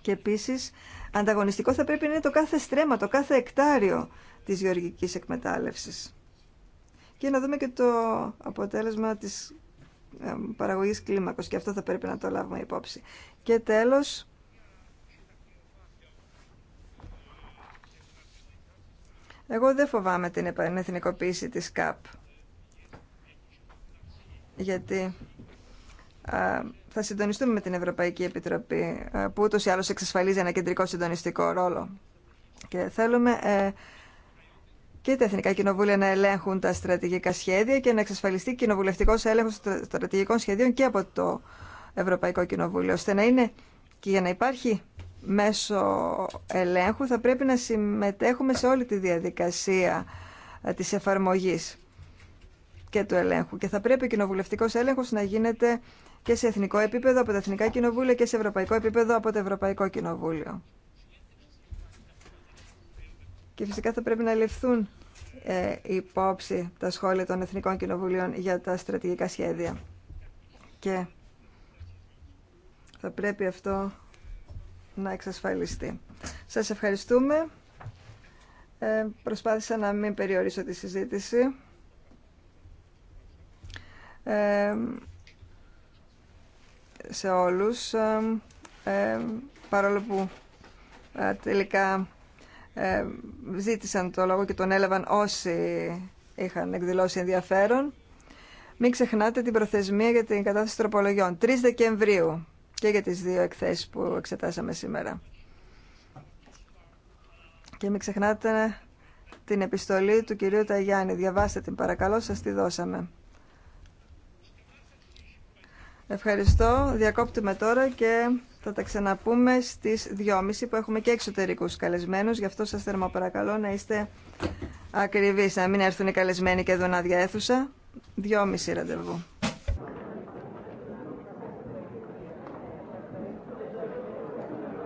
Και επίσης ανταγωνιστικό θα πρέπει να είναι το κάθε στρέμμα, το κάθε εκτάριο της γεωργικής εκμετάλλευσης. Και να δούμε και το αποτέλεσμα της παραγωγής κλίμακος και αυτό θα πρέπει να το λάβουμε υπόψη. Και τέλος, εγώ δεν φοβάμαι την εθνικοποίηση της ΚΑΠ. Γιατί θα συντονιστούμε με την Ευρωπαϊκή Επιτροπή που ούτως ή άλλως εξασφαλίζει ένα κεντρικό συντονιστικό ρόλο. Και θέλουμε ε, και τα Εθνικά Κοινοβούλια να ελέγχουν τα στρατηγικά σχέδια και να εξασφαλιστεί κοινοβουλευτικό έλεγχο στρατηγικών σχεδίων και από το Ευρωπαϊκό Κοινοβούλιο, ώστε να είναι και για να υπάρχει μέσο ελέγχου θα πρέπει να συμμετέχουμε σε όλη τη διαδικασία ε, της εφαρμογής και του ελέγχου και θα πρέπει ο κοινοβουλευτικό έλεγχος να γίνεται και σε εθνικό επίπεδο από τα εθνικά κοινοβούλια και σε ευρωπαϊκό επίπεδο από το Ευρωπαϊκό Κοινοβούλιο. Και φυσικά θα πρέπει να ληφθούν ε, υπόψη τα σχόλια των Εθνικών Κοινοβουλίων για τα στρατηγικά σχέδια. Και θα πρέπει αυτό να εξασφαλιστεί. Σας ευχαριστούμε. Ε, προσπάθησα να μην περιορίσω τη συζήτηση. Ε, σε όλους, παρόλο που ε, τελικά ζήτησαν το λόγο και τον έλαβαν όσοι είχαν εκδηλώσει ενδιαφέρον. Μην ξεχνάτε την προθεσμία για την κατάθεση τροπολογιών. 3 Δεκεμβρίου και για τις δύο εκθέσεις που εξετάσαμε σήμερα. Και μην ξεχνάτε την επιστολή του κυρίου Ταγιάννη. Διαβάστε την παρακαλώ, σας τη δώσαμε. Ευχαριστώ. Διακόπτουμε τώρα και θα τα ξαναπούμε στις 2.30 που έχουμε και εξωτερικούς καλεσμένους. Γι' αυτό σας παρακαλώ, να είστε ακριβείς, να μην έρθουν οι καλεσμένοι και εδώ να διαέθουσα. 2.30 ραντεβού.